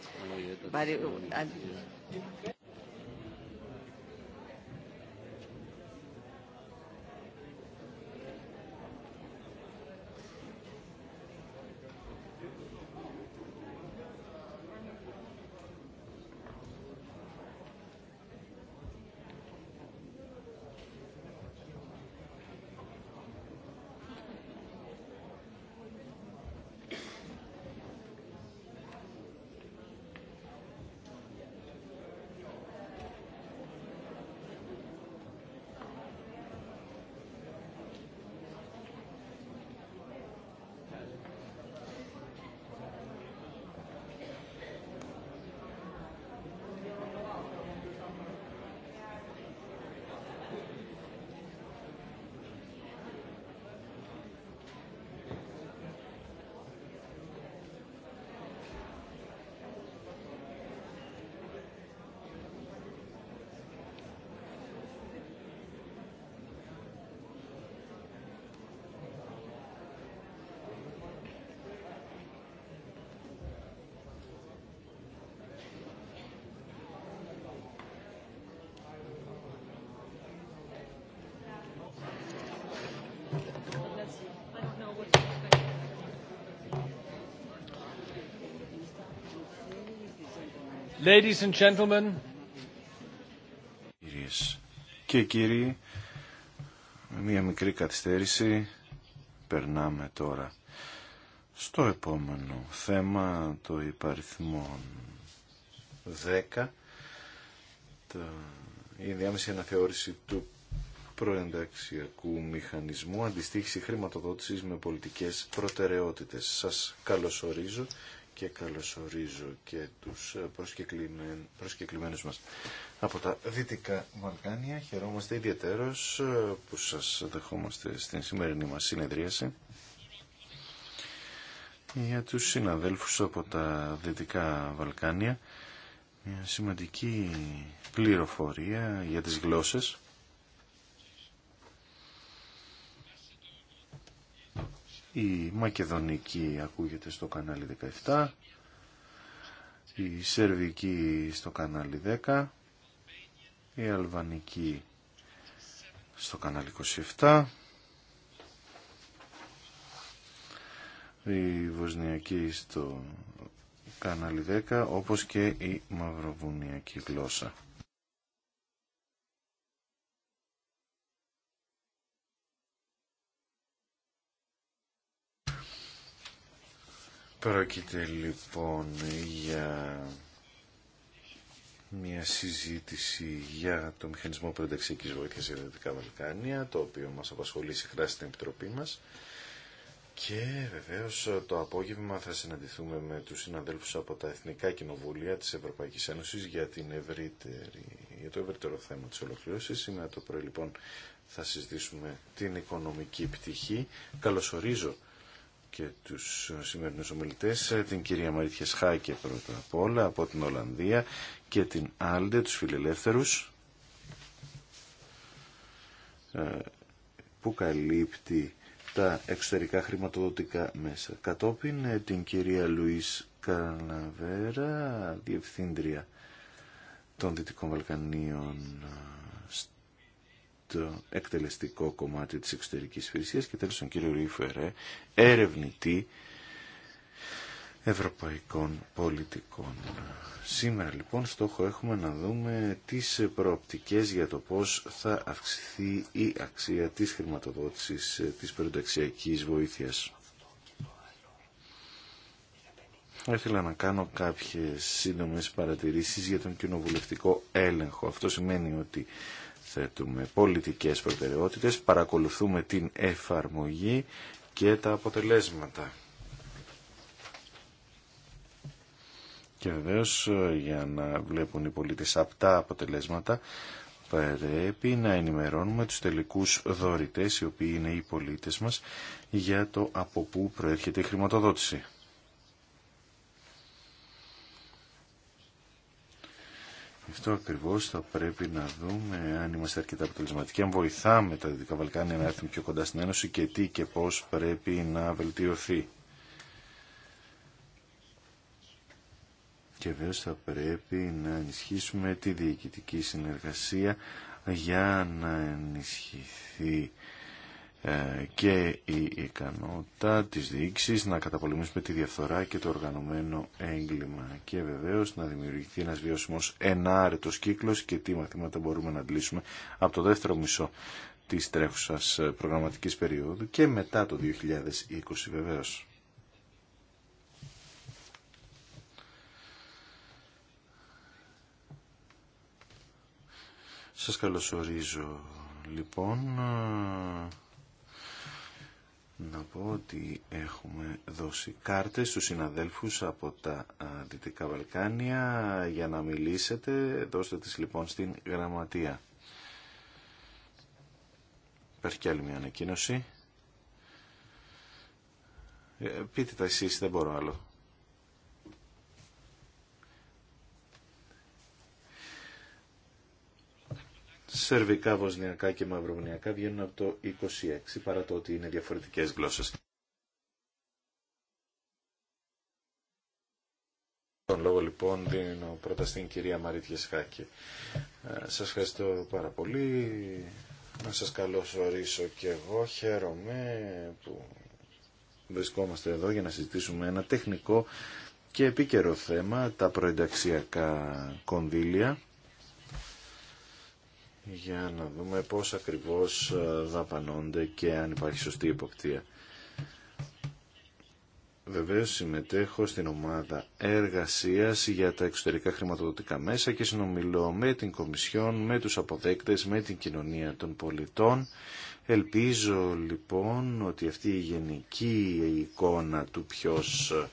Ladies and gentlemen. Κυρίες και κύριοι, με μία μικρή καθυστέρηση περνάμε τώρα στο επόμενο θέμα, το υπαριθμό 10, το, η διάμεση αναθεώρηση του προενταξιακού μηχανισμού αντιστοίχηση χρηματοδότησης με πολιτικές προτεραιότητες. Σας καλωσορίζω και καλωσορίζω και τους προσκεκλημένους μας από τα Δυτικά Βαλκάνια. Χαιρόμαστε ιδιαίτερος ε, που σας δεχόμαστε στην σημερινή μας συνεδρίαση. Για τους συναδέλφους από τα Δυτικά Βαλκάνια, μια σημαντική πληροφορία για τις γλώσσες η μακεδονική ακούγεται στο κανάλι 17, η σερβική στο κανάλι 10, η αλβανική στο κανάλι 27, η βοσνιακή στο κανάλι 10, όπως και η μαυροβουνιακή γλώσσα. Πρόκειται λοιπόν για μια συζήτηση για το μηχανισμό προενταξιακής βοήθειας για τα Δυτικά Βαλκάνια, το οποίο μας απασχολεί συχνά στην Επιτροπή μας. Και βεβαίως το απόγευμα θα συναντηθούμε με τους συναδέλφους από τα Εθνικά Κοινοβούλια της Ευρωπαϊκής Ένωσης για, την ευρύτερη, για το ευρύτερο θέμα της ολοκλήρωσης. Σήμερα το πρωί λοιπόν θα συζητήσουμε την οικονομική πτυχή. Καλωσορίζω και τους σημερινούς ομιλητές, ε, την κυρία Μαρίτια Σχάκε πρώτα απ' όλα από την Ολλανδία και την Άλντε, τους φιλελεύθερους, ε, που καλύπτει τα εξωτερικά χρηματοδοτικά μέσα. Κατόπιν ε, την κυρία Λουίς Καλαβέρα, διευθύντρια των Δυτικών Βαλκανίων το εκτελεστικό κομμάτι της εξωτερικής υπηρεσίας και τέλος τον κύριο Ρίφερε, ερευνητή ευρωπαϊκών πολιτικών. Σήμερα λοιπόν στόχο έχουμε να δούμε τις προοπτικές για το πώς θα αυξηθεί η αξία της χρηματοδότησης της περιοταξιακής βοήθειας. Θα ήθελα να κάνω κάποιες σύντομες παρατηρήσεις για τον κοινοβουλευτικό έλεγχο. Αυτό σημαίνει ότι θέτουμε πολιτικές προτεραιότητες, παρακολουθούμε την εφαρμογή και τα αποτελέσματα. Και βεβαίω για να βλέπουν οι πολίτες αυτά αποτελέσματα πρέπει να ενημερώνουμε τους τελικούς δωρητές οι οποίοι είναι οι πολίτες μας για το από πού προέρχεται η χρηματοδότηση. Γι' αυτό ακριβώ θα πρέπει να δούμε αν είμαστε αρκετά αποτελεσματικοί, αν βοηθάμε τα Δυτικά Βαλκάνια να έρθουν πιο κοντά στην Ένωση και τι και πώ πρέπει να βελτιωθεί. Και βέβαια θα πρέπει να ενισχύσουμε τη διοικητική συνεργασία για να ενισχυθεί ε, και η ικανότητα της διοίκησης να καταπολεμήσουμε τη διαφθορά και το οργανωμένο έγκλημα και βεβαίως να δημιουργηθεί ένας βιώσιμος ενάρετος κύκλος και τι μαθήματα μπορούμε να αντλήσουμε από το δεύτερο μισό της τρέχουσας προγραμματικής περίοδου και μετά το 2020 βεβαίως. Σας καλωσορίζω λοιπόν να πω ότι έχουμε δώσει κάρτες στους συναδέλφους από τα Δυτικά Βαλκάνια για να μιλήσετε. Δώστε τις λοιπόν στην γραμματεία. Υπάρχει άλλη μια ανακοίνωση. Ε, πείτε τα εσείς, δεν μπορώ άλλο. σερβικά, βοσνιακά και μαυροβουνιακά βγαίνουν από το 26 παρά το ότι είναι διαφορετικές γλώσσες. Τον λόγο λοιπόν δίνω πρώτα στην κυρία Μαρίτια Σχάκη. Ε, σας ευχαριστώ πάρα πολύ. Να σας καλωσορίσω και εγώ. Χαίρομαι που βρισκόμαστε εδώ για να συζητήσουμε ένα τεχνικό και επίκαιρο θέμα, τα προενταξιακά κονδύλια για να δούμε πώς ακριβώς ε, δαπανώνται και αν υπάρχει σωστή υποκτία. Βεβαίω συμμετέχω στην ομάδα εργασία για τα εξωτερικά χρηματοδοτικά μέσα και συνομιλώ με την Κομισιόν, με τους αποδέκτες, με την κοινωνία των πολιτών. Ελπίζω λοιπόν ότι αυτή η γενική εικόνα του ποιο ε,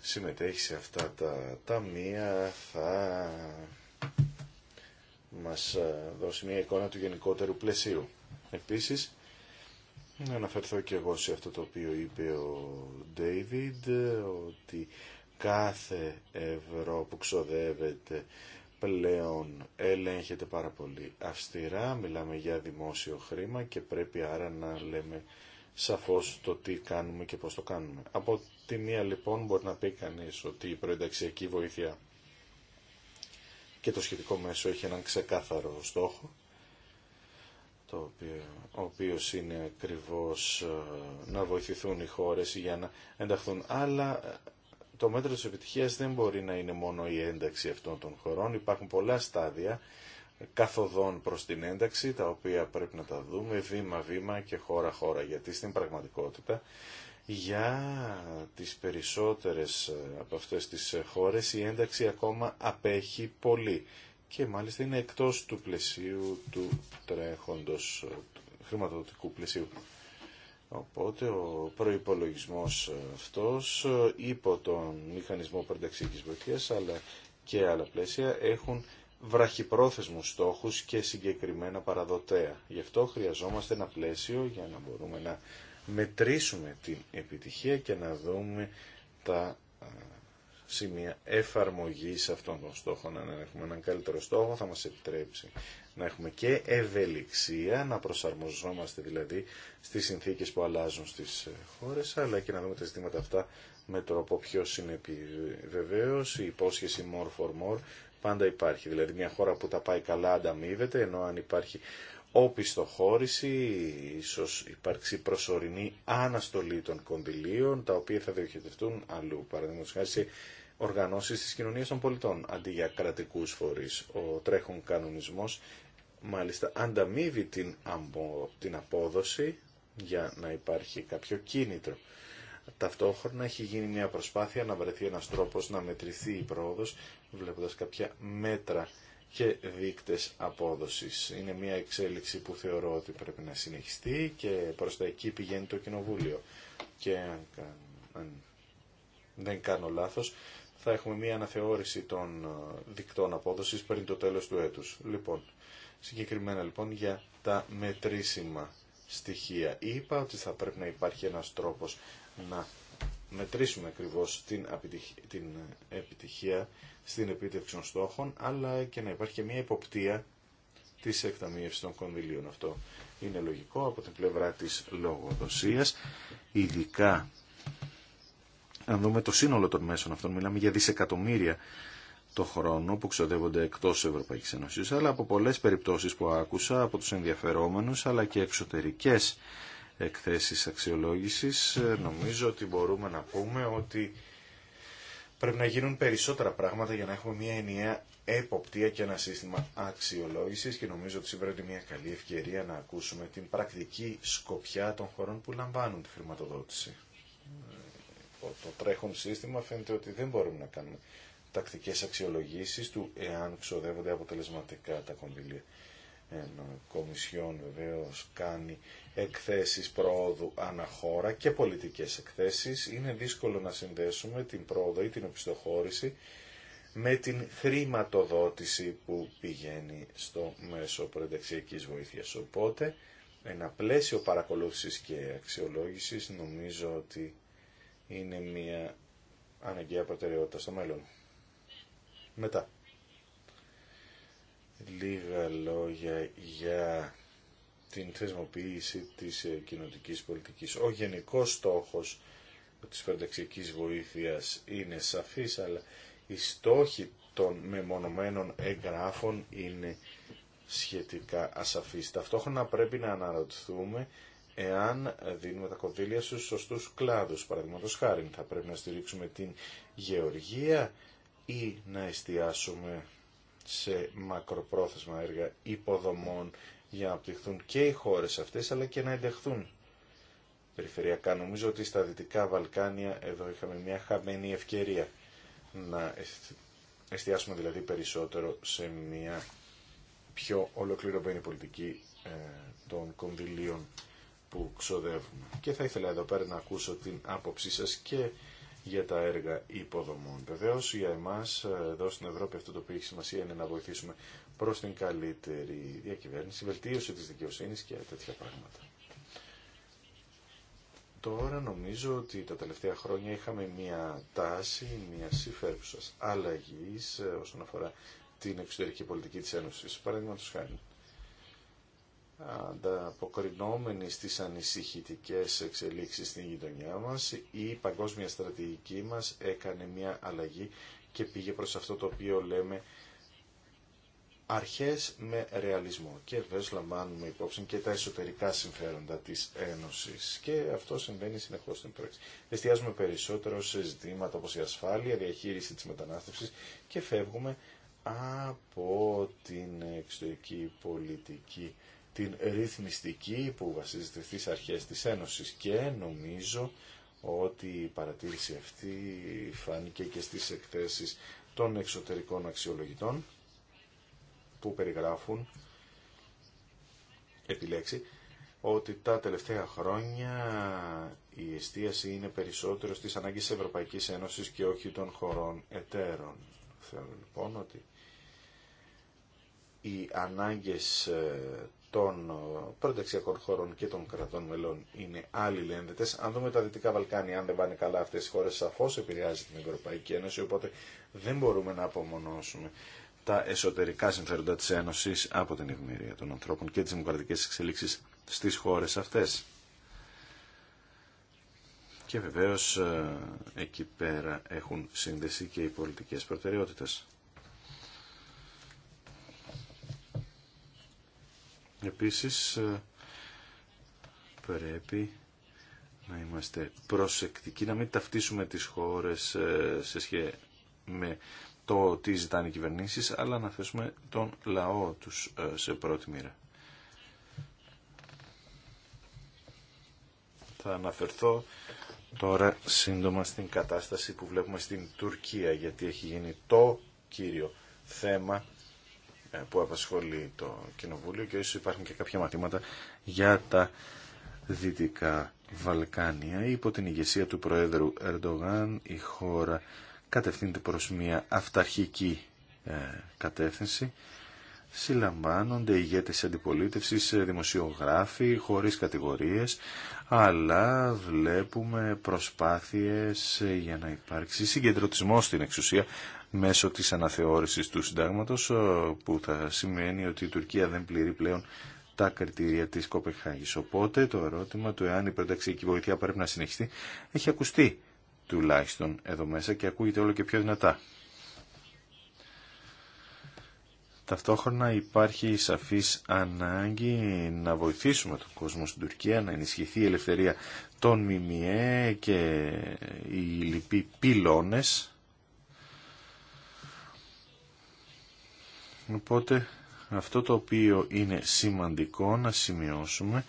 συμμετέχει σε αυτά τα ταμεία θα μας ε, δώσει μια εικόνα του γενικότερου πλαισίου. Επίσης, να αναφερθώ και εγώ σε αυτό το οποίο είπε ο Ντέιβιντ, ότι κάθε ευρώ που ξοδεύεται πλέον ελέγχεται πάρα πολύ αυστηρά, μιλάμε για δημόσιο χρήμα και πρέπει άρα να λέμε σαφώς το τι κάνουμε και πώς το κάνουμε. Από τη μία λοιπόν μπορεί να πει κανείς ότι η προενταξιακή βοήθεια και το σχετικό μέσο έχει έναν ξεκάθαρο στόχο, το οποίο, ο οποίος είναι ακριβώ ε, να βοηθηθούν οι χώρες για να ενταχθούν. Αλλά ε, το μέτρο της επιτυχίας δεν μπορεί να είναι μόνο η ένταξη αυτών των χωρών. Υπάρχουν πολλά στάδια καθοδών προς την ένταξη, τα οποία πρέπει να τα δούμε βήμα-βήμα και χώρα-χώρα, γιατί στην πραγματικότητα για τις περισσότερες ε, από αυτές τις ε, χώρες η ένταξη ακόμα απέχει πολύ και μάλιστα είναι εκτός του πλαισίου του τρέχοντος ε, χρηματοδοτικού πλαισίου. Οπότε ο προϋπολογισμός αυτός υπό τον μηχανισμό πενταξιακής βοηθείας αλλά και άλλα πλαίσια έχουν βραχυπρόθεσμους στόχους και συγκεκριμένα παραδοτέα. Γι' αυτό χρειαζόμαστε ένα πλαίσιο για να μπορούμε να μετρήσουμε την επιτυχία και να δούμε τα σημεία εφαρμογής αυτών των στόχων. Αν έχουμε έναν καλύτερο στόχο θα μας επιτρέψει να έχουμε και ευελιξία, να προσαρμοζόμαστε δηλαδή στις συνθήκες που αλλάζουν στις ε, χώρες, αλλά και να δούμε τα ζητήματα αυτά με τρόπο πιο συνεπή. Βεβαίω, η υπόσχεση more for more πάντα υπάρχει. Δηλαδή μια χώρα που τα πάει καλά ανταμείβεται, ενώ αν υπάρχει οπισθοχώρηση, ίσως υπάρξει προσωρινή αναστολή των κονδυλίων, τα οποία θα διοχετευτούν αλλού, παραδείγματος χάρη σε οργανώσεις της κοινωνίας των πολιτών, αντί για κρατικούς φορείς. Ο τρέχον κανονισμός μάλιστα ανταμείβει την, απόδοση για να υπάρχει κάποιο κίνητρο. Ταυτόχρονα έχει γίνει μια προσπάθεια να βρεθεί ένας τρόπος να μετρηθεί η πρόοδος, βλέποντας κάποια μέτρα και δείκτες απόδοσης. Είναι μια εξέλιξη που θεωρώ ότι πρέπει να συνεχιστεί και προς τα εκεί πηγαίνει το Κοινοβούλιο. Και αν δεν κάνω λάθος, θα έχουμε μια αναθεώρηση των ε, δικτών απόδοσης πριν το τέλος του έτους. Λοιπόν, συγκεκριμένα λοιπόν για τα μετρήσιμα στοιχεία. Είπα ότι θα πρέπει να υπάρχει ένας τρόπος να μετρήσουμε ακριβώς την ε, επιτυχία στην επίτευξη των στόχων, αλλά και να υπάρχει και μια υποπτία τη εκταμείευση των κονδυλίων. Αυτό είναι λογικό από την πλευρά της λογοδοσίας, ειδικά αν δούμε το σύνολο των μέσων αυτών, μιλάμε για δισεκατομμύρια το χρόνο που ξοδεύονται εκτό Ευρωπαϊκή Ένωση, αλλά από πολλέ περιπτώσει που άκουσα από του ενδιαφερόμενους, αλλά και εξωτερικέ εκθέσεις αξιολόγησης, νομίζω ότι μπορούμε να πούμε ότι Πρέπει να γίνουν περισσότερα πράγματα για να έχουμε μια ενιαία εποπτεία και ένα σύστημα αξιολόγησης και νομίζω ότι σήμερα είναι μια καλή ευκαιρία να ακούσουμε την πρακτική σκοπιά των χωρών που λαμβάνουν τη χρηματοδότηση. Ε, το τρέχον σύστημα φαίνεται ότι δεν μπορούμε να κάνουμε τακτικές αξιολογήσεις του εάν ξοδεύονται αποτελεσματικά τα κονδύλια. Ε, Κομισιόν βεβαίως κάνει εκθέσεις προόδου αναχώρα και πολιτικές εκθέσεις, είναι δύσκολο να συνδέσουμε την πρόοδο ή την οπισθοχώρηση με την χρηματοδότηση που πηγαίνει στο μέσο προενταξιακής βοήθειας. Οπότε, ένα πλαίσιο παρακολούθησης και αξιολόγησης νομίζω ότι είναι μια αναγκαία προτεραιότητα στο μέλλον. Μετά. Λίγα λόγια για την θεσμοποίηση της ε, κοινοτικής πολιτικής. Ο γενικός στόχος της πενταξιακής βοήθειας είναι σαφής, αλλά οι στόχοι των μεμονωμένων εγγράφων είναι σχετικά ασαφείς. Ταυτόχρονα πρέπει να αναρωτηθούμε εάν δίνουμε τα κονδύλια στους σωστούς κλάδους. Παραδείγματο χάρη θα πρέπει να στηρίξουμε την γεωργία ή να εστιάσουμε σε μακροπρόθεσμα έργα υποδομών για να απτυχθούν και οι χώρες αυτές αλλά και να εντεχθούν περιφερειακά. Νομίζω ότι στα Δυτικά Βαλκάνια εδώ είχαμε μια χαμένη ευκαιρία να εστιάσουμε δηλαδή περισσότερο σε μια πιο ολοκληρωμένη πολιτική ε, των κονδυλίων που ξοδεύουμε. Και θα ήθελα εδώ πέρα να ακούσω την άποψή σας και για τα έργα υποδομών. Βεβαίω για εμάς ε, εδώ στην Ευρώπη αυτό το οποίο έχει σημασία είναι να βοηθήσουμε προς την καλύτερη διακυβέρνηση, βελτίωση της δικαιοσύνης και τέτοια πράγματα. Τώρα νομίζω ότι τα τελευταία χρόνια είχαμε μια τάση, μια συμφέρουσας αλλαγή ε, όσον αφορά την εξωτερική πολιτική της Ένωσης. Παραδείγματο χάρη, ανταποκρινόμενοι στις ανησυχητικές εξελίξεις στην γειτονιά μας, η παγκόσμια στρατηγική μας έκανε μια αλλαγή και πήγε προς αυτό το οποίο λέμε αρχές με ρεαλισμό και βέβαια λαμβάνουμε υπόψη και τα εσωτερικά συμφέροντα της Ένωσης και αυτό συμβαίνει συνεχώς στην πράξη. Εστιάζουμε περισσότερο σε ζητήματα όπως η ασφάλεια, η διαχείριση της μετανάστευσης και φεύγουμε από την εξωτερική πολιτική, την ρυθμιστική που βασίζεται στις αρχές της Ένωσης και νομίζω ότι η παρατήρηση αυτή φάνηκε και στις εκθέσεις των εξωτερικών αξιολογητών που περιγράφουν επιλέξει ότι τα τελευταία χρόνια η εστίαση είναι περισσότερο στις ανάγκες της Ευρωπαϊκής Ένωσης και όχι των χωρών εταίρων. Θέλω λοιπόν ότι οι ανάγκες ε, των πρωτεξιακών χωρών και των κρατών μελών είναι αλληλένδετες. Αν δούμε τα Δυτικά Βαλκάνια, αν δεν πάνε καλά αυτές οι χώρες, σαφώς επηρεάζει την Ευρωπαϊκή Ένωση, οπότε δεν μπορούμε να απομονώσουμε τα εσωτερικά συμφέροντα της Ένωσης από την ευημερία των ανθρώπων και τις δημοκρατικές εξελίξεις στις χώρες αυτές. Και βεβαίως ε, εκεί πέρα έχουν σύνδεση και οι πολιτικές προτεραιότητες. Επίσης ε, πρέπει να είμαστε προσεκτικοί, να μην ταυτίσουμε τις χώρες ε, σε σχέση με το τι ζητάνε οι κυβερνήσεις, αλλά να θέσουμε τον λαό τους ε, σε πρώτη μοίρα. Θα αναφερθώ τώρα σύντομα στην κατάσταση που βλέπουμε στην Τουρκία, γιατί έχει γίνει το κύριο θέμα ε, που απασχολεί το Κοινοβούλιο και ίσως υπάρχουν και κάποια μαθήματα για τα Δυτικά Βαλκάνια. Υπό την ηγεσία του Προέδρου Ερντογάν η χώρα κατευθύνεται προς μια αυταρχική ε, κατεύθυνση. Συλλαμβάνονται ηγέτες αντιπολίτευσης, ε, δημοσιογράφοι, χωρίς κατηγορίες, αλλά βλέπουμε προσπάθειες ε, για να υπάρξει συγκεντρωτισμό στην εξουσία μέσω της αναθεώρησης του συντάγματος, που θα σημαίνει ότι η Τουρκία δεν πληρεί πλέον τα κριτήρια της Κοπεχάγης. Οπότε το ερώτημα του εάν η πενταξιακή βοήθεια πρέπει να συνεχιστεί έχει ακουστεί τουλάχιστον εδώ μέσα και ακούγεται όλο και πιο δυνατά. Ταυτόχρονα υπάρχει σαφής ανάγκη να βοηθήσουμε τον κόσμο στην Τουρκία, να ενισχυθεί η ελευθερία των ΜΜΕ και οι λοιποί πυλώνες. Οπότε αυτό το οποίο είναι σημαντικό να σημειώσουμε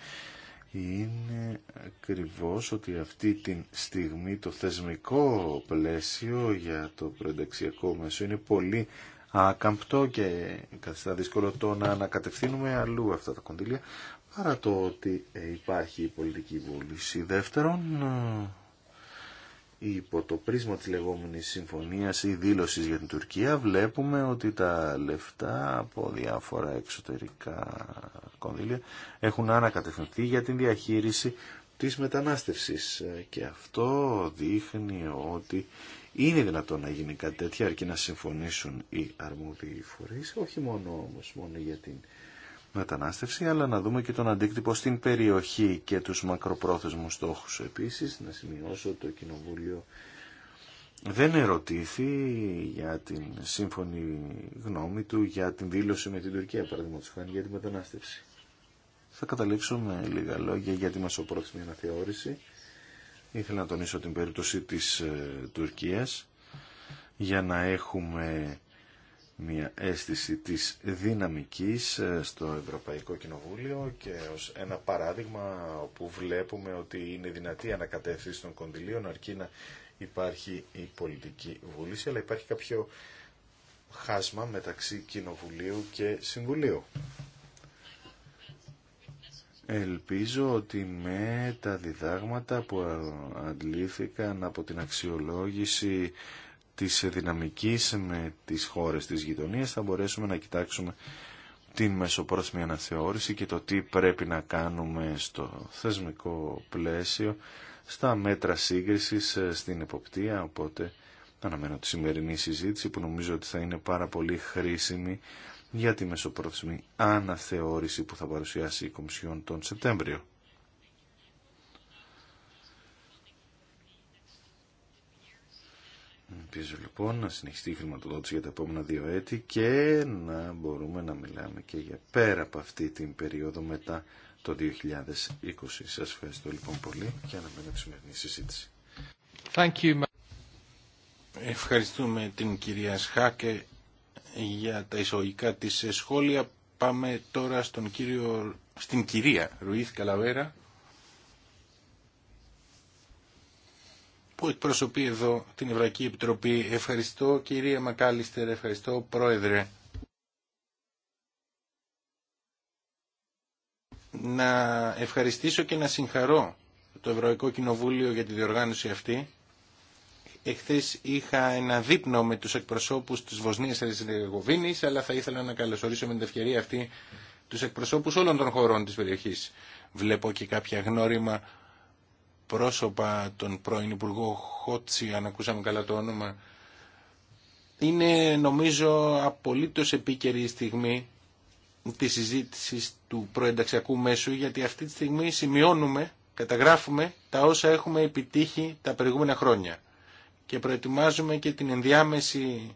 είναι ακριβώς ότι αυτή τη στιγμή το θεσμικό πλαίσιο για το προενταξιακό μέσο είναι πολύ ακαμπτό και καθιστά δύσκολο το να ανακατευθύνουμε αλλού αυτά τα κονδύλια παρά το ότι υπάρχει η πολιτική βούληση. Δεύτερον, υπό το πρίσμα της λεγόμενης συμφωνίας ή δήλωσης για την Τουρκία βλέπουμε ότι τα λεφτά από διάφορα εξωτερικά κονδύλια έχουν ανακατευθυνθεί για την διαχείριση της μετανάστευσης και αυτό δείχνει ότι είναι δυνατόν να γίνει κάτι τέτοιο αρκεί να συμφωνήσουν οι αρμόδιοι φορείς όχι μόνο μόνο για την μετανάστευση, αλλά να δούμε και τον αντίκτυπο στην περιοχή και τους μακροπρόθεσμους στόχους. Επίσης, να σημειώσω το Κοινοβούλιο δεν ερωτήθη για την σύμφωνη γνώμη του για την δήλωση με την Τουρκία, παραδείγματος χάνει, για τη μετανάστευση. Θα καταλήξω με λίγα λόγια για τη μασοπρόθεσμη αναθεώρηση. Ήθελα να τονίσω την περίπτωση της ε, Τουρκίας για να έχουμε μια αίσθηση της δυναμικής ε, στο Ευρωπαϊκό Κοινοβούλιο και ως ένα παράδειγμα όπου βλέπουμε ότι είναι δυνατή ανακατεύθυνση των κοντιλίων αρκεί να υπάρχει η πολιτική βούληση αλλά υπάρχει κάποιο χάσμα μεταξύ Κοινοβουλίου και Συμβουλίου. Ελπίζω ότι με τα διδάγματα που αντλήθηκαν από την αξιολόγηση της δυναμικής με τις χώρες της γειτονίας θα μπορέσουμε να κοιτάξουμε την μεσοπρόθεσμη αναθεώρηση και το τι πρέπει να κάνουμε στο θεσμικό πλαίσιο, στα μέτρα σύγκρισης, ε, στην εποπτεία, οπότε αναμένω τη σημερινή συζήτηση που νομίζω ότι θα είναι πάρα πολύ χρήσιμη για τη μεσοπρόθεσμη αναθεώρηση που θα παρουσιάσει η Κομισιόν τον Σεπτέμβριο. Ελπίζω λοιπόν να συνεχιστεί η χρηματοδότηση για τα επόμενα δύο έτη και να μπορούμε να μιλάμε και για πέρα από αυτή την περίοδο μετά το 2020. Σας ευχαριστώ λοιπόν πολύ και αναμένω τη σημερινή συζήτηση. Thank you. Ευχαριστούμε την κυρία Σχάκε για τα εισογικά της σχόλια. Πάμε τώρα στον κύριο, στην κυρία Ρουίθ Καλαβέρα που εκπροσωπεί εδώ την Ευρωπαϊκή Επιτροπή. Ευχαριστώ κυρία Μακάλιστερ, ευχαριστώ πρόεδρε. Να ευχαριστήσω και να συγχαρώ το Ευρωπαϊκό Κοινοβούλιο για τη διοργάνωση αυτή. Εχθές είχα ένα δείπνο με τους εκπροσώπους της Βοσνίας και αλλά θα ήθελα να καλωσορίσω με την ευκαιρία αυτή τους εκπροσώπους όλων των χωρών της περιοχής. Βλέπω και κάποια γνώριμα πρόσωπα, τον πρώην Υπουργό Χότσι, αν ακούσαμε καλά το όνομα, είναι νομίζω απολύτως επίκαιρη η στιγμή τη συζήτηση του προενταξιακού μέσου, γιατί αυτή τη στιγμή σημειώνουμε, καταγράφουμε τα όσα έχουμε επιτύχει τα προηγούμενα χρόνια και προετοιμάζουμε και την ενδιάμεση,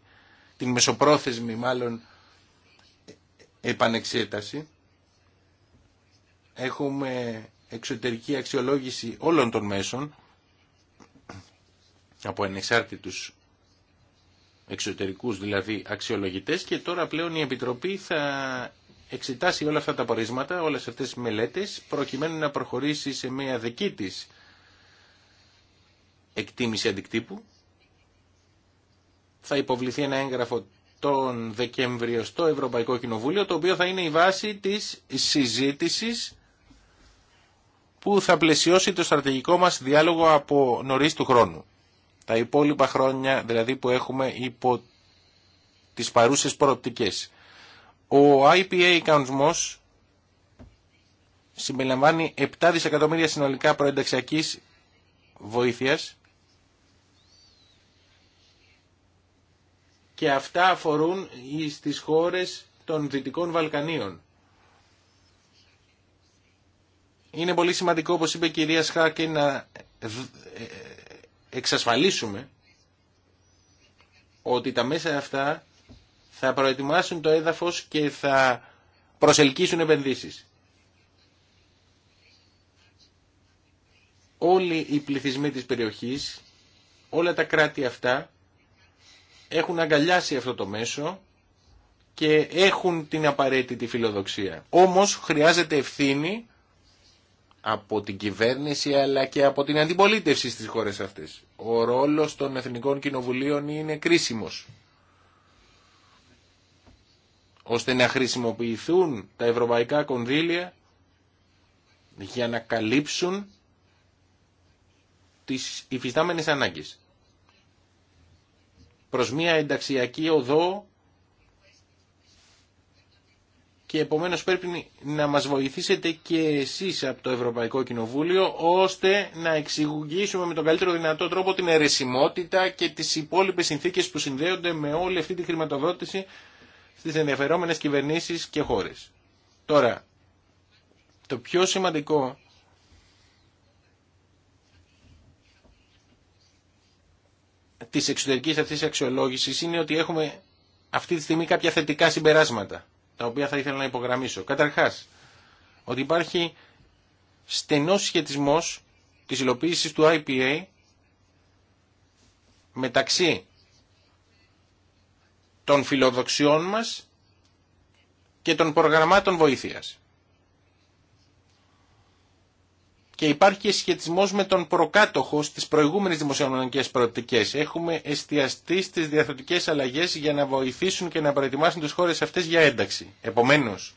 την μεσοπρόθεσμη μάλλον επανεξέταση. Έχουμε εξωτερική αξιολόγηση όλων των μέσων από ανεξάρτητους εξωτερικούς δηλαδή αξιολογητές και τώρα πλέον η Επιτροπή θα εξετάσει όλα αυτά τα πορίσματα, όλες αυτές τις μελέτες προκειμένου να προχωρήσει σε μια δική της εκτίμηση αντικτύπου. Θα υποβληθεί ένα έγγραφο τον Δεκέμβριο στο Ευρωπαϊκό Κοινοβούλιο, το οποίο θα είναι η βάση της συζήτησης που θα πλαισιώσει το στρατηγικό μας διάλογο από νωρίς του χρόνου. Τα υπόλοιπα χρόνια δηλαδή που έχουμε υπό τις παρούσες προοπτικές. Ο IPA κανονισμός συμπεριλαμβάνει 7 δισεκατομμύρια συνολικά προενταξιακής βοήθειας και αυτά αφορούν στις χώρες των Δυτικών Βαλκανίων. Είναι πολύ σημαντικό, όπως είπε η κυρία Σχάκη, να ε, εξασφαλίσουμε ότι τα μέσα αυτά θα προετοιμάσουν το έδαφος και θα προσελκύσουν επενδύσεις. Όλοι οι πληθυσμοί της περιοχής, όλα τα κράτη αυτά έχουν αγκαλιάσει αυτό το μέσο και έχουν την απαραίτητη φιλοδοξία. Όμως χρειάζεται ευθύνη από την κυβέρνηση αλλά και από την αντιπολίτευση στις χώρες αυτές. Ο ρόλος των Εθνικών Κοινοβουλίων είναι κρίσιμος ώστε να χρησιμοποιηθούν τα ευρωπαϊκά κονδύλια για να καλύψουν τις υφιστάμενες ανάγκες. Προς μια ενταξιακή οδό και επομένως πρέπει να μας βοηθήσετε και εσείς από το Ευρωπαϊκό Κοινοβούλιο ώστε να εξηγουγήσουμε με τον καλύτερο δυνατό τρόπο την αιρεσιμότητα και τις υπόλοιπες συνθήκες που συνδέονται με όλη αυτή τη χρηματοδότηση στις ενδιαφερόμενες κυβερνήσεις και χώρες. Τώρα, το πιο σημαντικό της εξωτερικής αυτής αξιολόγησης είναι ότι έχουμε αυτή τη στιγμή κάποια θετικά συμπεράσματα τα οποία θα ήθελα να υπογραμμίσω. Καταρχάς, ότι υπάρχει στενός σχετισμός της υλοποίησης του IPA μεταξύ των φιλοδοξιών μας και των προγραμμάτων βοήθειας. και υπάρχει και σχετισμό με τον προκάτοχο στι προηγούμενε δημοσιονομικέ προοπτικές. Έχουμε εστιαστεί στις διαθετικές αλλαγές για να βοηθήσουν και να προετοιμάσουν τι χώρες αυτές για ένταξη. Επομένως,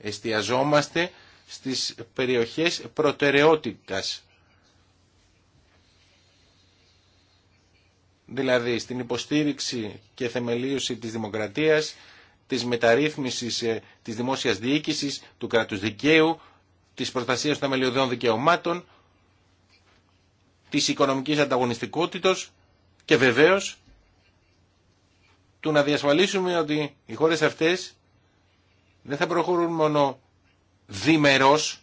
εστιαζόμαστε στις περιοχές προτεραιότητας. Δηλαδή, στην υποστήριξη και θεμελίωση της δημοκρατίας, της μεταρρύθμισης ε, της δημόσιας διοίκησης, του κρατου δικαίου, της προστασίας των μελιωδών δικαιωμάτων, της οικονομικής ανταγωνιστικότητος και βεβαίως του να διασφαλίσουμε ότι οι χώρες αυτές δεν θα προχωρούν μόνο διμερός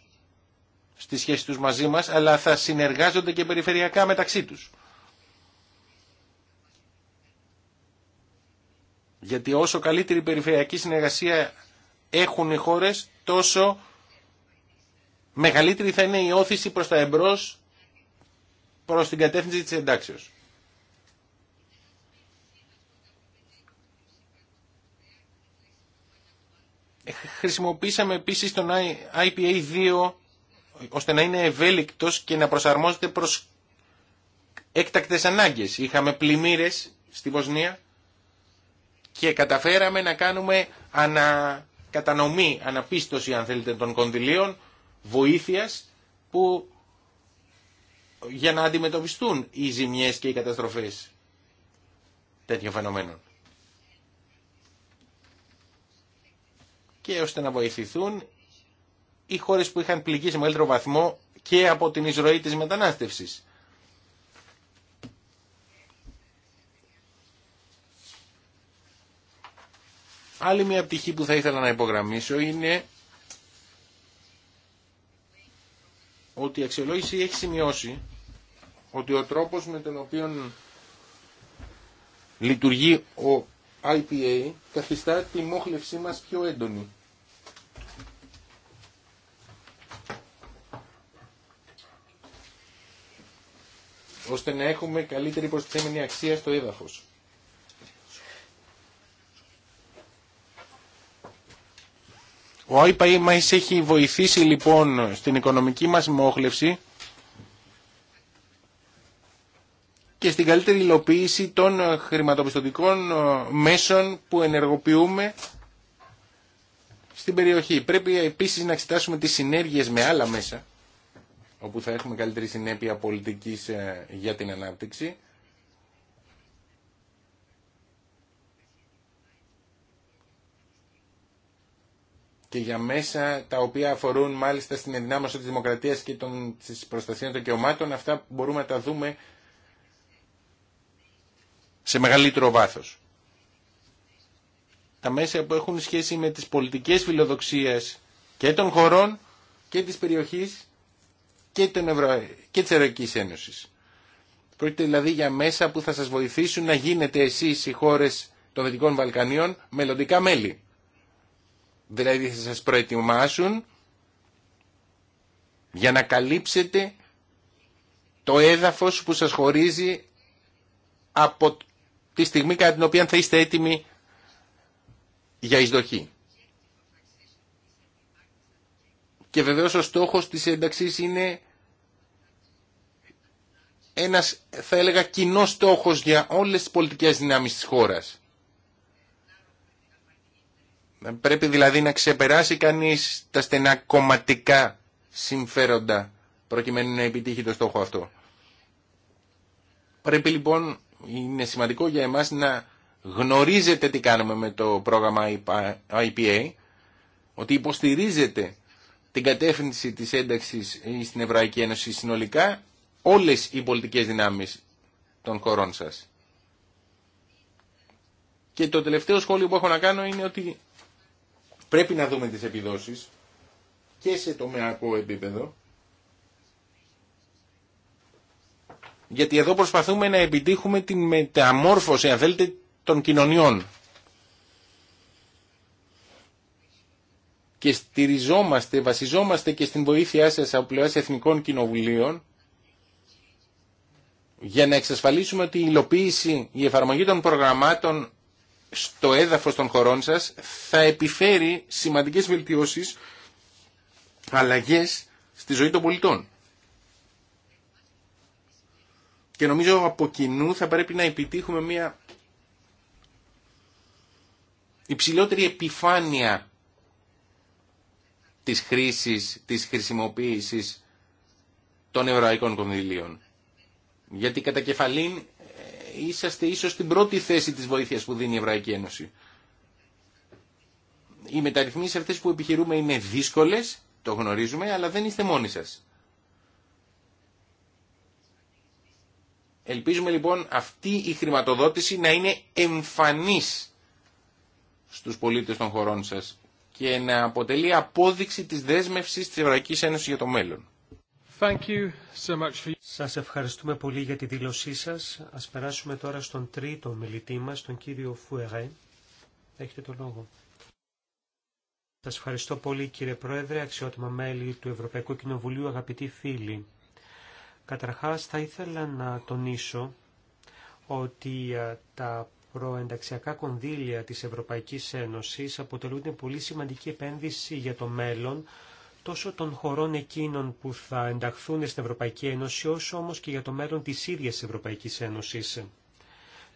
στη σχέση τους μαζί μας, αλλά θα συνεργάζονται και περιφερειακά μεταξύ τους. Γιατί όσο καλύτερη περιφερειακή συνεργασία έχουν οι χώρες, τόσο μεγαλύτερη θα είναι η όθηση προς τα εμπρός προς την κατεύθυνση της εντάξεως. Χρησιμοποίησαμε επίσης τον IPA 2 ώστε να είναι ευέλικτος και να προσαρμόζεται προς έκτακτες ανάγκες. Είχαμε πλημμύρες στη Βοσνία και καταφέραμε να κάνουμε ανακατανομή, αναπίστωση αν θέλετε των κονδυλίων βοήθειας που για να αντιμετωπιστούν οι ζημιές και οι καταστροφές τέτοιων φαινομένων. Και ώστε να βοηθηθούν οι χώρες που είχαν πληγεί σε μεγαλύτερο βαθμό και από την εισρωή της μετανάστευσης. Άλλη μια πτυχή που θα ήθελα να υπογραμμίσω είναι ότι η αξιολόγηση έχει σημειώσει ότι ο τρόπος με τον οποίο λειτουργεί ο IPA καθιστά τη μόχλευσή μας πιο έντονη. ώστε να έχουμε καλύτερη προστιθέμενη αξία στο έδαφος. Ο ΑΕΠΑΗ μας έχει βοηθήσει λοιπόν στην οικονομική μας μόχλευση και στην καλύτερη υλοποίηση των χρηματοπιστωτικών ε, μέσων που ενεργοποιούμε στην περιοχή. Πρέπει επίσης να εξετάσουμε τις συνέργειες με άλλα μέσα, όπου θα έχουμε καλύτερη συνέπεια πολιτικής ε, για την ανάπτυξη. και για μέσα τα οποία αφορούν μάλιστα στην ενδυνάμωση της δημοκρατίας και των, της προστασίας των δικαιωμάτων, αυτά μπορούμε να τα δούμε σε μεγαλύτερο βάθος. Τα μέσα που έχουν σχέση με τις πολιτικές φιλοδοξίες και των χωρών και της περιοχής και, των Ευρω... και της Ευρωπαϊκής Ένωσης. Πρόκειται δηλαδή για μέσα που θα σας βοηθήσουν να γίνετε εσείς οι χώρες των Δυτικών Βαλκανίων μελλοντικά μέλη. Δηλαδή θα σας προετοιμάσουν για να καλύψετε το έδαφος που σας χωρίζει από τη στιγμή κατά την οποία θα είστε έτοιμοι για εισδοχή. Και βεβαίως ο στόχος της ένταξης είναι ένας θα έλεγα κοινός στόχος για όλες τις πολιτικές δυνάμεις της χώρας. Πρέπει δηλαδή να ξεπεράσει κανείς τα στενά κομματικά συμφέροντα προκειμένου να επιτύχει το στόχο αυτό. Πρέπει λοιπόν, είναι σημαντικό για εμάς να γνωρίζετε τι κάνουμε με το πρόγραμμα IPA, ότι υποστηρίζετε την κατεύθυνση της ένταξης στην Ευρωπαϊκή Ένωση συνολικά όλες οι πολιτικές δυνάμεις των χωρών σας. Και το τελευταίο σχόλιο που έχω να κάνω είναι ότι Πρέπει να δούμε τις επιδόσεις και σε τομεακό επίπεδο. Γιατί εδώ προσπαθούμε να επιτύχουμε την μεταμόρφωση, αν θέλετε, των κοινωνιών. Και στηριζόμαστε, βασιζόμαστε και στην βοήθειά σας από πλευράς εθνικών κοινοβουλίων για να εξασφαλίσουμε ότι η υλοποίηση, η εφαρμογή των προγραμμάτων στο έδαφος των χωρών σας θα επιφέρει σημαντικές βελτιώσεις, αλλαγές στη ζωή των πολιτών. Και νομίζω από κοινού θα πρέπει να επιτύχουμε μια υψηλότερη επιφάνεια της χρήσης, της χρησιμοποίησης των ευρωαϊκών κονδυλίων. Γιατί κατά κεφαλήν είσαστε ίσως στην πρώτη θέση της βοήθειας που δίνει η Ευρωπαϊκή Ένωση. Οι μεταρρυθμίσεις αυτές που επιχειρούμε είναι δύσκολες, το γνωρίζουμε, αλλά δεν είστε μόνοι σας. Ελπίζουμε λοιπόν αυτή η χρηματοδότηση να είναι εμφανής στους πολίτες των χωρών σας και να αποτελεί απόδειξη της δέσμευσης της Ευρωπαϊκής Ένωσης για το μέλλον. Thank Σας ευχαριστούμε πολύ για τη δήλωσή σας. Ας περάσουμε τώρα στον τρίτο μιλητή μας, τον κύριο Φουερέ. Έχετε το λόγο. Σας ευχαριστώ πολύ κύριε Πρόεδρε, αξιότιμα μέλη του Ευρωπαϊκού Κοινοβουλίου, αγαπητοί φίλοι. Καταρχάς θα ήθελα να τονίσω ότι τα προενταξιακά κονδύλια της Ευρωπαϊκής Ένωσης αποτελούν πολύ σημαντική επένδυση για το μέλλον τόσο των χωρών εκείνων που θα ενταχθούν στην Ευρωπαϊκή Ένωση, όσο όμως και για το μέλλον της ίδιας Ευρωπαϊκής Ένωσης.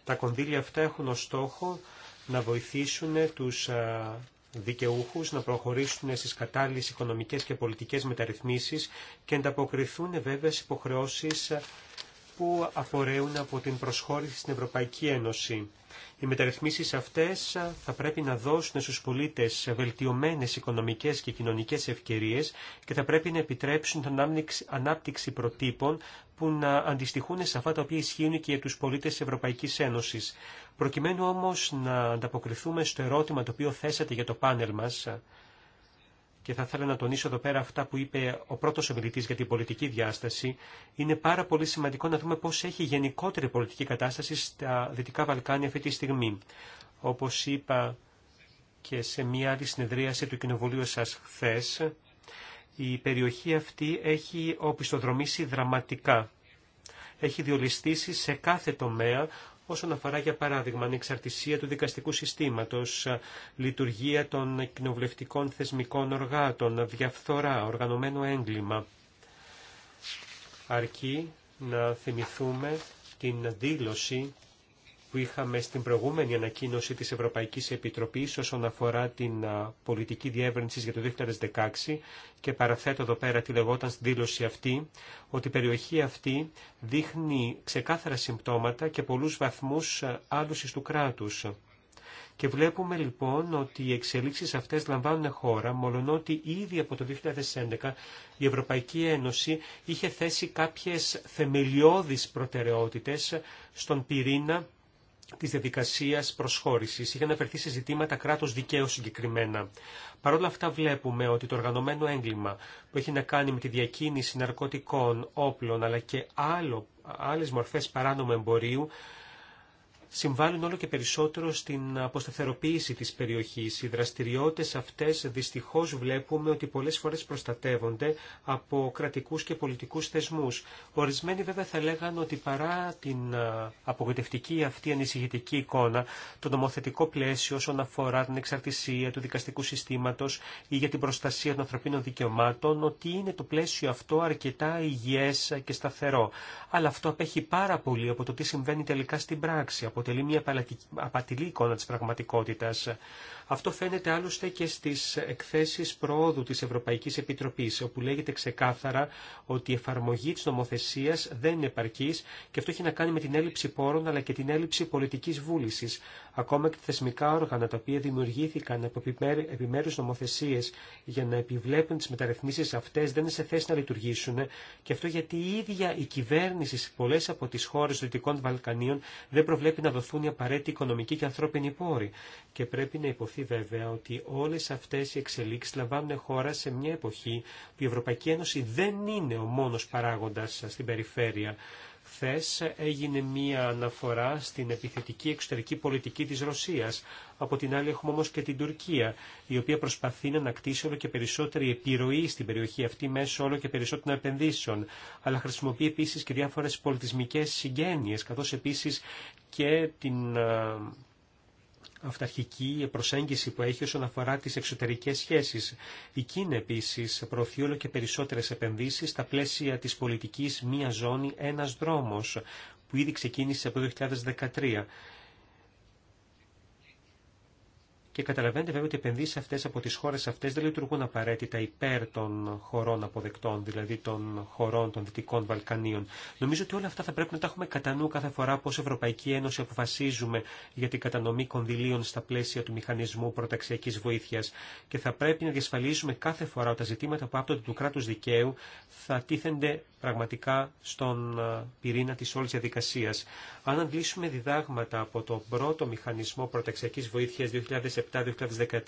Τα κονδύλια αυτά έχουν ως στόχο να βοηθήσουν τους δικαιούχους να προχωρήσουν στις κατάλληλες οικονομικές και πολιτικές μεταρρυθμίσεις και να ανταποκριθούν βέβαια στις υποχρεώσεις που απορρέουν από την προσχώρηση στην Ευρωπαϊκή Ένωση. Οι μεταρρυθμίσεις αυτές θα πρέπει να δώσουν στους πολίτες βελτιωμένες οικονομικές και κοινωνικές ευκαιρίες και θα πρέπει να επιτρέψουν την ανάπτυξη προτύπων που να αντιστοιχούν σε αυτά τα οποία ισχύουν και για τους πολίτες της Ευρωπαϊκής Ένωσης. Προκειμένου όμως να ανταποκριθούμε στο ερώτημα το οποίο θέσατε για το πάνελ μας, και θα ήθελα να τονίσω εδώ πέρα αυτά που είπε ο πρώτο ομιλητή για την πολιτική διάσταση, είναι πάρα πολύ σημαντικό να δούμε πώ έχει γενικότερη πολιτική κατάσταση στα Δυτικά Βαλκάνια αυτή τη στιγμή. Όπω είπα και σε μια άλλη συνεδρίαση του Κοινοβουλίου σα χθε, η περιοχή αυτή έχει οπισθοδρομήσει δραματικά. Έχει διολυστήσει σε κάθε τομέα όσον αφορά για παράδειγμα ανεξαρτησία του δικαστικού συστήματος, λειτουργία των κοινοβουλευτικών θεσμικών οργάτων, διαφθορά, οργανωμένο έγκλημα. Αρκεί να θυμηθούμε την δήλωση που είχαμε στην προηγούμενη ανακοίνωση της Ευρωπαϊκής Επιτροπής όσον αφορά την πολιτική διεύρυνση για το 2016 και παραθέτω εδώ πέρα τι λεγόταν στη δήλωση αυτή, ότι η περιοχή αυτή δείχνει ξεκάθαρα συμπτώματα και πολλούς βαθμούς άλωσης του κράτους. Και βλέπουμε λοιπόν ότι οι εξελίξεις αυτές λαμβάνουν χώρα, ότι ήδη από το 2011 η Ευρωπαϊκή Ένωση είχε θέσει κάποιες θεμελιώδεις προτεραιότητες στον πυρήνα της διαδικασίας προσχώρησης. Είχαν αφαιρθεί σε ζητήματα κράτος δικαίου συγκεκριμένα. Παρ' όλα αυτά βλέπουμε ότι το οργανωμένο έγκλημα που έχει να κάνει με τη διακίνηση ναρκωτικών, όπλων αλλά και άλλο, άλλες μορφές παράνομου εμπορίου συμβάλλουν όλο και περισσότερο στην αποσταθεροποίηση της περιοχής. Οι δραστηριότητες αυτές δυστυχώς βλέπουμε ότι πολλές φορές προστατεύονται από κρατικούς και πολιτικούς θεσμούς. Ορισμένοι βέβαια θα λέγαν ότι παρά την απογοητευτική αυτή ανησυχητική εικόνα, το νομοθετικό πλαίσιο όσον αφορά την εξαρτησία του δικαστικού συστήματος ή για την προστασία των ανθρωπίνων δικαιωμάτων, ότι είναι το πλαίσιο αυτό αρκετά υγιές και σταθερό. Αλλά αυτό απέχει πάρα πολύ από το τι συμβαίνει τελικά στην πράξη, αποτελεί μια απατηλή εικόνα της πραγματικότητας. Αυτό φαίνεται άλλωστε και στις εκθέσεις προόδου της Ευρωπαϊκής Επιτροπής, όπου λέγεται ξεκάθαρα ότι η εφαρμογή της νομοθεσίας δεν είναι επαρκής και αυτό έχει να κάνει με την έλλειψη πόρων αλλά και την έλλειψη πολιτικής βούλησης. Ακόμα και θεσμικά όργανα τα οποία δημιουργήθηκαν από επιμέρους νομοθεσίες για να επιβλέπουν τις μεταρρυθμίσεις αυτές δεν είναι σε θέση να λειτουργήσουν και αυτό γιατί η ίδια η κυβέρνηση σε πολλές από τις χώρες Δυτικών Βαλκανίων δεν προβλέπει να δοθούν οι απαραίτητοι οικονομικοί και ανθρώπινοι πόροι και πρέπει να υποθεί βέβαια ότι όλες αυτές οι εξελίξεις λαμβάνουν χώρα σε μια εποχή που η Ευρωπαϊκή Ένωση δεν είναι ο μόνος παράγοντας στην περιφέρεια. Χθε έγινε μία αναφορά στην επιθετική εξωτερική πολιτική της Ρωσίας. Από την άλλη έχουμε όμως και την Τουρκία, η οποία προσπαθεί να ανακτήσει όλο και περισσότερη επιρροή στην περιοχή αυτή μέσω όλο και περισσότερων επενδύσεων. Αλλά χρησιμοποιεί επίσης και διάφορες πολιτισμικές συγγένειε, καθώς επίσης και την αυταρχική προσέγγιση που έχει όσον αφορά τις εξωτερικές σχέσεις. Η Κίνα επίσης προωθεί όλο και περισσότερες επενδύσεις στα πλαίσια της πολιτικής «Μία ζώνη, ένας δρόμος» που ήδη ξεκίνησε από το 2013. Και καταλαβαίνετε βέβαια ότι οι επενδύσει αυτέ από τι χώρε αυτέ δεν λειτουργούν απαραίτητα υπέρ των χωρών αποδεκτών, δηλαδή των χωρών των Δυτικών Βαλκανίων. Νομίζω ότι όλα αυτά θα πρέπει να τα έχουμε κατά νου κάθε φορά που Ευρωπαϊκή Ένωση αποφασίζουμε για την κατανομή κονδυλίων στα πλαίσια του μηχανισμού προταξιακή βοήθεια. Και θα πρέπει να διασφαλίσουμε κάθε φορά ότι τα ζητήματα που άπτονται του κράτου δικαίου θα τίθενται πραγματικά στον ε, πυρήνα τη όλη διαδικασία. Αν αντλήσουμε διδάγματα από τον πρώτο μηχανισμό προταξιακή βοήθεια 2007, 2007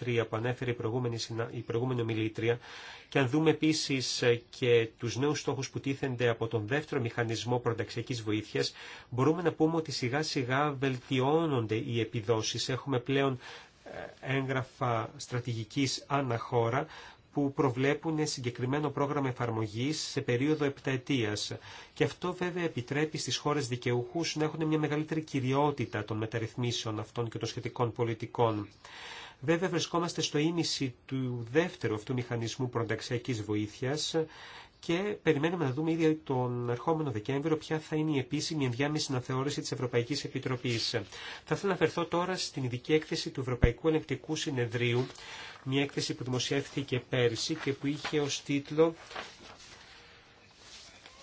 2013 που ανέφερε η προηγούμενη, η προηγούμενη ομιλήτρια και αν δούμε επίσης ε, και τους νέους στόχους που τίθενται από τον δεύτερο μηχανισμό προταξιακής βοήθειας, μπορούμε να πούμε ότι σιγά σιγά βελτιώνονται οι επιδόσεις. Έχουμε πλέον ε, έγγραφα στρατηγικής αναχώρα που προβλέπουν συγκεκριμένο πρόγραμμα εφαρμογής σε περίοδο επταετίας. Και αυτό βέβαια επιτρέπει στις χώρες δικαιούχους να έχουν μια μεγαλύτερη κυριότητα των μεταρρυθμίσεων αυτών και των σχετικών πολιτικών. Βέβαια βρισκόμαστε στο ίμιση του δεύτερου αυτού μηχανισμού προνταξιακής βοήθειας και περιμένουμε να δούμε ήδη τον ερχόμενο Δεκέμβριο ποια θα είναι η επίσημη ενδιάμεση αναθεώρηση της Ευρωπαϊκής Επιτροπής. Θα ήθελα να αφαιρθώ τώρα στην ειδική έκθεση του Ευρωπαϊκού Ελεκτικού Συνεδρίου, μια έκθεση που δημοσιεύθηκε πέρσι και που είχε ως τίτλο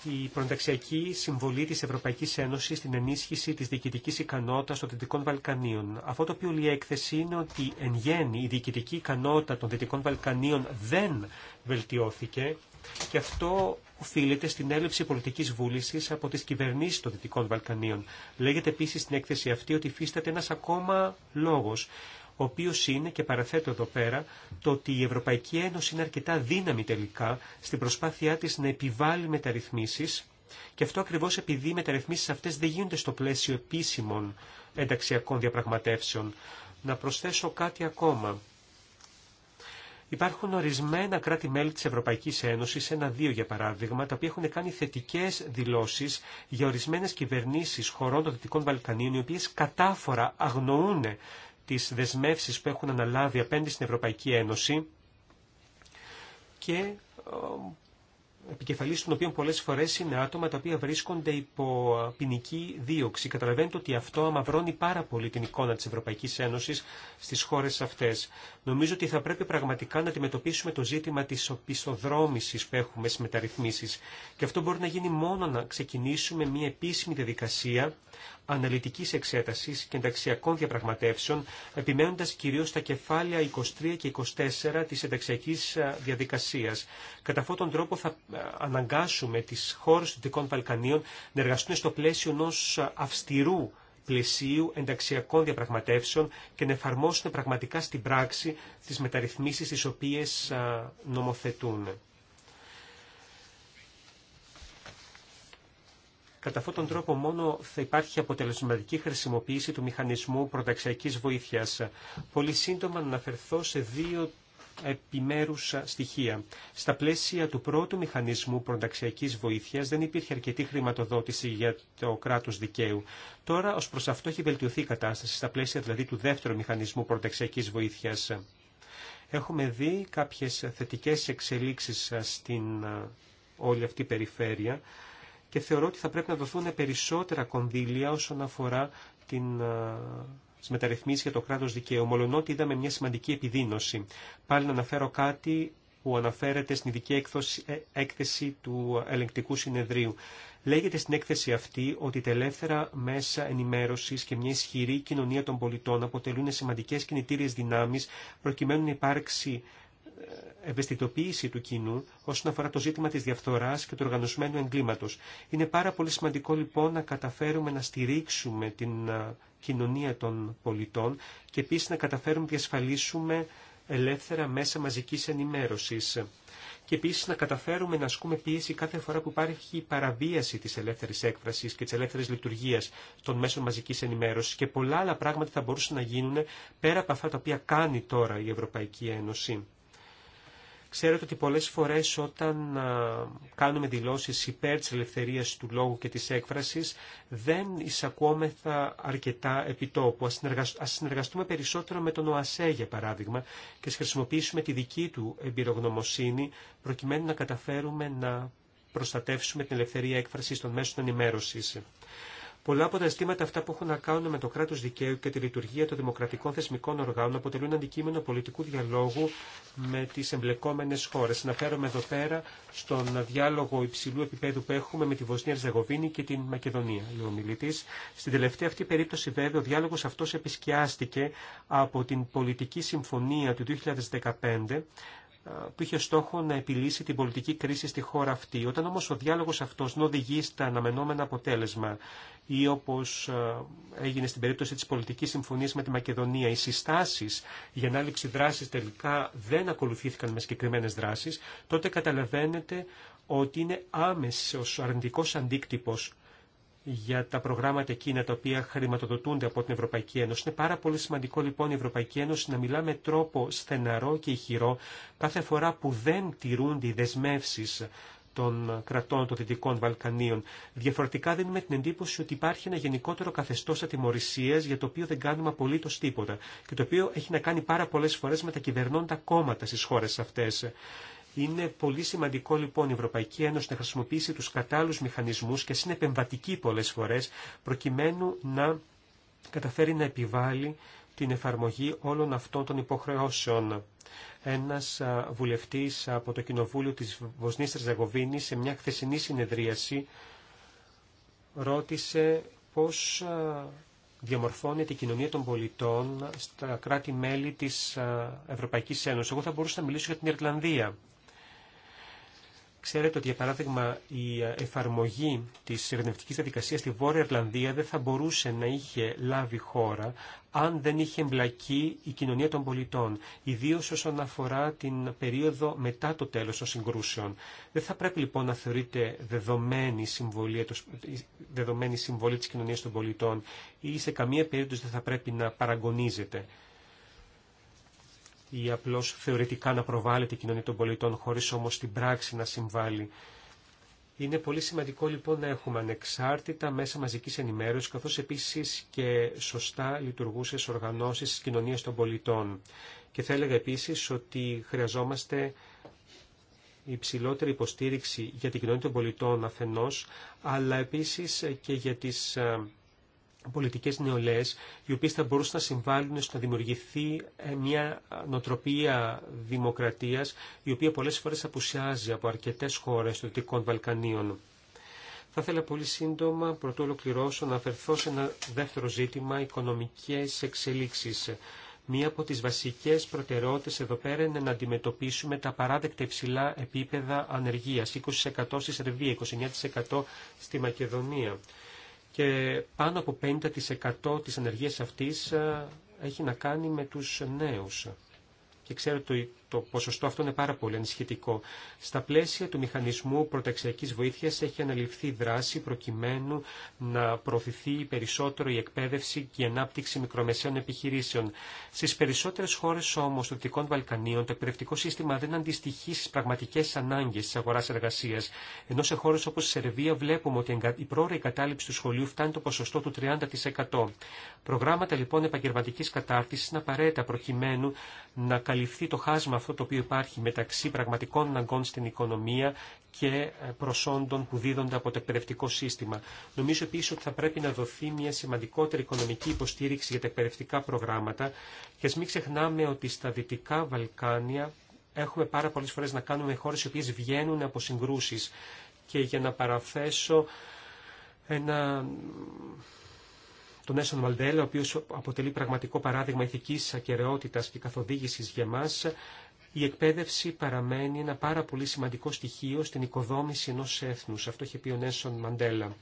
η προνταξιακή συμβολή της Ευρωπαϊκής Ένωσης στην ενίσχυση της διοικητικής ικανότητας των Δυτικών Βαλκανίων. Αυτό το οποίο λέει η έκθεση είναι ότι εν γέννη η διοικητική ικανότητα των Δυτικών Βαλκανίων δεν βελτιώθηκε και αυτό οφείλεται στην έλλειψη πολιτική βούληση από τι κυβερνήσει των Δυτικών Βαλκανίων. Λέγεται επίση στην έκθεση αυτή ότι υφίσταται ένα ακόμα λόγο ο οποίο είναι, και παραθέτω εδώ πέρα, το ότι η Ευρωπαϊκή Ένωση είναι αρκετά δύναμη τελικά στην προσπάθειά τη να επιβάλλει μεταρρυθμίσει και αυτό ακριβώ επειδή οι μεταρρυθμίσει αυτέ δεν γίνονται στο πλαίσιο επίσημων ενταξιακών διαπραγματεύσεων. Να προσθέσω κάτι ακόμα. Υπάρχουν ορισμένα κράτη-μέλη της Ευρωπαϊκής Ένωσης, ένα-δύο για παράδειγμα, τα οποία έχουν κάνει θετικές δηλώσεις για ορισμένες κυβερνήσεις χωρών των Δυτικών Βαλκανίων, οι οποίες κατάφορα αγνοούν τις δεσμεύσεις που έχουν αναλάβει απέναντι στην Ευρωπαϊκή Ένωση και ε, επικεφαλής των οποίων πολλές φορές είναι άτομα τα οποία βρίσκονται υπό ποινική δίωξη. Καταλαβαίνετε ότι αυτό αμαυρώνει πάρα πολύ την εικόνα της Ευρωπαϊκής Ένωσης στις χώρες αυτές. Νομίζω ότι θα πρέπει πραγματικά να αντιμετωπίσουμε το ζήτημα της οπισθοδρόμησης που έχουμε στις μεταρρυθμίσεις. Και αυτό μπορεί να γίνει μόνο να ξεκινήσουμε μια επίσημη διαδικασία αναλυτικής εξέτασης και ενταξιακών διαπραγματεύσεων, επιμένοντας κυρίως στα κεφάλαια 23 και 24 της ενταξιακής ε, διαδικασίας. Κατά αυτόν τον τρόπο θα ε, αναγκάσουμε τις χώρες των Δυτικών Βαλκανίων να εργαστούν στο πλαίσιο ενό ε, αυστηρού πλαισίου ενταξιακών διαπραγματεύσεων και να εφαρμόσουν πραγματικά στην πράξη τις μεταρρυθμίσεις τις οποίες νομοθετούν. Κατά αυτόν τον τρόπο μόνο θα υπάρχει αποτελεσματική χρησιμοποίηση του μηχανισμού προταξιακής βοήθειας. Πολύ σύντομα να αναφερθώ σε δύο επιμέρους στοιχεία. Στα πλαίσια του πρώτου μηχανισμού πρωταξιακής βοήθειας δεν υπήρχε αρκετή χρηματοδότηση για το κράτος δικαίου. Τώρα ως προς αυτό έχει βελτιωθεί η κατάσταση, στα πλαίσια δηλαδή του δεύτερου μηχανισμού πρωταξιακής βοήθειας. Έχουμε δει κάποιες θετικές εξελίξεις στην ε, όλη αυτή περιφέρεια και θεωρώ ότι θα πρέπει να δοθούν περισσότερα κονδύλια όσον αφορά την τι μεταρρυθμίσει για το κράτο δικαίου, μολονότι είδαμε μια σημαντική επιδείνωση. Πάλι να αναφέρω κάτι που αναφέρεται στην ειδική ε, έκθεση του ελεγκτικού συνεδρίου. Λέγεται στην έκθεση αυτή ότι τα ελεύθερα μέσα ενημέρωση και μια ισχυρή κοινωνία των πολιτών αποτελούν σημαντικές κινητήριες δυνάμεις προκειμένου να υπάρξει ευαισθητοποίηση του κοινού όσον αφορά το ζήτημα της διαφθοράς και του οργανωσμένου εγκλήματος. Είναι πάρα πολύ σημαντικό λοιπόν να καταφέρουμε να στηρίξουμε την ε, κοινωνία των πολιτών και επίσης να καταφέρουμε να διασφαλίσουμε ελεύθερα μέσα μαζικής ενημέρωσης. Και επίση να καταφέρουμε να ασκούμε πίεση κάθε φορά που υπάρχει παραβίαση τη ελεύθερη έκφραση και τη ελεύθερη λειτουργία των μέσων μαζική ενημέρωση και πολλά άλλα πράγματα θα μπορούσαν να γίνουν πέρα από αυτά τα οποία κάνει τώρα η Ευρωπαϊκή Ένωση. Ξέρετε ότι πολλές φορές όταν κάνουμε δηλώσεις υπέρ της ελευθερίας του λόγου και της έκφρασης δεν εισακόμεθα αρκετά επιτόπου. Ας συνεργαστούμε περισσότερο με τον ΟΑΣΕ για παράδειγμα και ας χρησιμοποιήσουμε τη δική του εμπειρογνωμοσύνη προκειμένου να καταφέρουμε να προστατεύσουμε την ελευθερία έκφρασης των μέσων ενημέρωσης. Πολλά από τα αισθήματα αυτά που έχουν να κάνουν με το κράτο δικαίου και τη λειτουργία των δημοκρατικών θεσμικών οργάνων αποτελούν αντικείμενο πολιτικού διαλόγου με τι εμπλεκόμενε χώρε. Αναφέρομαι εδώ πέρα στον διάλογο υψηλού επίπεδου που έχουμε με τη Βοσνία Ερζεγοβίνη και την Μακεδονία, λέει ο Στην τελευταία αυτή περίπτωση, βέβαια, ο διάλογο αυτό επισκιάστηκε από την πολιτική συμφωνία του 2015 που είχε στόχο να επιλύσει την πολιτική κρίση στη χώρα αυτή. Όταν όμως ο διάλογος αυτός να οδηγεί στα αναμενόμενα αποτέλεσμα ή όπως έγινε στην περίπτωση της πολιτικής συμφωνίας με τη Μακεδονία, οι συστάσεις για ανάληψη δράσης τελικά δεν ακολουθήθηκαν με συγκεκριμένες δράσεις, τότε καταλαβαίνετε ότι είναι άμεσος αρνητικός αντίκτυπος για τα προγράμματα εκείνα τα οποία χρηματοδοτούνται από την Ευρωπαϊκή Ένωση. Είναι πάρα πολύ σημαντικό λοιπόν η Ευρωπαϊκή Ένωση να μιλά με τρόπο στεναρό και ηχηρό κάθε φορά που δεν τηρούνται οι δεσμεύσει των κρατών των Δυτικών Βαλκανίων. Διαφορετικά δίνουμε την εντύπωση ότι υπάρχει ένα γενικότερο καθεστώ ατιμορρησία για το οποίο δεν κάνουμε απολύτω τίποτα και το οποίο έχει να κάνει πάρα πολλέ φορέ με τα κυβερνώντα κόμματα στι χώρε αυτέ. Είναι πολύ σημαντικό λοιπόν η Ευρωπαϊκή Ένωση να χρησιμοποιήσει τους κατάλληλους μηχανισμούς και είναι επεμβατική πολλές φορές προκειμένου να καταφέρει να επιβάλλει την εφαρμογή όλων αυτών των υποχρεώσεων. Ένας βουλευτής από το Κοινοβούλιο της Βοσνής Ζαγοβίνης σε μια χθεσινή συνεδρίαση ρώτησε πώς διαμορφώνεται η κοινωνία των πολιτών στα κράτη-μέλη της Ευρωπαϊκής Ένωσης. Εγώ θα μπορούσα να μιλήσω για την Ιρλανδία. Ξέρετε ότι, για παράδειγμα, η εφαρμογή της ερευνητική διαδικασίας στη Βόρεια Ιρλανδία δεν θα μπορούσε να είχε λάβει χώρα αν δεν είχε εμπλακεί η κοινωνία των πολιτών, ιδίω όσον αφορά την περίοδο μετά το τέλος των συγκρούσεων. Δεν θα πρέπει λοιπόν να θεωρείται δεδομένη συμβολή, συμβολή της κοινωνίας των πολιτών ή σε καμία περίπτωση δεν θα πρέπει να παραγωνίζεται ή απλώς θεωρητικά να προβάλλεται η κοινωνία των πολιτών χωρίς όμως στην πράξη να συμβάλλει. Είναι πολύ σημαντικό λοιπόν να έχουμε ανεξάρτητα μέσα μαζικής ενημέρωσης καθώς επίσης και σωστά λειτουργούσε οργανώσεις της κοινωνίας των πολιτων χωρις ομως την πραξη να συμβαλλει ειναι πολυ σημαντικο λοιπον να εχουμε ανεξαρτητα μεσα μαζικης ενημερωσης καθως επισης και σωστα λειτουργουσε οργανωσεις της κοινωνιας των πολιτων Και θα έλεγα επίσης ότι χρειαζόμαστε υψηλότερη υποστήριξη για την κοινωνία των πολιτών αφενός, αλλά επίσης και για τις ε, πολιτικές νεολαίες, οι οποίες θα μπορούσαν να συμβάλλουν στο να δημιουργηθεί ε, μια νοτροπία δημοκρατίας, η οποία πολλές φορές απουσιάζει από αρκετές χώρες των Δυτικών Βαλκανίων. Θα ήθελα πολύ σύντομα, πρωτού ολοκληρώσω, να αφαιρθώ σε ένα δεύτερο ζήτημα, οικονομικές εξελίξεις. Μία από τις βασικές προτεραιότητες εδώ πέρα είναι να αντιμετωπίσουμε τα παράδεκτα υψηλά επίπεδα ανεργίας, 20% στη Σερβία, 29% στη Μακεδονία και πάνω από 50% της ενεργείας αυτής ε, έχει να κάνει με τους νέους. Και ξέρω ότι το ποσοστό αυτό είναι πάρα πολύ ανησυχητικό. Στα πλαίσια του μηχανισμού προταξιακής βοήθειας έχει αναλυφθεί δράση προκειμένου να προωθηθεί περισσότερο η εκπαίδευση και η ανάπτυξη μικρομεσαίων επιχειρήσεων. Στις περισσότερες χώρες όμως των Δυτικών Βαλκανίων το εκπαιδευτικό σύστημα δεν αντιστοιχεί στις πραγματικές ανάγκες της αγοράς εργασίας. Ενώ σε χώρες όπως η Σερβία βλέπουμε ότι η πρόορη κατάληψη του σχολείου φτάνει το ποσοστό του 30%. Προγράμματα λοιπόν επαγγελματικής κατάρτισης είναι απαραίτητα προκειμένου να καλυφθεί το χάσμα αυτό το οποίο υπάρχει μεταξύ πραγματικών αναγκών στην οικονομία και ε, προσόντων που δίδονται από το εκπαιδευτικό σύστημα. Νομίζω επίση ότι θα πρέπει να δοθεί μια σημαντικότερη οικονομική υποστήριξη για τα εκπαιδευτικά προγράμματα και α μην ξεχνάμε ότι στα Δυτικά Βαλκάνια έχουμε πάρα πολλέ φορέ να κάνουμε χώρε οι οποίε βγαίνουν από συγκρούσει. Και για να παραθέσω ένα τον Έσον Μαλντέλα, ο οποίος αποτελεί πραγματικό παράδειγμα ηθικής ακαιρεότητας και καθοδήγησης για μας, η εκπαίδευση παραμένει ένα πάρα πολύ σημαντικό στοιχείο στην οικοδόμηση ενό έθνου. Αυτό είχε πει ο Νέσον Μαντέλα.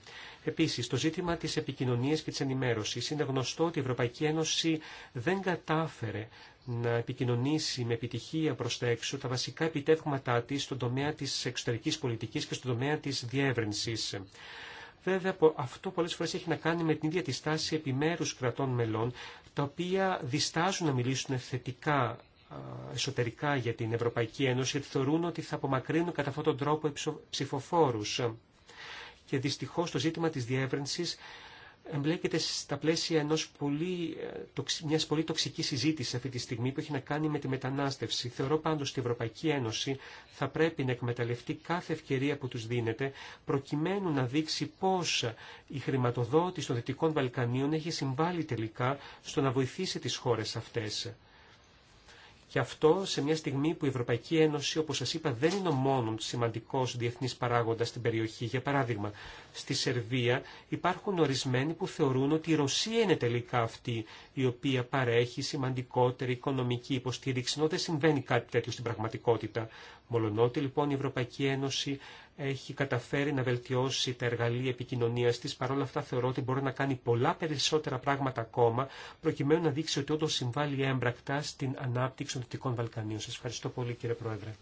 Επίση, το ζήτημα τη επικοινωνία και τη ενημέρωση είναι γνωστό ότι η Ευρωπαϊκή Ένωση δεν κατάφερε να επικοινωνήσει με επιτυχία προ τα έξω τα βασικά επιτεύγματά τη στον τομέα τη εξωτερική πολιτική και στον τομέα τη διεύρυνση. Βέβαια, αυτό πολλέ φορέ έχει να κάνει με την ίδια τη στάση επιμέρους κρατών μελών, τα οποία διστάζουν να μιλήσουν θετικά εσωτερικά για την Ευρωπαϊκή Ένωση, γιατί θεωρούν ότι θα απομακρύνουν κατά αυτόν τον τρόπο ψηφοφόρου. Και δυστυχώς το ζήτημα της διεύρυνσης εμπλέκεται στα πλαίσια ενός πολύ, ε, μιας πολύ τοξικής συζήτησης αυτή τη στιγμή που έχει να κάνει με τη μετανάστευση. Θεωρώ πάντως ότι η Ευρωπαϊκή Ένωση θα πρέπει να εκμεταλλευτεί κάθε ευκαιρία που τους δίνεται προκειμένου να δείξει πώς η χρηματοδότηση των Δυτικών Βαλκανίων έχει συμβάλει τελικά στο να βοηθήσει τις χώρες αυτές. Και αυτό σε μια στιγμή που η Ευρωπαϊκή Ένωση, όπως σας είπα, δεν είναι ο μόνο σημαντικός διεθνής παράγοντας στην περιοχή. Για παράδειγμα, στη Σερβία υπάρχουν ορισμένοι που θεωρούν ότι η Ρωσία είναι τελικά αυτή η οποία παρέχει σημαντικότερη οικονομική υποστήριξη, ενώ δεν συμβαίνει κάτι τέτοιο στην πραγματικότητα. Μολονότι λοιπόν η Ευρωπαϊκή Ένωση έχει καταφέρει να βελτιώσει τα εργαλεία επικοινωνία τη. παρόλα αυτά, θεωρώ ότι μπορεί να κάνει πολλά περισσότερα πράγματα ακόμα, προκειμένου να δείξει ότι όντω συμβάλλει έμπρακτα στην ανάπτυξη των Δυτικών Βαλκανίων. Σα ευχαριστώ πολύ, κύριε Πρόεδρε.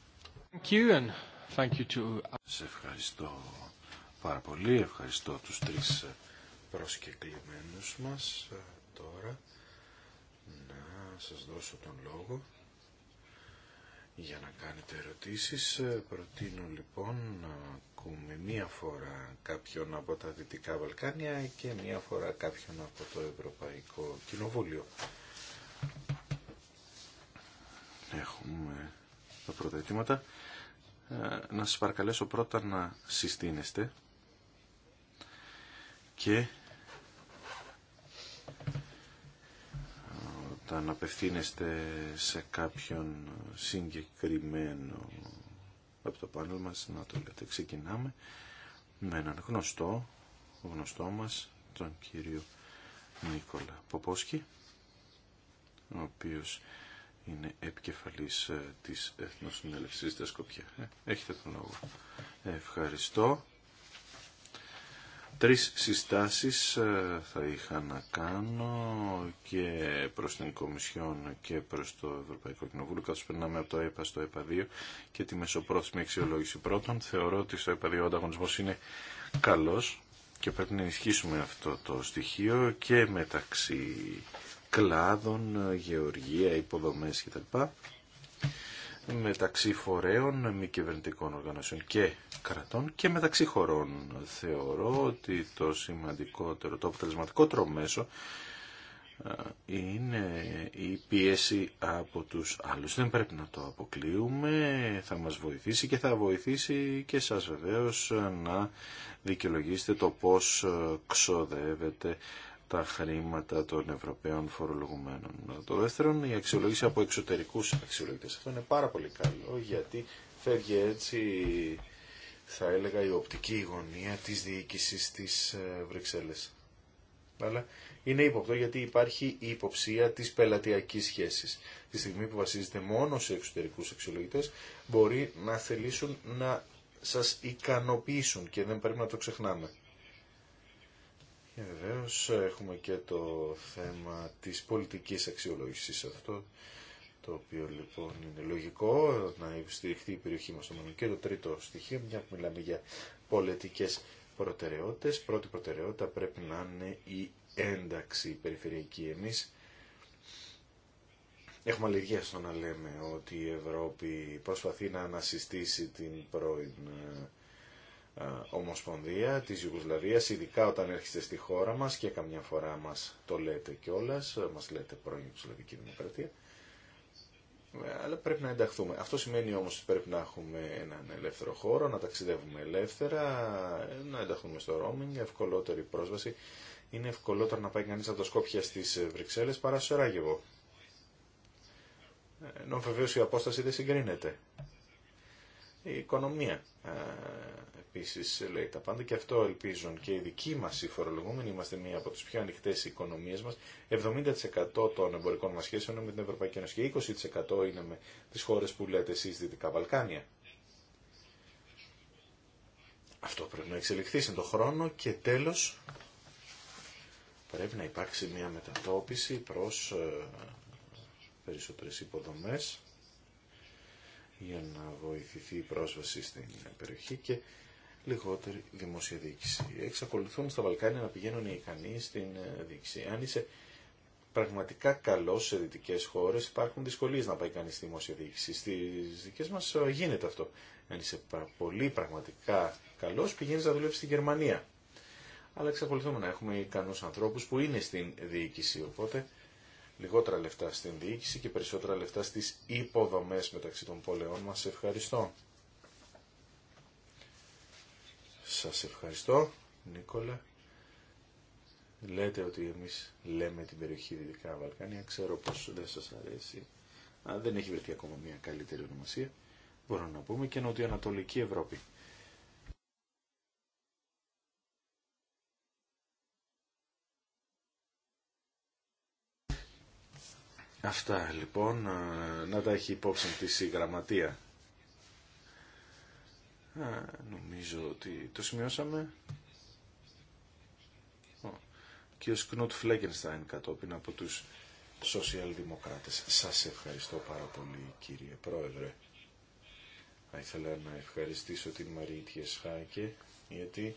Thank ευχαριστώ πάρα πολύ. Ευχαριστώ τους τρεις προσκεκλημένους μας. Τώρα να σας δώσω τον λόγο για να κάνετε ερωτήσεις. Ε, προτείνω λοιπόν να ακούμε μία φορά κάποιον από τα Δυτικά Βαλκάνια και μία φορά κάποιον από το Ευρωπαϊκό Κοινοβούλιο. Έχουμε τα πρώτα ε, Να σας παρακαλέσω πρώτα να συστήνεστε και όταν απευθύνεστε σε κάποιον συγκεκριμένο από το πάνω μας, να το λέτε, ξεκινάμε με έναν γνωστό, γνωστό μας, τον κύριο Νίκολα Ποπόσκι, ο οποίος είναι επικεφαλής ε, της Εθνοσυνέλευσης της Σκοπιά. Ε, έχετε τον λόγο. Ευχαριστώ. Τρεις συστάσεις ε, θα είχα να κάνω και προς την Κομισιόν και προς το Ευρωπαϊκό Κοινοβούλιο, καθώς περνάμε από το ΕΠΑ στο ΕΠΑ 2 και τη μεσοπρόθεσμη αξιολόγηση πρώτων. Θεωρώ ότι στο ΕΠΑ 2 ο ανταγωνισμός είναι καλός και πρέπει να ενισχύσουμε αυτό το στοιχείο και μεταξύ κλάδων, ε, γεωργία, υποδομές κτλ μεταξύ φορέων, μη κυβερνητικών οργανώσεων και κρατών και μεταξύ χωρών. Θεωρώ ότι το σημαντικότερο, το αποτελεσματικότερο μέσο είναι η πίεση από τους άλλους. Δεν πρέπει να το αποκλείουμε, θα μας βοηθήσει και θα βοηθήσει και σας βεβαίως να δικαιολογήσετε το πώς ξοδεύετε τα χρήματα των Ευρωπαίων φορολογουμένων. Το δεύτερο, η αξιολόγηση από εξωτερικούς αξιολογητές. Αυτό είναι πάρα πολύ καλό γιατί φεύγει έτσι θα έλεγα η οπτική γωνία της διοίκησης της ε, Βρυξέλλες. Αλλά είναι ύποπτο γιατί υπάρχει η υποψία της πελατειακής σχέσης. Τη στιγμή που βασίζεται μόνο σε εξωτερικούς αξιολογητές μπορεί να θελήσουν να σας ικανοποιήσουν και δεν πρέπει να το ξεχνάμε. Και ε, έχουμε και το θέμα της πολιτικής αξιολόγησης αυτό, το οποίο λοιπόν είναι λογικό να στηριχθεί η περιοχή μας το τρίτο στοιχείο, μια που μιλάμε για πολιτικές προτεραιότητες, πρώτη προτεραιότητα πρέπει να είναι η ένταξη περιφερειακή εμείς. Έχουμε αλληλεγγύα στο να λέμε ότι η Ευρώπη προσπαθεί να ανασυστήσει την πρώην ε, Ομοσπονδία της Ιουγκοσλαβίας, ειδικά όταν έρχεστε στη χώρα μας και καμιά φορά μας το λέτε κιόλα, μας λέτε πρώην Ιουγκοσλαβική Δημοκρατία, ε, αλλά πρέπει να ενταχθούμε. Αυτό σημαίνει όμως ότι πρέπει να έχουμε έναν ελεύθερο χώρο, να ταξιδεύουμε ελεύθερα, ε, να ενταχθούμε στο roaming, ευκολότερη πρόσβαση. Είναι ευκολότερο να πάει κανείς από το Σκόπια στις ε, Βρυξέλλες παρά στο Σεράγεβο. Ενώ βεβαίω η απόσταση δεν συγκρίνεται. Η οικονομία ε, Επίση λέει τα πάντα και αυτό ελπίζουν και οι δικοί μα οι φορολογούμενοι είμαστε μία από τι πιο ανοιχτέ οικονομίε μα. 70% των εμπορικών μα σχέσεων είναι με την Ευρωπαϊκή Ένωση και 20% είναι με τις χώρες που λέτε εσεί Δυτικά Βαλκάνια αυτό πρέπει να εξελιχθεί σε τον χρόνο και τέλο. πρέπει να υπάρξει μία μετατόπιση προς ε, περισσότερες υποδομές για να βοηθηθεί η πρόσβαση στην περιοχή και λιγότερη δημόσια διοίκηση. Εξακολουθούν στα Βαλκάνια να πηγαίνουν οι ικανοί στην ε, διοίκηση. Αν είσαι πραγματικά καλό σε δυτικέ χώρε, υπάρχουν δυσκολίε να πάει κανεί στη δημόσια διοίκηση. Στι δικέ μα ε, γίνεται αυτό. Αν είσαι πολύ πραγματικά καλό, πηγαίνει να δουλεύει στη Γερμανία. Αλλά εξακολουθούμε να έχουμε ικανού ανθρώπου που είναι στην διοίκηση. Οπότε λιγότερα λεφτά στην διοίκηση και περισσότερα λεφτά στις υποδομές μεταξύ των πόλεων μας. Ευχαριστώ. Σας ευχαριστώ, Νίκολα. Λέτε ότι εμείς λέμε την περιοχή Δυτικά Βαλκάνια. Ξέρω πως δεν σας αρέσει. Αν δεν έχει βρεθεί ακόμα μια καλύτερη ονομασία. μπορούμε να πούμε και Νοτιοανατολική Ευρώπη. Αυτά λοιπόν, να τα έχει υπόψη της η γραμματεία. Α, νομίζω ότι το σημειώσαμε. Ο κ. κατόπιν από τους σοσιαλδημοκράτες. Σας ευχαριστώ πάρα πολύ κύριε Πρόεδρε. Θα ήθελα να ευχαριστήσω την Μαρίτια Σχάκε γιατί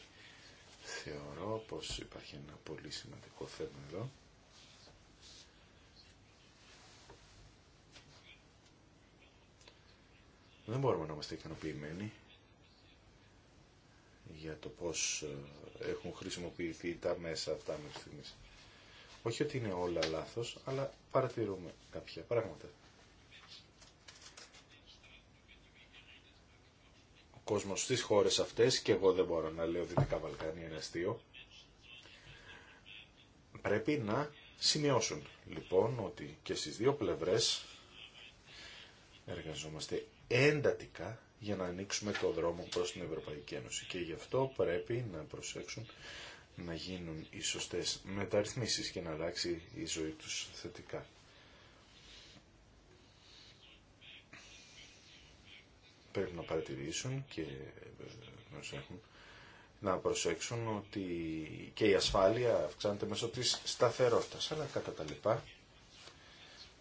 θεωρώ πως υπάρχει ένα πολύ σημαντικό θέμα εδώ δεν μπορούμε να είμαστε ικανοποιημένοι για το πώς ε, έχουν χρησιμοποιηθεί τα μέσα αυτά μέχρι Όχι ότι είναι όλα λάθος, αλλά παρατηρούμε κάποια πράγματα. Ο κόσμος στις χώρες αυτές, και εγώ δεν μπορώ να λέω Δυτικά Βαλκάνια είναι αστείο, πρέπει να σημειώσουν λοιπόν ότι και στις δύο πλευρές εργαζόμαστε εντατικά για να ανοίξουμε το δρόμο προς την Ευρωπαϊκή Ένωση και γι' αυτό πρέπει να προσέξουν να γίνουν οι σωστές μεταρρυθμίσεις και να αλλάξει η ζωή τους θετικά. Πρέπει να παρατηρήσουν και ε, να προσέξουν ότι και η ασφάλεια αυξάνεται μέσω της σταθερότητας, αλλά κατά τα λοιπά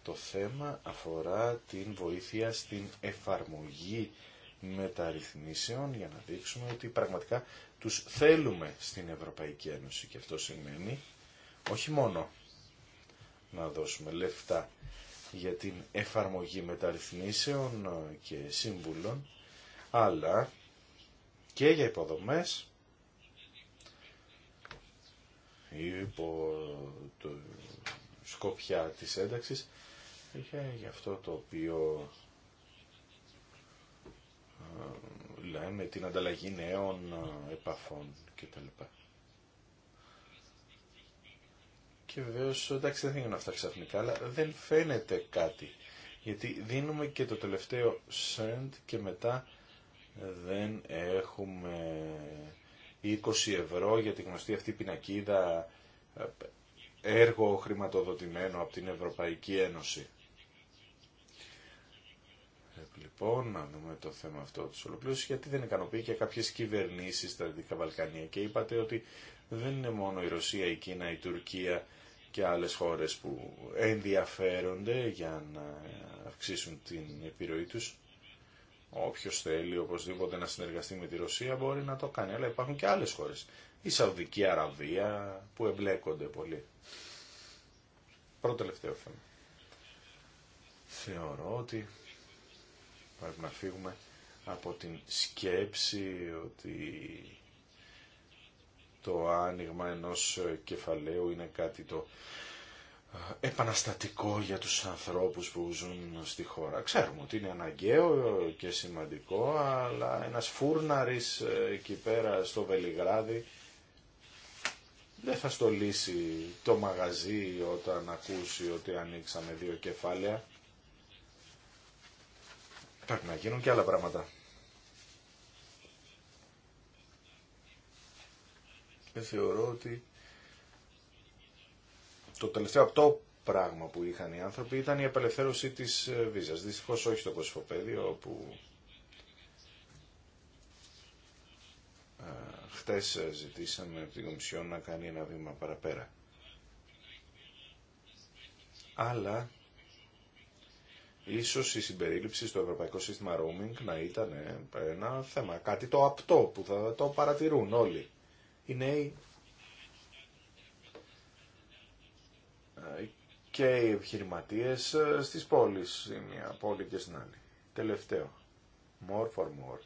το θέμα αφορά την βοήθεια στην εφαρμογή μεταρρυθμίσεων για να δείξουμε ότι πραγματικά τους θέλουμε στην Ευρωπαϊκή Ένωση και αυτό σημαίνει όχι μόνο να δώσουμε λεφτά για την εφαρμογή μεταρρυθμίσεων και σύμβουλων αλλά και για υποδομές υπό το σκοπιά της ένταξης αντίστοιχα για αυτό το οποίο ε, λέμε την ανταλλαγή νέων ε, επαφών κτλ. Και βεβαίω, εντάξει, δεν να αυτά ξαφνικά, αλλά δεν φαίνεται κάτι. Γιατί δίνουμε και το τελευταίο send και μετά δεν έχουμε 20 ευρώ για τη γνωστή αυτή πινακίδα ε, έργο χρηματοδοτημένο από την Ευρωπαϊκή Ένωση λοιπόν να δούμε το θέμα αυτό της ολοκλήρωσης γιατί δεν ικανοποιεί και κάποιες κυβερνήσεις στα Δυτικά Βαλκάνια και είπατε ότι δεν είναι μόνο η Ρωσία, η Κίνα, η Τουρκία και άλλες χώρες που ενδιαφέρονται για να αυξήσουν την επιρροή τους. Όποιο θέλει οπωσδήποτε να συνεργαστεί με τη Ρωσία μπορεί να το κάνει, αλλά υπάρχουν και άλλες χώρες. Η Σαουδική Αραβία που εμπλέκονται πολύ. Πρώτο τελευταίο θέμα. Θεωρώ ότι Πρέπει να φύγουμε από την σκέψη ότι το άνοιγμα ενός κεφαλαίου είναι κάτι το επαναστατικό για τους ανθρώπους που ζουν στη χώρα. Ξέρουμε ότι είναι αναγκαίο και σημαντικό, αλλά ένας φούρναρης ε, εκεί πέρα στο Βελιγράδι δεν θα στολίσει το μαγαζί όταν ακούσει ότι ανοίξαμε δύο κεφάλαια Πρέπει να γίνουν και άλλα πράγματα. Και θεωρώ ότι το τελευταίο αυτό πράγμα που είχαν οι άνθρωποι ήταν η απελευθέρωση της ε, βίζας. Δυστυχώς όχι το κοσφοπέδιο όπου ε, χτες ε, ζητήσαμε από την Κομισιόν να κάνει ένα βήμα παραπέρα. Αλλά Ίσως η συμπερίληψη στο ευρωπαϊκό σύστημα roaming να ήταν ε, ένα θέμα, κάτι το απτό που θα το παρατηρούν όλοι. Οι νέοι ε, και οι επιχειρηματίε ε, στις πόλεις, Η μία πόλη και στην άλλη. Τελευταίο. More for more.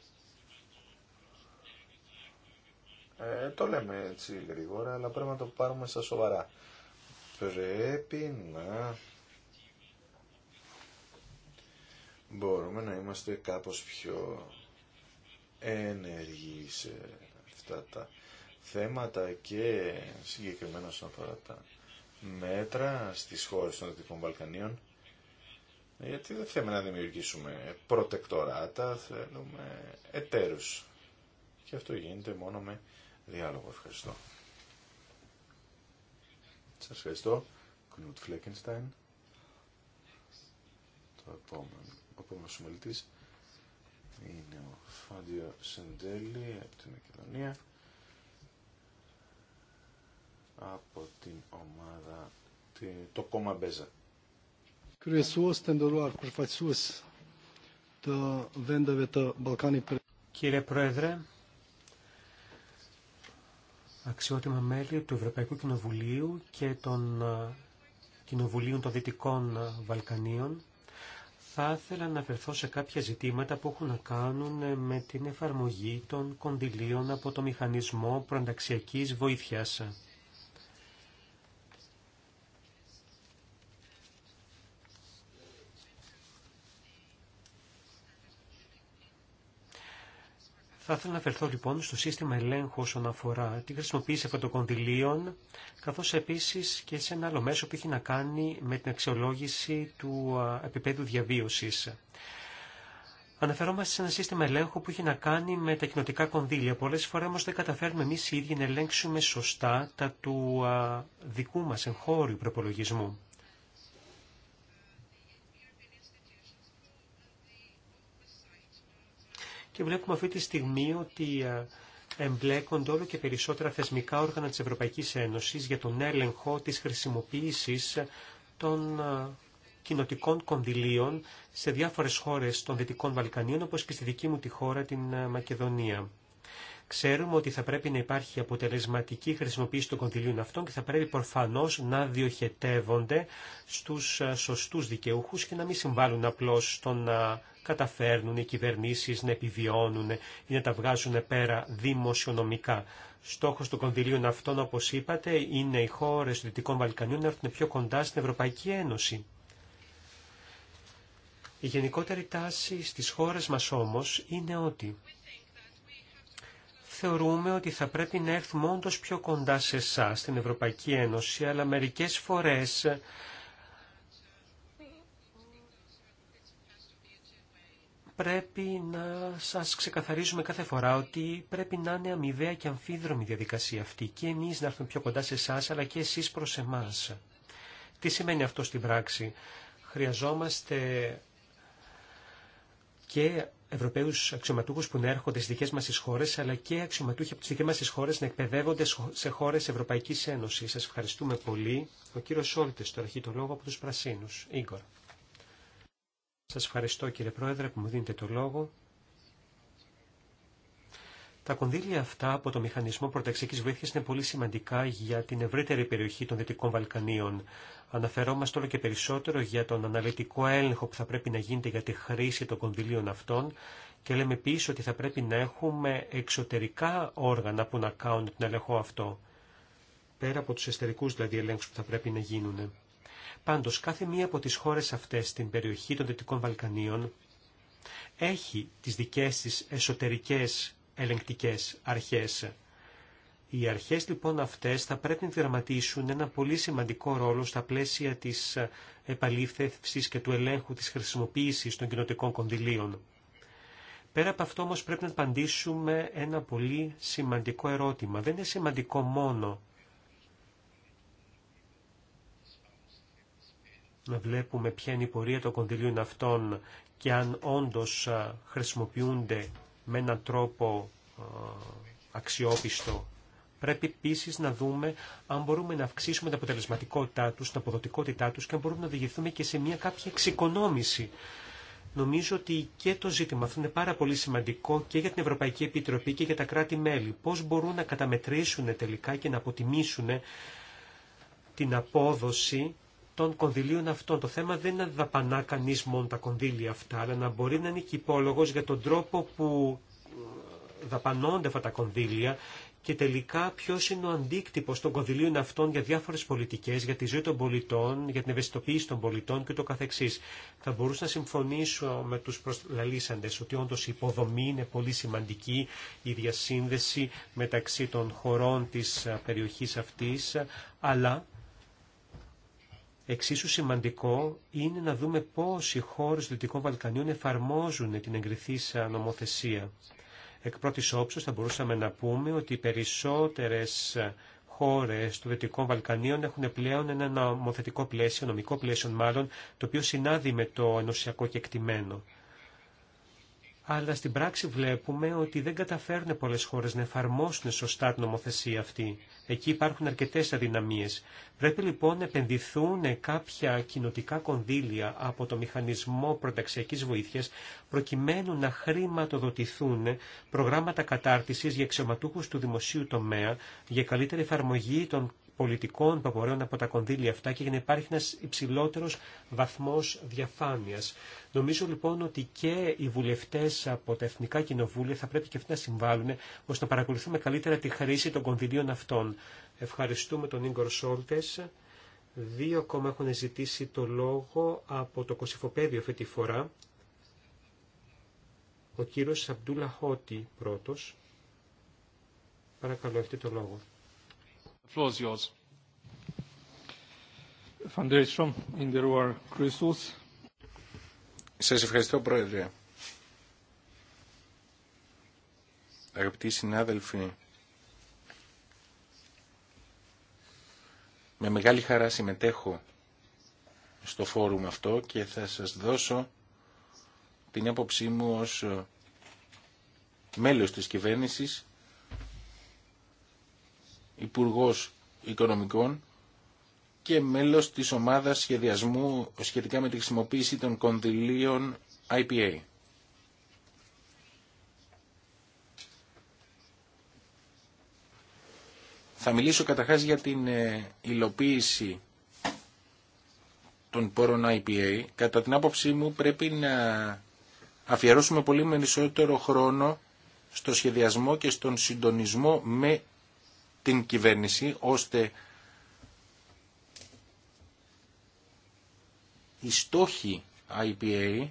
Ε, το λέμε έτσι γρήγορα, αλλά πρέπει να το πάρουμε στα σοβαρά. Πρέπει να μπορούμε να είμαστε κάπως πιο ενεργοί σε αυτά τα θέματα και συγκεκριμένα όσον αφορά τα μέτρα στις χώρες των Δυτικών Βαλκανίων γιατί δεν θέλουμε να δημιουργήσουμε προτεκτοράτα, θέλουμε εταίρους. Και αυτό γίνεται μόνο με διάλογο. Ευχαριστώ. Σας ευχαριστώ. Κνούτ Φλέκενστάιν. Το επόμενο επόμενος ομιλητής είναι ο Φάντιο Σεντέλη από την Μακεδονία από την ομάδα το κόμμα Μπέζα. Κύριε Πρόεδρε, αξιότιμα μέλη του Ευρωπαϊκού Κοινοβουλίου και των ε, Κοινοβουλίων των Δυτικών ε, Βαλκανίων, θα ήθελα να αναφερθώ σε κάποια ζητήματα που έχουν να κάνουν με την εφαρμογή των κονδυλίων από το μηχανισμό προνταξιακής βοήθειας. Θα ήθελα να αφαιρθώ λοιπόν στο σύστημα ελέγχου όσον αφορά τη χρησιμοποίηση αυτών των κονδυλίων, καθώς επίσης και σε ένα άλλο μέσο που έχει να κάνει με την αξιολόγηση του επίπεδου διαβίωσης. Αναφερόμαστε σε ένα σύστημα ελέγχου που έχει να κάνει με τα κοινοτικά κονδύλια. Πολλέ φορέ όμω δεν καταφέρνουμε εμεί οι ίδιοι να ελέγξουμε σωστά τα του δικού μα εγχώριου προπολογισμού. και βλέπουμε αυτή τη στιγμή ότι ε, εμπλέκονται όλο και περισσότερα θεσμικά όργανα της Ευρωπαϊκής Ένωσης για τον έλεγχο της χρησιμοποίησης των ε, κοινοτικών κονδυλίων σε διάφορες χώρες των Δυτικών Βαλκανίων, όπως και στη δική μου τη χώρα, την ε, Μακεδονία. Ξέρουμε ότι θα πρέπει να υπάρχει αποτελεσματική χρησιμοποίηση των κονδυλίων αυτών και θα πρέπει προφανώς να διοχετεύονται στους σωστούς δικαιούχους και να μην συμβάλλουν απλώς στον καταφέρνουν οι κυβερνήσεις να επιβιώνουν ή να τα βγάζουν πέρα δημοσιονομικά. Στόχος του κονδυλίου αυτών, όπως είπατε, είναι οι χώρες του Δυτικών Βαλκανιού να έρθουν πιο κοντά στην Ευρωπαϊκή Ένωση. Η γενικότερη τάση στις χώρες μας όμως είναι ότι θεωρούμε ότι θα πρέπει να έρθουμε όντως πιο κοντά σε εσά στην Ευρωπαϊκή Ένωση, αλλά μερικές φορές πρέπει να σας ξεκαθαρίζουμε κάθε φορά ότι πρέπει να είναι αμοιβαία και αμφίδρομη διαδικασία αυτή και εμείς να έρθουμε πιο κοντά σε εσά αλλά και εσείς προς εμάς. Τι σημαίνει αυτό στην πράξη. Χρειαζόμαστε και Ευρωπαίου αξιωματούχου που να έρχονται στι δικέ μα χώρε, αλλά και αξιωματούχοι από τι δικέ μα χώρε να εκπαιδεύονται σε χώρε Ευρωπαϊκή Ένωση. Σα ευχαριστούμε πολύ. Ο κύριο Σόλτε το έχει το λόγο από του Πρασίνου. Σας ευχαριστώ κύριε Πρόεδρε που μου δίνετε το λόγο. Τα κονδύλια αυτά από το Μηχανισμό Προταξική Βοήθεια είναι πολύ σημαντικά για την ευρύτερη περιοχή των Δυτικών Βαλκανίων. Αναφερόμαστε όλο και περισσότερο για τον αναλυτικό έλεγχο που θα πρέπει να γίνεται για τη χρήση των κονδυλίων αυτών και λέμε επίση ότι θα πρέπει να έχουμε εξωτερικά όργανα που να κάνουν τον έλεγχο αυτό, πέρα από του εσωτερικού δηλαδή ελέγχου που θα πρέπει να γίνουν. Πάντως, κάθε μία από τις χώρες αυτές στην περιοχή των Δυτικών Βαλκανίων έχει τις δικές της εσωτερικές ελεγκτικές αρχές. Οι αρχές λοιπόν αυτές θα πρέπει να δραματίσουν ένα πολύ σημαντικό ρόλο στα πλαίσια της επαλήθευσης και του ελέγχου της χρησιμοποίησης των κοινοτικών κονδυλίων. Πέρα από αυτό όμως πρέπει να απαντήσουμε ένα πολύ σημαντικό ερώτημα. Δεν είναι σημαντικό μόνο να βλέπουμε ποια είναι η πορεία των κονδυλίων αυτών και αν όντως χρησιμοποιούνται με έναν τρόπο αξιόπιστο. Πρέπει επίση να δούμε αν μπορούμε να αυξήσουμε την αποτελεσματικότητά του, την αποδοτικότητά του και αν μπορούμε να οδηγηθούμε και σε μια κάποια εξοικονόμηση. Νομίζω ότι και το ζήτημα αυτό είναι πάρα πολύ σημαντικό και για την Ευρωπαϊκή Επιτροπή και για τα κράτη-μέλη. Πώς μπορούν να καταμετρήσουν τελικά και να αποτιμήσουν την απόδοση των κονδυλίων αυτών. Το θέμα δεν είναι να δαπανά κανεί μόνο τα κονδύλια αυτά, αλλά να μπορεί να είναι και υπόλογο για τον τρόπο που ε, δαπανώνται αυτά τα κονδύλια και τελικά ποιο είναι ο αντίκτυπο των κονδυλίων αυτών για διάφορε πολιτικέ, για τη ζωή των πολιτών, για την ευαισθητοποίηση των πολιτών και κ.ο.κ. Θα μπορούσα να συμφωνήσω με του προσλαλήσαντε ότι όντω η υποδομή είναι πολύ σημαντική, η διασύνδεση μεταξύ των χωρών τη ε, περιοχή αυτή, αλλά Εξίσου σημαντικό είναι να δούμε πώς οι χώρες του Δυτικών Βαλκανίων εφαρμόζουν την εγκριθήσα νομοθεσία. Εκ πρώτης όψεως θα μπορούσαμε να πούμε ότι οι περισσότερες χώρες του Δυτικών Βαλκανίων έχουν πλέον ένα νομοθετικό πλαίσιο, νομικό πλαίσιο μάλλον, το οποίο συνάδει με το ενωσιακό κεκτημένο αλλά στην πράξη βλέπουμε ότι δεν καταφέρνουν πολλές χώρες να εφαρμόσουν σωστά την νομοθεσία αυτή. Εκεί υπάρχουν αρκετές αδυναμίες. Πρέπει λοιπόν να επενδυθούν κάποια κοινοτικά κονδύλια από το μηχανισμό προταξιακής βοήθειας, προκειμένου να χρηματοδοτηθούν προγράμματα κατάρτισης για αξιωματούχους του δημοσίου τομέα, για καλύτερη εφαρμογή των πολιτικών που απορρέουν από τα κονδύλια αυτά και για να υπάρχει ένας υψηλότερος βαθμός διαφάνειας. Νομίζω λοιπόν ότι και οι βουλευτές από τα Εθνικά Κοινοβούλια θα πρέπει και αυτοί να συμβάλλουν ώστε να παρακολουθούμε καλύτερα τη χρήση των κονδυλίων αυτών. Ευχαριστούμε τον Ίγκορ Σόλτες. Δύο ακόμα έχουν ζητήσει το λόγο από το Κωσυφοπέδιο αυτή τη φορά. Ο κύριος Αμπτούλα Χώτη πρώτος. Παρακαλώ, έχετε το λόγο floor is yours. Σας ευχαριστώ, Πρόεδρε. Αγαπητοί συνάδελφοι, με μεγάλη χαρά συμμετέχω στο φόρουμ αυτό και θα σας δώσω την άποψή μου ως μέλος της κυβέρνησης Υπουργός Οικονομικών και μέλος της ομάδας σχεδιασμού σχετικά με τη χρησιμοποίηση των κονδυλίων IPA. Θα μιλήσω καταρχάς για την ε, υλοποίηση των πόρων IPA. Κατά την άποψή μου πρέπει να αφιερώσουμε πολύ περισσότερο χρόνο στο σχεδιασμό και στον συντονισμό με την κυβέρνηση ώστε οι στόχοι IPA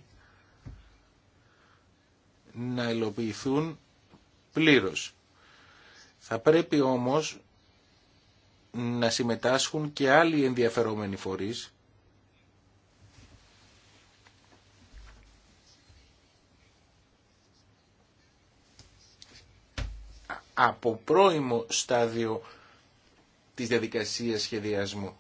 να υλοποιηθούν πλήρως. Θα πρέπει όμως να συμμετάσχουν και άλλοι ενδιαφερόμενοι φορείς από πρώιμο στάδιο της διαδικασίας σχεδιασμού.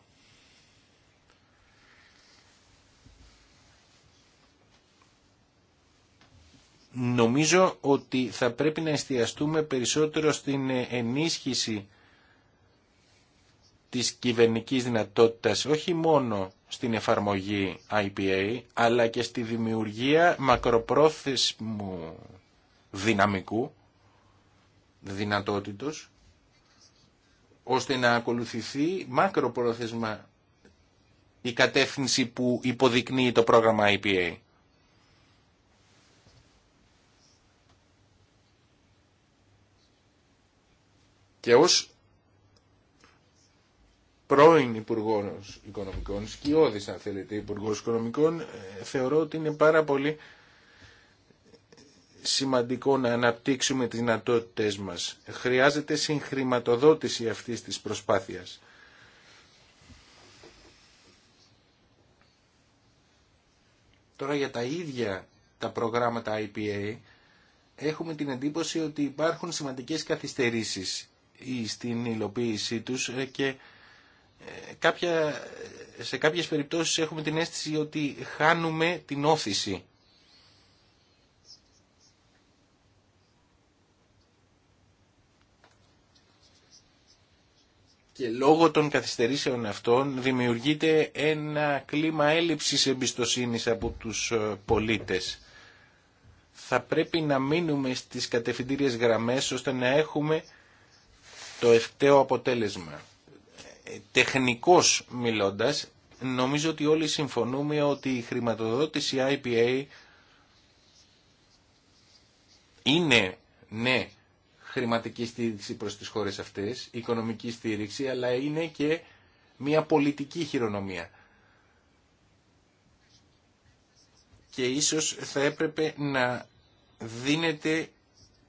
Νομίζω ότι θα πρέπει να εστιαστούμε περισσότερο στην ενίσχυση της κυβερνικής δυνατότητας όχι μόνο στην εφαρμογή IPA αλλά και στη δημιουργία μακροπρόθεσμου δυναμικού δυνατότητος ώστε να ακολουθηθεί μακροπρόθεσμα η κατεύθυνση που υποδεικνύει το πρόγραμμα IPA. Και ως πρώην Υπουργό Οικονομικών, σκιώδης αν θέλετε Υπουργός Οικονομικών, ε, θεωρώ ότι είναι πάρα πολύ σημαντικό να αναπτύξουμε τις δυνατότητες μας. Χρειάζεται συγχρηματοδότηση αυτής της προσπάθειας. Τώρα για τα ίδια τα προγράμματα IPA έχουμε την εντύπωση ότι υπάρχουν σημαντικές καθυστερήσεις στην υλοποίησή τους ε, και ε, κάποια, ε, σε κάποιες περιπτώσεις έχουμε την αίσθηση ότι χάνουμε την όθηση Και λόγω των καθυστερήσεων αυτών δημιουργείται ένα κλίμα έλλειψης εμπιστοσύνης από τους ε, πολίτες. Θα πρέπει να μείνουμε στις κατευθυντήριες γραμμές ώστε να έχουμε το ευκταίο αποτέλεσμα. Ε, τεχνικός μιλώντας, νομίζω ότι όλοι συμφωνούμε ότι η χρηματοδότηση IPA είναι, ναι, χρηματική στήριξη προς τις χώρες αυτές, οικονομική στήριξη, αλλά είναι και μια πολιτική χειρονομία. Και ίσως θα έπρεπε να δίνεται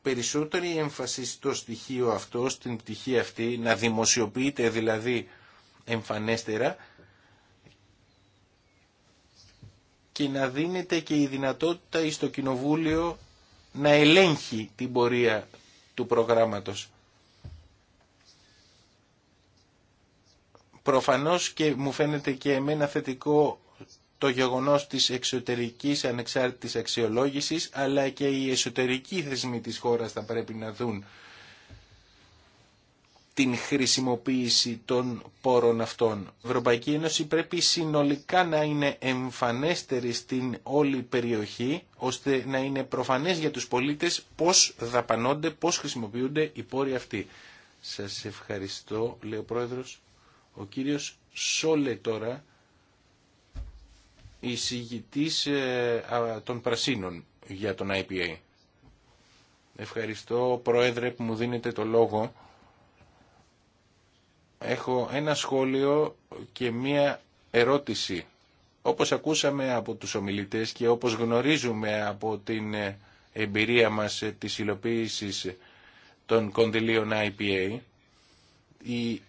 περισσότερη έμφαση στο στοιχείο αυτό, στην πτυχή αυτή, να δημοσιοποιείται δηλαδή εμφανέστερα και να δίνεται και η δυνατότητα στο Κοινοβούλιο να ελέγχει την πορεία του προγράμματος. Προφανώς και μου φαίνεται και εμένα θετικό το γεγονός της εξωτερικής ανεξάρτητης αξιολόγησης, αλλά και οι εσωτερικοί θεσμοί της χώρας θα πρέπει να δουν την χρησιμοποίηση των πόρων αυτών. Η Ευρωπαϊκή Ένωση πρέπει συνολικά να είναι εμφανέστερη στην όλη περιοχή, ώστε να είναι προφανές για τους πολίτες πώς δαπανώνται, πώς χρησιμοποιούνται οι πόροι αυτοί. Σας ευχαριστώ, λέει ο Πρόεδρος. Ο κύριος Σόλε τώρα, εισηγητής ε, των Πρασίνων για τον IPA. Ευχαριστώ, Πρόεδρε, που μου δίνετε το λόγο έχω ένα σχόλιο και μία ερώτηση. Όπως ακούσαμε από τους ομιλητές και όπως γνωρίζουμε από την ε, εμπειρία μας ε, της υλοποίησης ε, των κονδυλίων IPA, η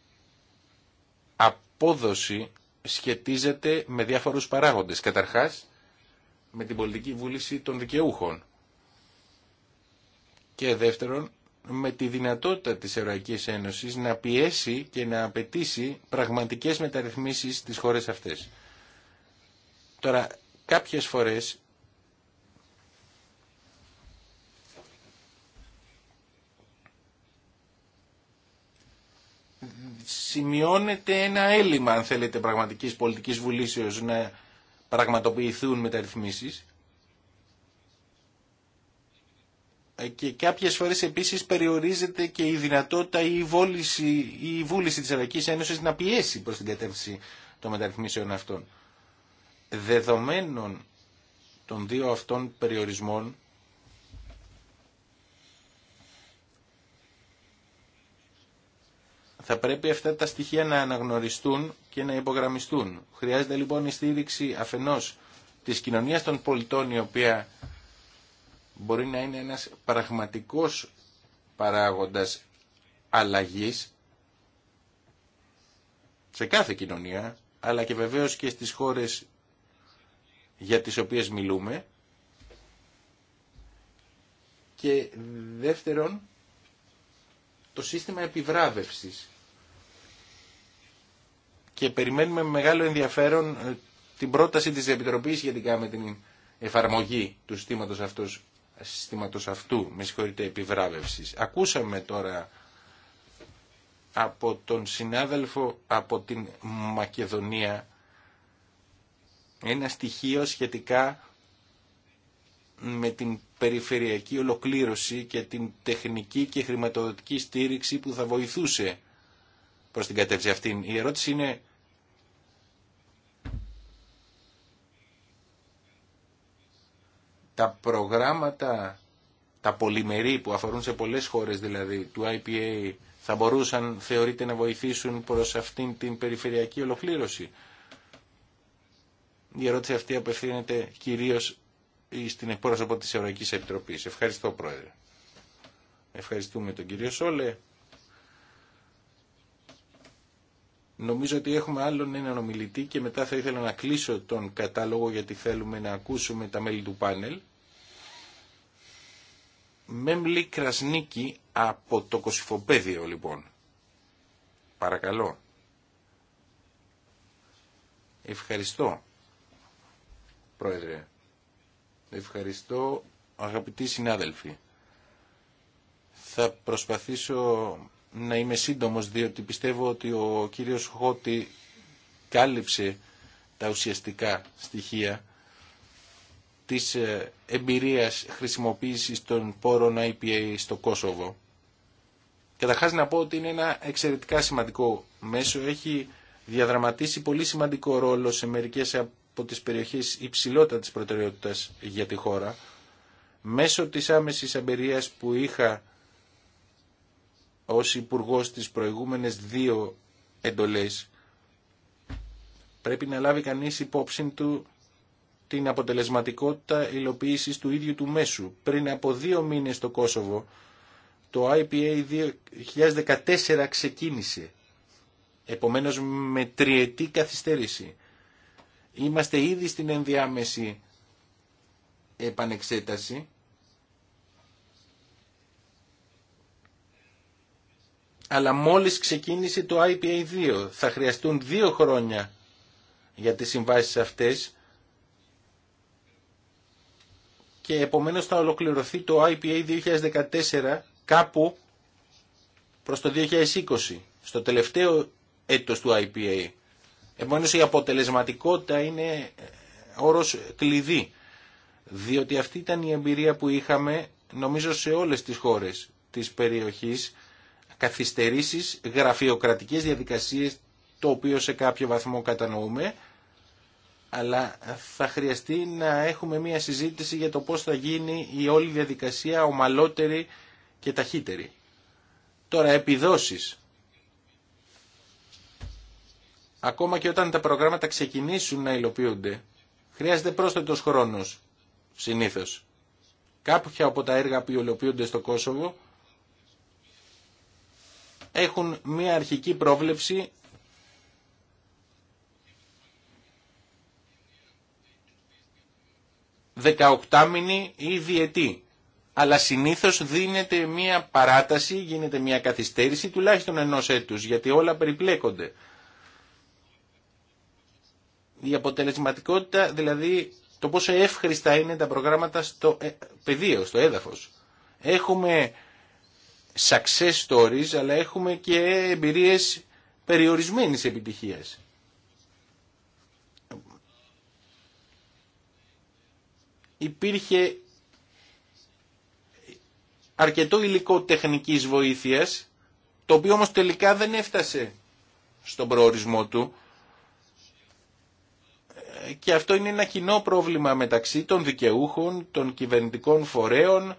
απόδοση σχετίζεται με διάφορους παράγοντες. Καταρχάς, με την πολιτική βούληση των δικαιούχων. Και δεύτερον, με τη δυνατότητα της Ευρωπαϊκής Ένωσης να πιέσει και να απαιτήσει πραγματικές μεταρρυθμίσεις στις χώρες αυτές. Τώρα, κάποιες φορές σημειώνεται ένα έλλειμμα, αν θέλετε, πραγματικής πολιτικής βουλήσεως να πραγματοποιηθούν μεταρρυθμίσεις Ε, και κάποιες φορές επίσης περιορίζεται και η δυνατότητα ή η, βόληση, η η βουληση της Ευρωπαϊκής Ένωσης να πιέσει προς την κατεύθυνση των μεταρρυθμίσεων αυτών. Δεδομένων των δύο αυτών περιορισμών θα πρέπει αυτά τα στοιχεία να αναγνωριστούν και να υπογραμμιστούν. Χρειάζεται λοιπόν η στήριξη αφενός της κοινωνίας των πολιτών η οποία μπορεί να είναι ένας πραγματικός παράγοντας αλλαγής σε κάθε κοινωνία, αλλά και βεβαίως και στις χώρες για τις οποίες μιλούμε. Και δεύτερον, το σύστημα επιβράβευσης. Και περιμένουμε με μεγάλο ενδιαφέρον ε, την πρόταση της Επιτροπής σχετικά με την εφαρμογή του συστήματος αυτούς συστήματος αυτού, με συγχωρείτε, επιβράβευσης. Ακούσαμε τώρα από τον συνάδελφο από την Μακεδονία ένα στοιχείο σχετικά με την περιφερειακή ολοκλήρωση και την τεχνική και χρηματοδοτική στήριξη που θα βοηθούσε προς την κατεύθυνση αυτήν. Η ερώτηση είναι τα προγράμματα, τα πολυμερή που αφορούν σε πολλές χώρες δηλαδή του IPA θα μπορούσαν θεωρείται να βοηθήσουν προς αυτήν την περιφερειακή ολοκλήρωση. Η ερώτηση αυτή απευθύνεται κυρίως στην εκπρόσωπο της Ευρωπαϊκής Επιτροπής. Ευχαριστώ Πρόεδρε. Ευχαριστούμε τον κύριο Σόλε. Νομίζω ότι έχουμε άλλον έναν ομιλητή και μετά θα ήθελα να κλείσω τον κατάλογο γιατί θέλουμε να ακούσουμε τα μέλη του πάνελ. Μέμλη Κρασνίκη από το Κοσυφοπέδιο λοιπόν. Παρακαλώ. Ευχαριστώ, Πρόεδρε. Ευχαριστώ, αγαπητοί συνάδελφοι. Θα προσπαθήσω να είμαι σύντομος διότι πιστεύω ότι ο κύριος Χώτη κάλυψε τα ουσιαστικά στοιχεία της ε, εμπειρίας χρησιμοποίησης των πόρων IPA στο Κόσοβο. Καταρχά να πω ότι είναι ένα εξαιρετικά σημαντικό μέσο. Έχει διαδραματίσει πολύ σημαντικό ρόλο σε μερικές από τις περιοχές υψηλότητα της προτεραιότητας για τη χώρα. Μέσω της άμεσης εμπειρίας που είχα ως υπουργό στις προηγούμενες δύο εντολές πρέπει να λάβει κανείς υπόψη του την αποτελεσματικότητα υλοποίησης του ίδιου του μέσου. Πριν από δύο μήνες στο Κόσοβο το IPA 2014 ξεκίνησε, επομένως με τριετή καθυστέρηση. Είμαστε ήδη στην ενδιάμεση επανεξέταση αλλά μόλις ξεκίνησε το IPA2. Θα χρειαστούν δύο χρόνια για τις συμβάσεις αυτές και επομένως θα ολοκληρωθεί το IPA 2014 κάπου προς το 2020, στο τελευταίο έτος του IPA. Επομένως η αποτελεσματικότητα είναι ε, όρος κλειδί, διότι αυτή ήταν η εμπειρία που είχαμε νομίζω σε όλες τις χώρες της περιοχής καθυστερήσεις, γραφειοκρατικές διαδικασίες, το οποίο σε κάποιο βαθμό κατανοούμε, αλλά θα χρειαστεί να έχουμε μια συζήτηση για το πώς θα γίνει η όλη διαδικασία ομαλότερη και ταχύτερη. Τώρα, επιδόσεις. Ακόμα και όταν τα προγράμματα ξεκινήσουν να υλοποιούνται, χρειάζεται πρόσθετος χρόνος, συνήθως. Κάποια από τα έργα που υλοποιούνται στο Κόσοβο έχουν μια αρχική πρόβλεψη δεκαοκτάμινη ή διετή. Αλλά συνήθως δίνεται μια παράταση, γίνεται μια καθυστέρηση τουλάχιστον ενός έτους, γιατί όλα περιπλέκονται. Η αποτελεσματικότητα, δηλαδή το πόσο εύχριστα είναι τα προγράμματα στο ε, πεδίο, στο έδαφος. Έχουμε success stories, αλλά έχουμε και εμπειρίες περιορισμένης επιτυχίας. Υπήρχε αρκετό υλικό τεχνικής βοήθειας, το οποίο όμως τελικά δεν έφτασε στον προορισμό του. Και αυτό είναι ένα κοινό πρόβλημα μεταξύ των δικαιούχων, των κυβερνητικών φορέων,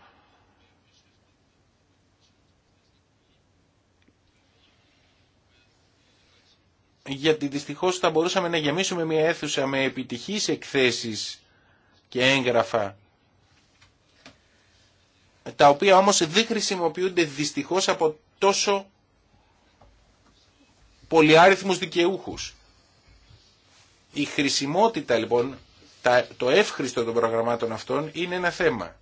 γιατί δυστυχώς θα μπορούσαμε να γεμίσουμε μια αίθουσα με επιτυχείς εκθέσεις και έγγραφα τα οποία όμως δεν χρησιμοποιούνται δυστυχώς από τόσο πολυάριθμους δικαιούχους. Η χρησιμότητα λοιπόν, το εύχριστο των προγραμμάτων αυτών είναι ένα θέμα.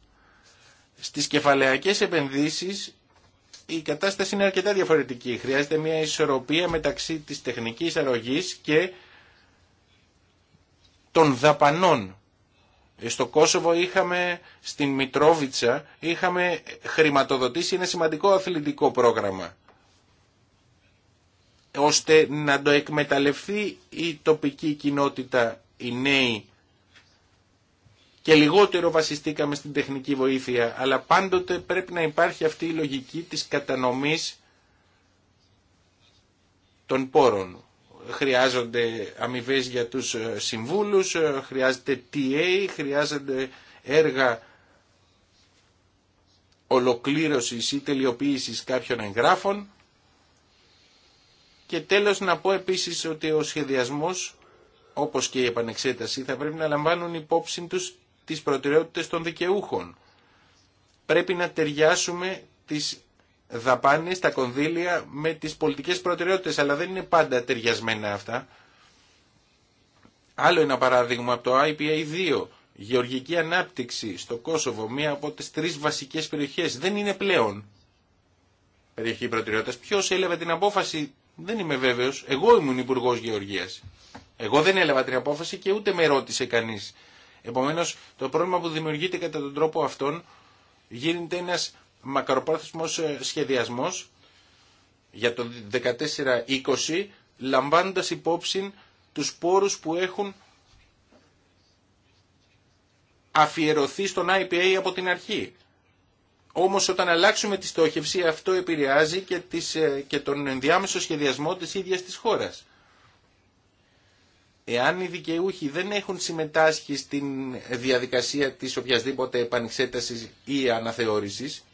Στις κεφαλαιακές επενδύσεις η κατάσταση είναι αρκετά διαφορετική. Χρειάζεται μια ισορροπία μεταξύ της τεχνικής αρρωγής και των δαπανών. Ε, στο Κόσοβο είχαμε, στην Μητρόβιτσα, είχαμε χρηματοδοτήσει ένα σημαντικό αθλητικό πρόγραμμα ώστε να το εκμεταλλευτεί η τοπική κοινότητα, οι νέοι και λιγότερο βασιστήκαμε στην τεχνική βοήθεια, αλλά πάντοτε πρέπει να υπάρχει αυτή η λογική της κατανομής των πόρων. Χρειάζονται αμοιβέ για τους ε, συμβούλους, ε, χρειάζεται TA, χρειάζονται έργα ολοκλήρωσης ή τελειοποίησης κάποιων εγγράφων. Και τέλος να πω επίσης ότι ο σχεδιασμός όπως και η επανεξέταση, θα πρέπει να λαμβάνουν υπόψη τους τις προτεραιότητες των δικαιούχων. Πρέπει να ταιριάσουμε τις δαπάνες, τα κονδύλια με τις πολιτικές προτεραιότητες, αλλά δεν είναι πάντα ταιριασμένα αυτά. Άλλο ένα παράδειγμα από το IPA2, γεωργική ανάπτυξη στο Κόσοβο, μία από τις τρεις βασικές περιοχές, δεν είναι πλέον περιοχή προτεραιότητας. Ποιος έλαβε την απόφαση, δεν είμαι βέβαιος, εγώ ήμουν υπουργό Γεωργίας. Εγώ δεν έλαβα την απόφαση και ούτε με ρώτησε κανείς Επομένως, το πρόβλημα που δημιουργείται κατά τον τρόπο αυτόν γίνεται ένας μακροπρόθεσμος ε, σχεδιασμό για το 14-20, λαμβάνοντα υπόψη τους πόρου που έχουν αφιερωθεί στον IPA από την αρχή. Όμως όταν αλλάξουμε τη στόχευση αυτό επηρεάζει και, τις, ε, και τον ενδιάμεσο σχεδιασμό της ίδιας της χώρας. Εάν οι δικαιούχοι δεν έχουν συμμετάσχει στην διαδικασία της οποιασδήποτε επανεξέτασης ή αναθεώρησης,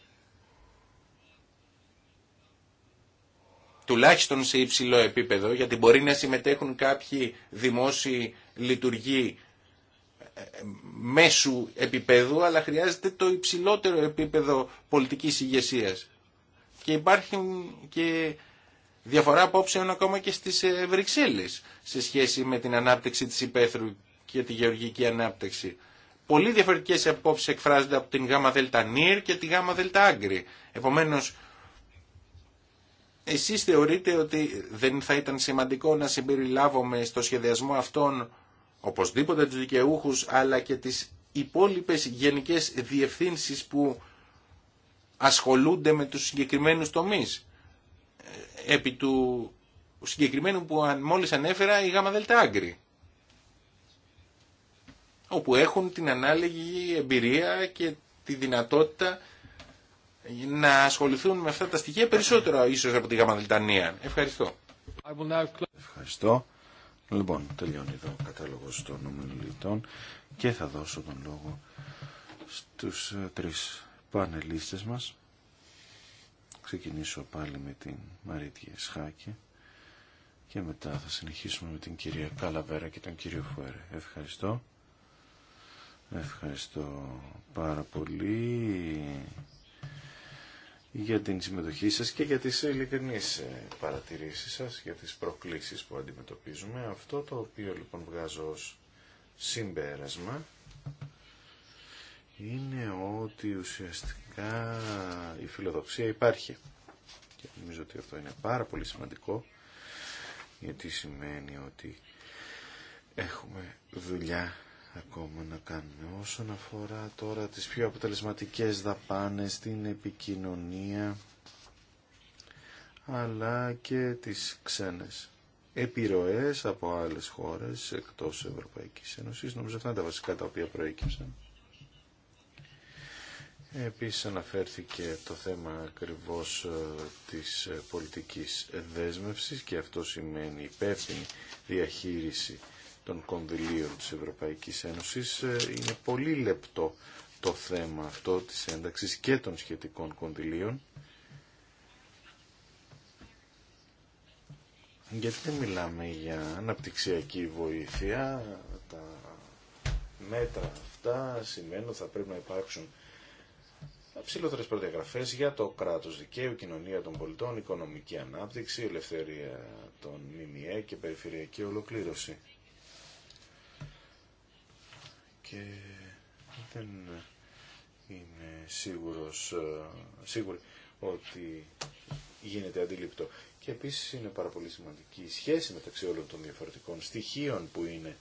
τουλάχιστον σε υψηλό επίπεδο, γιατί μπορεί να συμμετέχουν κάποιοι δημόσιοι λειτουργοί ε, μέσου επίπεδου, αλλά χρειάζεται το υψηλότερο επίπεδο πολιτικής ηγεσίας. Και υπάρχουν και διαφορά απόψεων ακόμα και στις ε, Βρυξέλλες σε σχέση με την ανάπτυξη της υπαίθρου και τη γεωργική ανάπτυξη. Πολύ διαφορετικές απόψεις εκφράζονται από την γάμα δελτα νίρ και τη γάμα δελτα άγκρη. Επομένως, εσείς θεωρείτε ότι δεν θα ήταν σημαντικό να συμπεριλάβουμε στο σχεδιασμό αυτών οπωσδήποτε τους δικαιούχους αλλά και τις υπόλοιπες γενικές διευθύνσεις που ασχολούνται με τους συγκεκριμένους τομείς επί του συγκεκριμένου που μόλις ανέφερα η ΓΑΜΑ Άγκρη όπου έχουν την ανάλογη εμπειρία και τη δυνατότητα να ασχοληθούν με αυτά τα στοιχεία περισσότερο ίσως από τη Γαμαδελτανία. Ευχαριστώ. Ευχαριστώ. Λοιπόν, τελειώνει εδώ ο κατάλογος των ομιλητών και θα δώσω τον λόγο στους ε, τρεις πανελίστες μας ξεκινήσω πάλι με την Μαρίτια Σχάκη και μετά θα συνεχίσουμε με την κυρία Καλαβέρα και τον κύριο Φουέρε. Ευχαριστώ. Ευχαριστώ πάρα πολύ για την συμμετοχή σας και για τις ειλικρινείς ε, παρατηρήσεις σας, για τις προκλήσεις που αντιμετωπίζουμε. Αυτό το οποίο λοιπόν βγάζω ως συμπέρασμα είναι ότι ουσιαστικά η φιλοδοξία υπάρχει. Και νομίζω ότι αυτό είναι πάρα πολύ σημαντικό, γιατί σημαίνει ότι έχουμε δουλειά ακόμα να κάνουμε. Όσον αφορά τώρα τις πιο αποτελεσματικές δαπάνες, την επικοινωνία, αλλά και τις ξένες επιρροές από άλλες χώρες εκτός Ευρωπαϊκής Ένωσης. Νομίζω αυτά είναι τα βασικά τα οποία προέκυψαν. Επίσης αναφέρθηκε το θέμα ακριβώς ε, της ε, πολιτικής δέσμευσης και αυτό σημαίνει υπεύθυνη διαχείριση των κονδυλίων της Ευρωπαϊκής Ένωσης. Ε, είναι πολύ λεπτό το θέμα αυτό της ένταξης και των σχετικών κονδυλίων. Γιατί δεν μιλάμε για αναπτυξιακή βοήθεια, τα μέτρα αυτά σημαίνουν ότι θα πρέπει να υπάρξουν ψηλότερε προδιαγραφέ για το κράτο δικαίου, κοινωνία των πολιτών, οικονομική ανάπτυξη, ελευθερία των ΜΜΕ και περιφερειακή ολοκλήρωση. Και δεν είμαι σίγουρος, ε, σίγουρη ότι γίνεται αντιληπτό. Και επίσης είναι πάρα πολύ σημαντική η σχέση μεταξύ όλων των διαφορετικών στοιχείων που είναι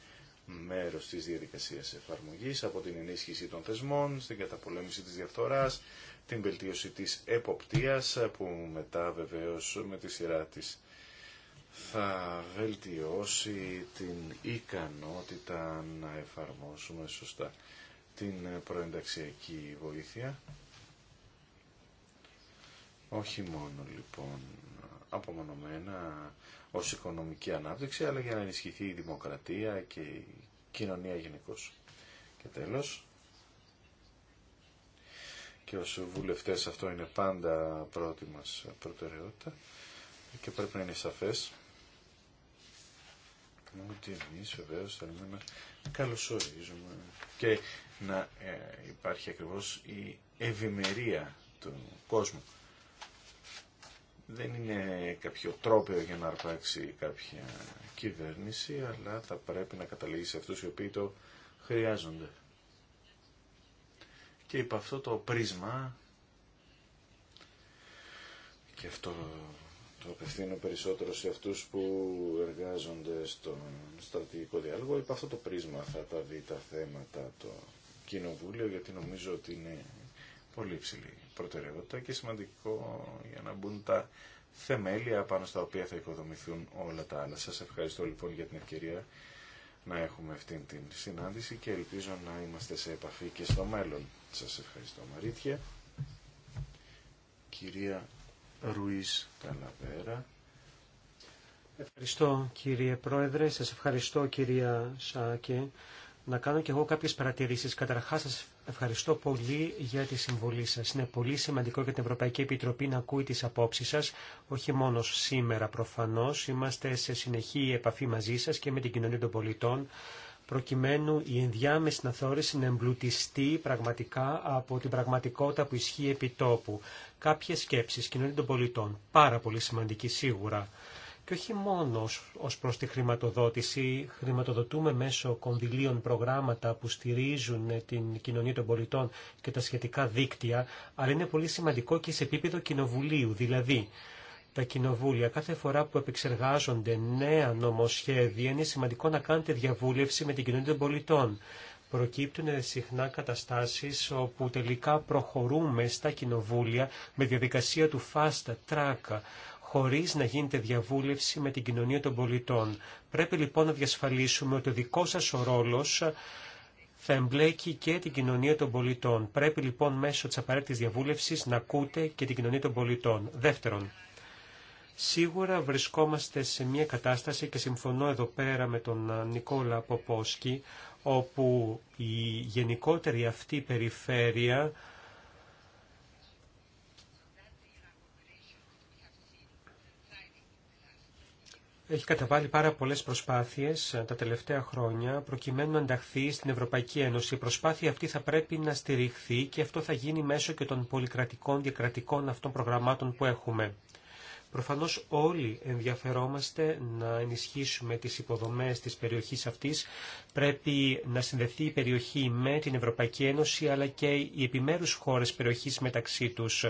μέρος της διαδικασίας εφαρμογής από την ενίσχυση των θεσμών, στην καταπολέμηση της διαφθοράς, την βελτίωση της εποπτείας που μετά βεβαίως με τη σειρά της θα βελτιώσει την ικανότητα να εφαρμόσουμε σωστά την προενταξιακή βοήθεια. Όχι μόνο λοιπόν απομονωμένα ως οικονομική ανάπτυξη, αλλά για να ενισχυθεί η δημοκρατία και η κοινωνία γενικώ. Και τέλος, και ως βουλευτές αυτό είναι πάντα πρώτη μας προτεραιότητα και πρέπει να είναι σαφές ότι εμείς βεβαίω θέλουμε να καλωσορίζουμε και να ε, υπάρχει ακριβώς η ευημερία του κόσμου δεν είναι κάποιο τρόπο για να αρπάξει κάποια κυβέρνηση, αλλά θα πρέπει να καταλήγει σε αυτούς οι οποίοι το χρειάζονται. Και υπ' αυτό το πρίσμα, και αυτό το απευθύνω περισσότερο σε αυτούς που εργάζονται στον στρατηγικό διάλογο, υπ' αυτό το πρίσμα θα τα δει τα θέματα το Κοινοβούλιο, γιατί νομίζω ότι είναι πολύ ψηλή προτεραιότητα και σημαντικό για να μπουν τα θεμέλια πάνω στα οποία θα οικοδομηθούν όλα τα άλλα. Σας ευχαριστώ λοιπόν για την ευκαιρία να έχουμε αυτήν την συνάντηση και ελπίζω να είμαστε σε επαφή και στο μέλλον. Σας ευχαριστώ Μαρίτια. Κυρία Ρουίς Καλαβέρα. Ευχαριστώ κύριε Πρόεδρε, σας ευχαριστώ κυρία Σάκε. Να κάνω και εγώ κάποιες παρατηρήσεις. Καταρχάς σας Ευχαριστώ πολύ για τη συμβολή σας. Είναι πολύ σημαντικό για την Ευρωπαϊκή Επιτροπή να ακούει τις απόψεις σας, όχι μόνο σήμερα προφανώς. Είμαστε σε συνεχή επαφή μαζί σας και με την κοινωνία των πολιτών, προκειμένου η ενδιάμεση αναθεώρηση να εμπλουτιστεί πραγματικά από την πραγματικότητα που ισχύει επί τόπου. Κάποιες σκέψεις κοινωνία των πολιτών, πάρα πολύ σημαντική σίγουρα και όχι μόνο ως προς τη χρηματοδότηση. Χρηματοδοτούμε μέσω κονδυλίων προγράμματα που στηρίζουν ε, την κοινωνία των πολιτών και τα σχετικά δίκτυα, αλλά είναι πολύ σημαντικό και σε επίπεδο κοινοβουλίου, δηλαδή τα κοινοβούλια κάθε φορά που επεξεργάζονται νέα νομοσχέδια είναι σημαντικό να κάνετε διαβούλευση με την κοινωνία των πολιτών. Προκύπτουν ε, συχνά καταστάσεις όπου τελικά προχωρούμε στα κοινοβούλια με διαδικασία του fast track χωρίς να γίνεται διαβούλευση με την κοινωνία των πολιτών. Πρέπει λοιπόν να διασφαλίσουμε ότι ο δικός σας ο ρόλος θα εμπλέκει και την κοινωνία των πολιτών. Πρέπει λοιπόν μέσω της απαραίτητης διαβούλευσης να ακούτε και την κοινωνία των πολιτών. Δεύτερον, σίγουρα βρισκόμαστε σε μια κατάσταση και συμφωνώ εδώ πέρα με τον Νικόλα Ποπόσκι, όπου η γενικότερη αυτή περιφέρεια έχει καταβάλει πάρα πολλές προσπάθειες ε, τα τελευταία χρόνια προκειμένου να ενταχθεί στην Ευρωπαϊκή Ένωση. Η προσπάθεια αυτή θα πρέπει να στηριχθεί και αυτό θα γίνει μέσω και των πολυκρατικών διακρατικών αυτών προγραμμάτων που έχουμε. Προφανώς όλοι ενδιαφερόμαστε να ενισχύσουμε τις υποδομές της περιοχής αυτής. Πρέπει να συνδεθεί η περιοχή με την Ευρωπαϊκή Ένωση αλλά και οι επιμέρους χώρες περιοχής μεταξύ τους.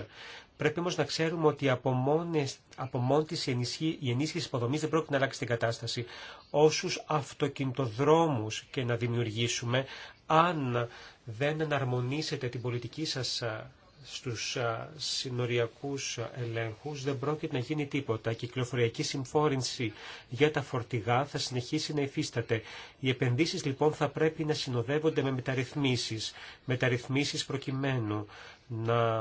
Πρέπει όμω να ξέρουμε ότι από, μόνες, από μόνη τη η ενίσχυση υποδομή δεν πρόκειται να αλλάξει την κατάσταση. Όσου αυτοκινητοδρόμους και να δημιουργήσουμε, αν δεν εναρμονίσετε την πολιτική σα στους συνοριακούς ελέγχους δεν πρόκειται να γίνει τίποτα. Η κυκλοφοριακή συμφόρηση για τα φορτηγά θα συνεχίσει να υφίσταται. Οι επενδύσεις λοιπόν θα πρέπει να συνοδεύονται με μεταρρυθμίσεις. Μεταρρυθμίσεις προκειμένου να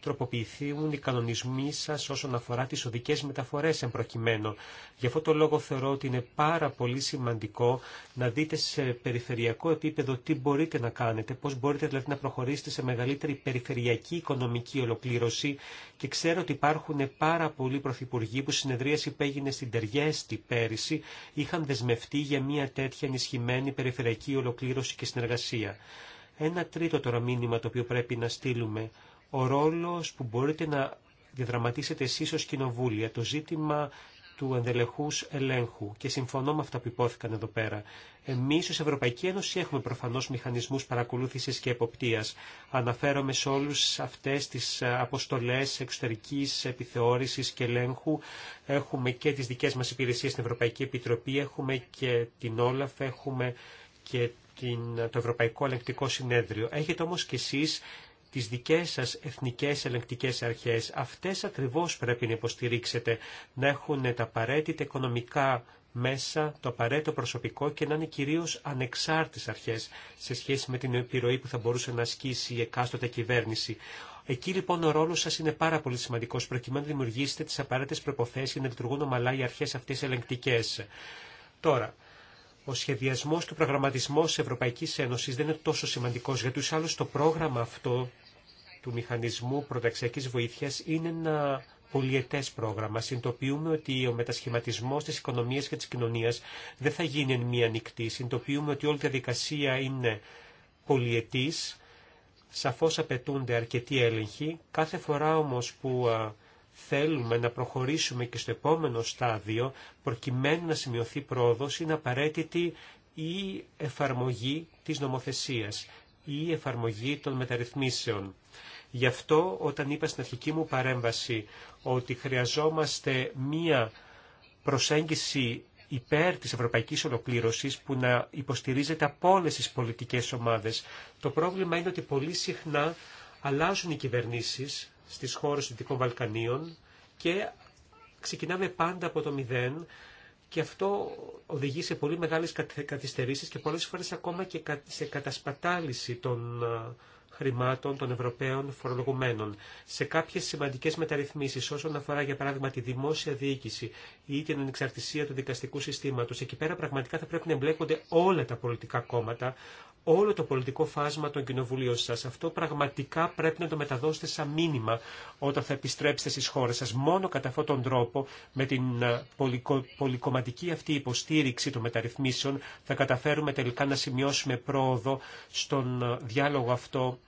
τροποποιηθούν οι κανονισμοί σα όσον αφορά τι οδικέ μεταφορέ εν προκειμένου. Γι' αυτό το λόγο θεωρώ ότι είναι πάρα πολύ σημαντικό να δείτε σε περιφερειακό επίπεδο τι μπορείτε να κάνετε, πώ μπορείτε δηλαδή να προχωρήσετε σε μεγαλύτερη περιφερειακή οικονομική ολοκλήρωση και ξέρω ότι υπάρχουν πάρα πολλοί πρωθυπουργοί που συνεδρίαση που έγινε στην Τεργέστη πέρυσι είχαν δεσμευτεί για μια τέτοια ενισχυμένη περιφερειακή ολοκλήρωση και συνεργασία. Ένα τρίτο τώρα μήνυμα το οποίο πρέπει να στείλουμε ο ρόλος που μπορείτε να διαδραματίσετε εσείς ως κοινοβούλια, το ζήτημα του ενδελεχούς ελέγχου και συμφωνώ με αυτά που υπόθηκαν εδώ πέρα. Εμείς ως Ευρωπαϊκή Ένωση έχουμε προφανώς μηχανισμούς παρακολούθησης και εποπτείας. Αναφέρομαι σε όλους αυτές τις αποστολές εξωτερικής επιθεώρησης και ελέγχου. Έχουμε και τις δικές μας υπηρεσίες στην Ευρωπαϊκή Επιτροπή, έχουμε και την Όλαφ, έχουμε και το Ευρωπαϊκό Ελεγκτικό Συνέδριο. Έχετε όμως και εσείς τις δικές σας εθνικές ελεγκτικές αρχές. Αυτές ακριβώς πρέπει να υποστηρίξετε, να έχουν τα απαραίτητα οικονομικά μέσα, το απαραίτητο προσωπικό και να είναι κυρίως ανεξάρτητες αρχές σε σχέση με την επιρροή που θα μπορούσε να ασκήσει η εκάστοτε κυβέρνηση. Εκεί λοιπόν ο ρόλο σα είναι πάρα πολύ σημαντικό, προκειμένου να δημιουργήσετε τι απαραίτητε προποθέσει για να λειτουργούν ομαλά οι αρχέ αυτέ ελεγκτικέ. Τώρα, ο σχεδιασμό και ο προγραμματισμό τη Ευρωπαϊκή Ένωση δεν είναι τόσο σημαντικό, γιατί του το πρόγραμμα αυτό του μηχανισμού προταξιακής βοήθειας είναι ένα πολιετές πρόγραμμα. Συντοποιούμε ότι ο μετασχηματισμός της οικονομίας και της κοινωνίας δεν θα γίνει εν μία νυχτή. Συντοποιούμε ότι όλη η διαδικασία είναι πολιετής. Σαφώς απαιτούνται αρκετοί έλεγχοι. Κάθε φορά όμως που θέλουμε να προχωρήσουμε και στο επόμενο στάδιο, προκειμένου να σημειωθεί πρόοδος, είναι απαραίτητη η εφαρμογή της νομοθεσίας η εφαρμογή των μεταρρυθμίσεων. Γι' αυτό όταν είπα στην αρχική μου παρέμβαση ότι χρειαζόμαστε μία προσέγγιση υπέρ της ευρωπαϊκής ολοκλήρωσης που να υποστηρίζεται από όλες τις πολιτικές ομάδες. Το πρόβλημα είναι ότι πολύ συχνά αλλάζουν οι κυβερνήσεις στις χώρες των Δυτικών Βαλκανίων και ξεκινάμε πάντα από το μηδέν και αυτό οδηγεί σε πολύ μεγάλες καθυστερήσεις και πολλές φορές ακόμα και σε κατασπατάληση των ε, χρημάτων των Ευρωπαίων φορολογουμένων. Σε κάποιες σημαντικές μεταρρυθμίσεις όσον αφορά για παράδειγμα τη δημόσια διοίκηση ή την ανεξαρτησία του δικαστικού συστήματος, εκεί πέρα πραγματικά θα πρέπει να εμπλέκονται όλα τα πολιτικά κόμματα, όλο το πολιτικό φάσμα των κοινοβουλίων σας. Αυτό πραγματικά πρέπει να το μεταδώσετε σαν μήνυμα όταν θα επιστρέψετε στις χώρες σας. Μόνο κατά αυτόν τον τρόπο, με την ε, πολυκο, πολυκομματική αυτή υποστήριξη των μεταρρυθμίσεων, θα καταφέρουμε τελικά να σημειώσουμε πρόοδο στον ε, διάλογο αυτό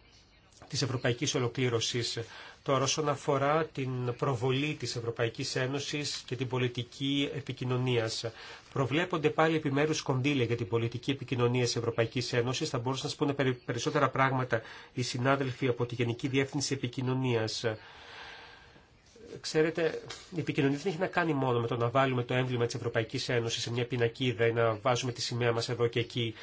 της ευρωπαϊκής ολοκλήρωσης. Τώρα όσον αφορά την προβολή της Ευρωπαϊκής Ένωσης και την πολιτική επικοινωνίας. Προβλέπονται πάλι επιμέρους κονδύλια για την πολιτική επικοινωνία της Ευρωπαϊκής Ένωσης. Θα μπορούσαν να σας περισσότερα πράγματα οι συνάδελφοι από τη Γενική Διεύθυνση Επικοινωνίας. Ξέρετε, η επικοινωνία δεν έχει να κάνει μόνο με το να βάλουμε το έμβλημα της Ευρωπαϊκής Ένωσης σε μια πινακίδα ή να βάζουμε τη σημαία μας εδώ και εκεί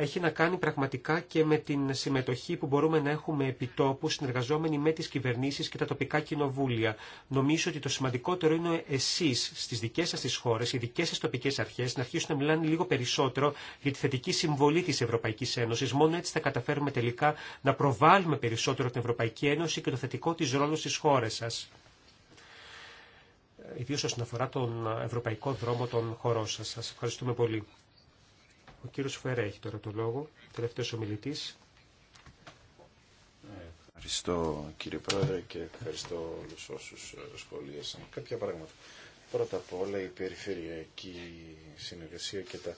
έχει να κάνει πραγματικά και με την συμμετοχή που μπορούμε να έχουμε επιτόπου συνεργαζόμενοι με τις κυβερνήσεις και τα τοπικά κοινοβούλια. Νομίζω ότι το σημαντικότερο είναι εσείς στις δικές σας τις χώρες, οι δικές σας τοπικές αρχές να αρχίσουν να μιλάνε λίγο περισσότερο για τη θετική συμβολή της Ευρωπαϊκής Ένωσης. Μόνο έτσι θα καταφέρουμε τελικά να προβάλλουμε περισσότερο την Ευρωπαϊκή Ένωση και το θετικό της ρόλο στις χώρες σας Ιδίω όσον αφορά τον ευρωπαϊκό δρόμο των χωρών σα Σας ευχαριστούμε πολύ. Ο κύριος Φερα έχει τώρα το λόγο, τελευταίος ομιλητής. Ε, ευχαριστώ κύριε Πρόεδρε και ευχαριστώ όλους όσους ε, σχολίασαν κάποια πράγματα. Πρώτα απ' όλα η περιφερειακή συνεργασία και τα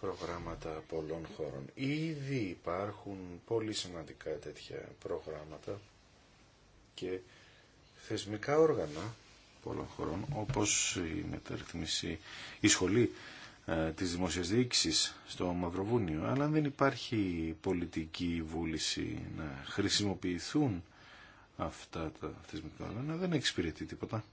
προγράμματα πολλών χώρων. Ήδη υπάρχουν πολύ σημαντικά τέτοια προγράμματα και θεσμικά όργανα πολλών χωρών όπως η μεταρρυθμίση, η σχολή ε, της δημόσιας διοίκησης στο Μαυροβούνιο, αλλά δεν υπάρχει πολιτική βούληση να χρησιμοποιηθούν αυτά τα θεσμικά όργανα, δεν εξυπηρετεί τίποτα.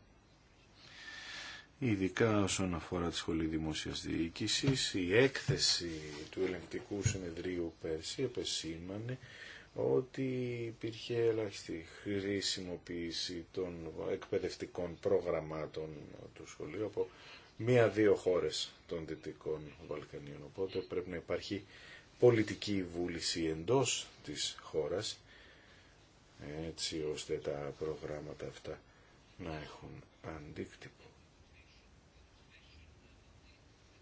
Ειδικά όσον αφορά τη Σχολή Δημόσιας Διοίκησης, η έκθεση του ελεγκτικού συνεδρίου πέρσι επεσήμανε ότι υπήρχε ελάχιστη χρησιμοποίηση των εκπαιδευτικών προγραμμάτων του σχολείου από μία-δύο χώρες των Δυτικών Βαλκανίων. Οπότε πρέπει να υπάρχει πολιτική βούληση εντός της χώρας έτσι ώστε τα προγράμματα αυτά να έχουν αντίκτυπο.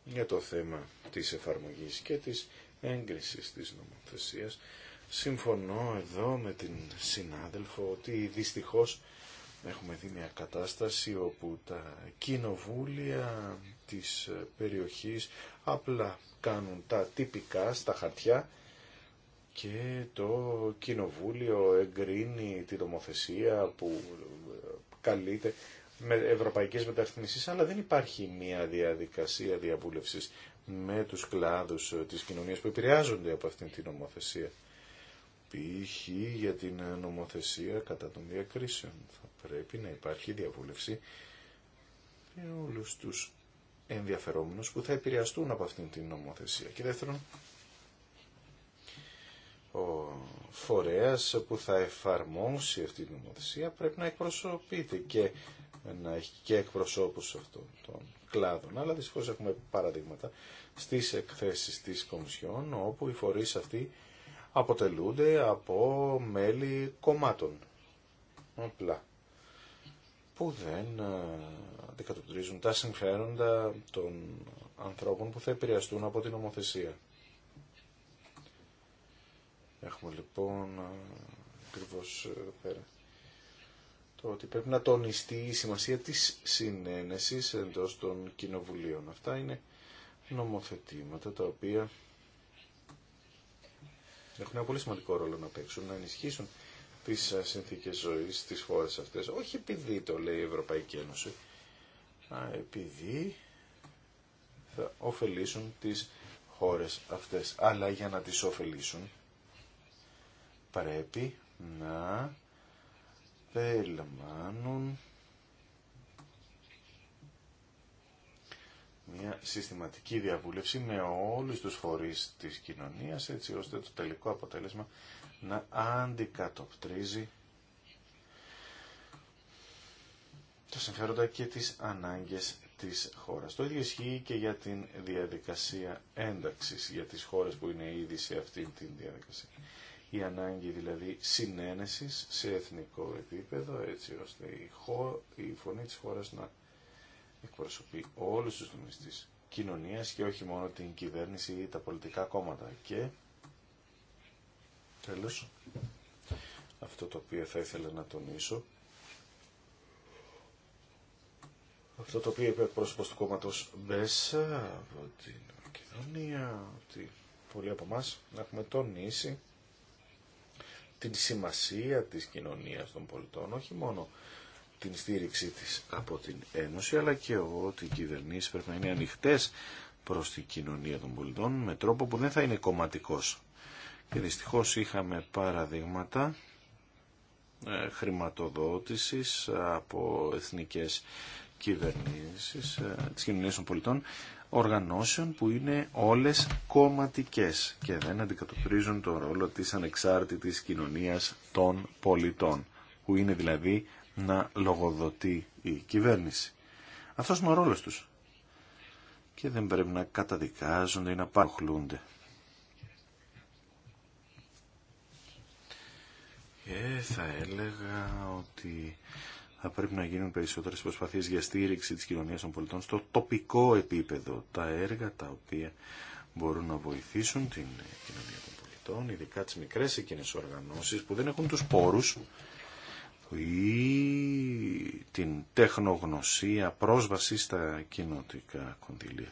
Για το θέμα της εφαρμογής και της έγκρισης της νομοθεσίας συμφωνώ εδώ με την συνάδελφο ότι δυστυχώς Έχουμε δει μια κατάσταση όπου τα κοινοβούλια της περιοχής απλά κάνουν τα τυπικά στα χαρτιά και το κοινοβούλιο εγκρίνει τη νομοθεσία που καλείται με ευρωπαϊκές μεταρρυθμίσεις, αλλά δεν υπάρχει μια διαδικασία διαβούλευσης με τους κλάδους της κοινωνίας που επηρεάζονται από αυτήν την νομοθεσία π.χ. για την νομοθεσία κατά των διακρίσεων. Θα πρέπει να υπάρχει διαβούλευση με όλους τους ενδιαφερόμενους που θα επηρεαστούν από αυτήν την νομοθεσία. Και δεύτερον, ο φορέας που θα εφαρμόσει αυτή την νομοθεσία πρέπει να εκπροσωπείται και να έχει και εκπροσώπους αυτόν τον κλάδο. Αλλά δυστυχώς έχουμε παραδείγματα στις εκθέσεις της Κομισιόν όπου οι φορείς αυτοί αποτελούνται από μέλη κομμάτων. Απλά. Που δεν ε, αντικατοπτρίζουν τα συμφέροντα των ανθρώπων που θα επηρεαστούν από την νομοθεσία. Έχουμε λοιπόν ε, ακριβώ πέρα το ότι πρέπει να τονιστεί η σημασία της συνένεσης εντός των κοινοβουλίων. Αυτά είναι νομοθετήματα τα οποία έχουν ένα πολύ σημαντικό ρόλο να παίξουν, να ενισχύσουν τις ε, συνθήκε ζωής στι χώρε αυτές. Όχι επειδή το λέει η Ευρωπαϊκή Ένωση, αλλά επειδή θα ωφελήσουν τις χώρε αυτές. Αλλά για να τις ωφελήσουν πρέπει να περιλαμβάνουν μια συστηματική διαβούλευση με όλους τους φορείς της κοινωνίας έτσι ώστε το τελικό αποτέλεσμα να αντικατοπτρίζει τα συμφέροντα και τις ανάγκες της χώρας. Το ίδιο ισχύει και για την διαδικασία ένταξης για τις χώρες που είναι ήδη σε αυτήν την διαδικασία. Η ανάγκη δηλαδή συνένεσης σε εθνικό επίπεδο έτσι ώστε η, η φωνή της χώρας να εκπροσωπεί όλους τους τομείς της κοινωνίας και όχι μόνο την κυβέρνηση ή τα πολιτικά κόμματα. Και τέλος, αυτό το οποίο θα ήθελα να τονίσω, αυτό το οποίο είπε πρόσωπος του κόμματος Μπέσα από την Μακεδονία, ότι πολλοί από εμά έχουμε τονίσει την σημασία της κοινωνίας των πολιτών, όχι μόνο την στήριξή της από την Ένωση, αλλά και ότι οι κυβερνήσεις πρέπει να είναι ανοιχτές προς την κοινωνία των πολιτών με τρόπο που δεν θα είναι κομματικός. Και δυστυχώς είχαμε παραδείγματα ε, χρηματοδότησης από εθνικές κυβερνήσεις ε, της κοινωνίας των πολιτών οργανώσεων που είναι όλες κομματικές και δεν αντικατοπτρίζουν τον ρόλο της ανεξάρτητης κοινωνίας των πολιτών που είναι δηλαδή να λογοδοτεί η κυβέρνηση. Αυτό είναι ο ρόλος τους. Και δεν πρέπει να καταδικάζονται ή να παροχλούνται. Και θα έλεγα ότι θα πρέπει να γίνουν περισσότερες προσπάθειες... για στήριξη της κοινωνίας των πολιτών στο τοπικό επίπεδο. Τα έργα τα οποία μπορούν να βοηθήσουν την κοινωνία των πολιτών, ειδικά τις μικρές εκείνες οργανώσεις που δεν έχουν τους πόρους ή την τεχνογνωσία, πρόσβαση στα κοινωτικά κονδυλία.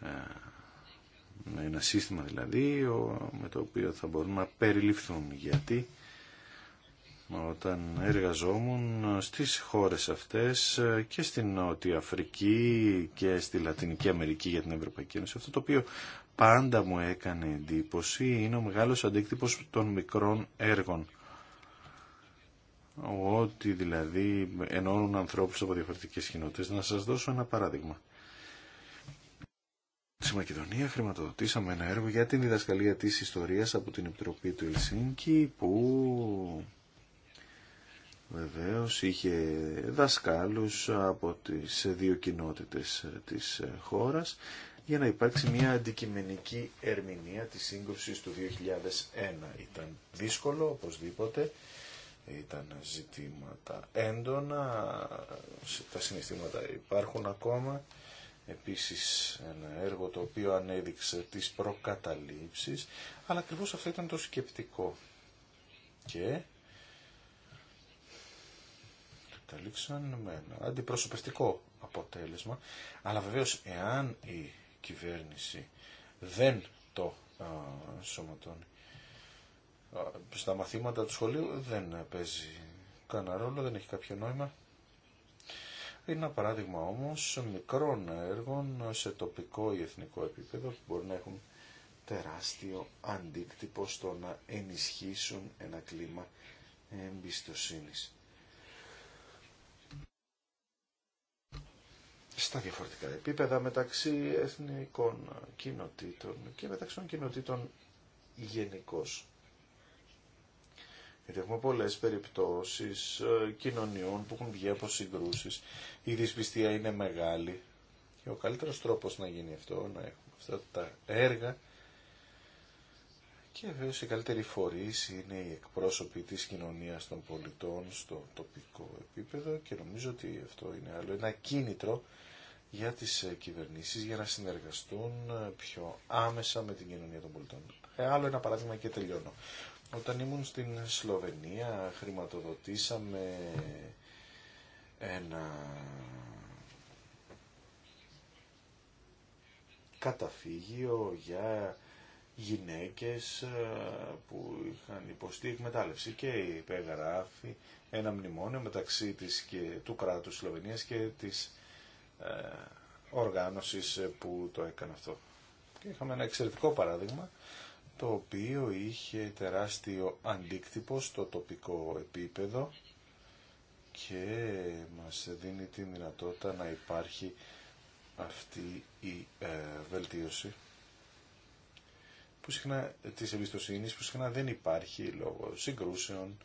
Ε, ένα σύστημα δηλαδή με το οποίο θα μπορούν να περιληφθούν γιατί όταν εργαζόμουν στις χώρες αυτές ε, και στην Νότια Αφρική και στη Λατινική Αμερική για την Ευρωπαϊκή Ένωση. Αυτό το οποίο πάντα μου έκανε εντύπωση είναι ο μεγάλος αντίκτυπος των μικρών έργων ότι δηλαδή ενώνουν ανθρώπους από διαφορετικές κοινότητες. Να σας δώσω ένα παράδειγμα. Στη Μακεδονία χρηματοδοτήσαμε ένα έργο για την διδασκαλία της ιστορίας από την Επιτροπή του Ελσίνκη που βεβαίως είχε δασκάλους από τις δύο κοινότητες της χώρας για να υπάρξει μια αντικειμενική ερμηνεία της σύγκρουσης του 2001. Ήταν δύσκολο οπωσδήποτε ήταν ζητήματα έντονα, τα συναισθήματα υπάρχουν ακόμα. Επίσης ένα έργο το οποίο ανέδειξε τις προκαταλήψεις, αλλά ακριβώ αυτό ήταν το σκεπτικό. Και καταλήξαν με ένα αντιπροσωπευτικό αποτέλεσμα, αλλά βεβαίως εάν η κυβέρνηση δεν το α, σωματώνει στα μαθήματα του σχολείου δεν παίζει κανένα ρόλο, δεν έχει κάποιο νόημα. Είναι ένα παράδειγμα όμως μικρών έργων σε τοπικό ή εθνικό επίπεδο που μπορεί να έχουν τεράστιο αντίκτυπο στο να ενισχύσουν ένα κλίμα εμπιστοσύνης. στα διαφορετικά επίπεδα μεταξύ εθνικών κοινοτήτων και μεταξύ των κοινοτήτων γενικώς. Γιατί έχουμε πολλές περιπτώσεις ε, κοινωνιών που έχουν βγει από συγκρούσεις. Η δυσπιστία είναι μεγάλη. Και ο καλύτερος τρόπος να γίνει αυτό, να έχουμε αυτά τα έργα και βέβαια οι καλύτερη φορείς είναι οι εκπρόσωποι της κοινωνίας των πολιτών στο τοπικό επίπεδο και νομίζω ότι αυτό είναι άλλο ένα κίνητρο για τις ε, κυβερνήσεις για να συνεργαστούν ε, πιο άμεσα με την κοινωνία των πολιτών. Άλλο ένα παράδειγμα και τελειώνω. Όταν ήμουν στην Σλοβενία χρηματοδοτήσαμε ένα καταφύγιο για γυναίκες ε, που είχαν υποστεί εκμετάλλευση και υπεγράφει ένα μνημόνιο μεταξύ και, του κράτους Σλοβενίας και της ε, που το έκανε αυτό. Και είχαμε ένα εξαιρετικό παράδειγμα το οποίο είχε τεράστιο αντίκτυπο στο τοπικό επίπεδο και μας δίνει τη δυνατότητα να υπάρχει αυτή η ε, βελτίωση που συχνά, της εμπιστοσύνης που συχνά δεν υπάρχει λόγω συγκρούσεων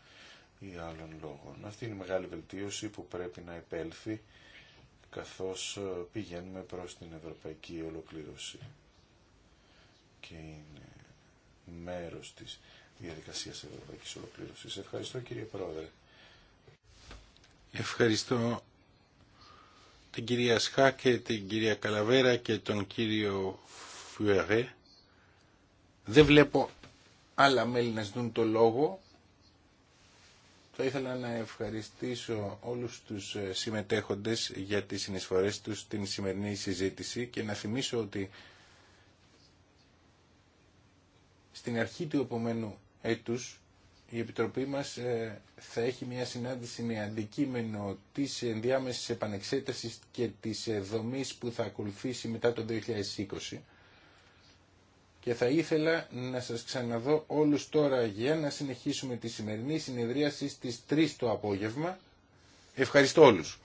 ή άλλων λόγων. Αυτή είναι η μεγάλη βελτίωση που πρέπει να επέλθει καθώς ε, πηγαίνουμε προς την ευρωπαϊκή ολοκλήρωση. Και μέρος της διαδικασίας ευρωπαϊκής ολοκλήρωσης. Ευχαριστώ κύριε Πρόεδρε. Ευχαριστώ την κυρία Σχά και την κυρία Καλαβέρα και τον κύριο Φιουερέ. Δεν βλέπω άλλα μέλη να ζητούν το λόγο. Θα ήθελα να ευχαριστήσω όλους τους ε, συμμετέχοντες για τις συνεισφορές τους στην σημερινή συζήτηση και να θυμίσω ότι στην αρχή του επόμενου έτους η Επιτροπή μας ε, θα έχει μια συνάντηση με αντικείμενο της ενδιάμεσης επανεξέτασης και της δομής που θα ακολουθήσει μετά το 2020 και θα ήθελα να σας ξαναδώ όλους τώρα για να συνεχίσουμε τη σημερινή συνεδρίαση στις 3 το απόγευμα. Ευχαριστώ όλους.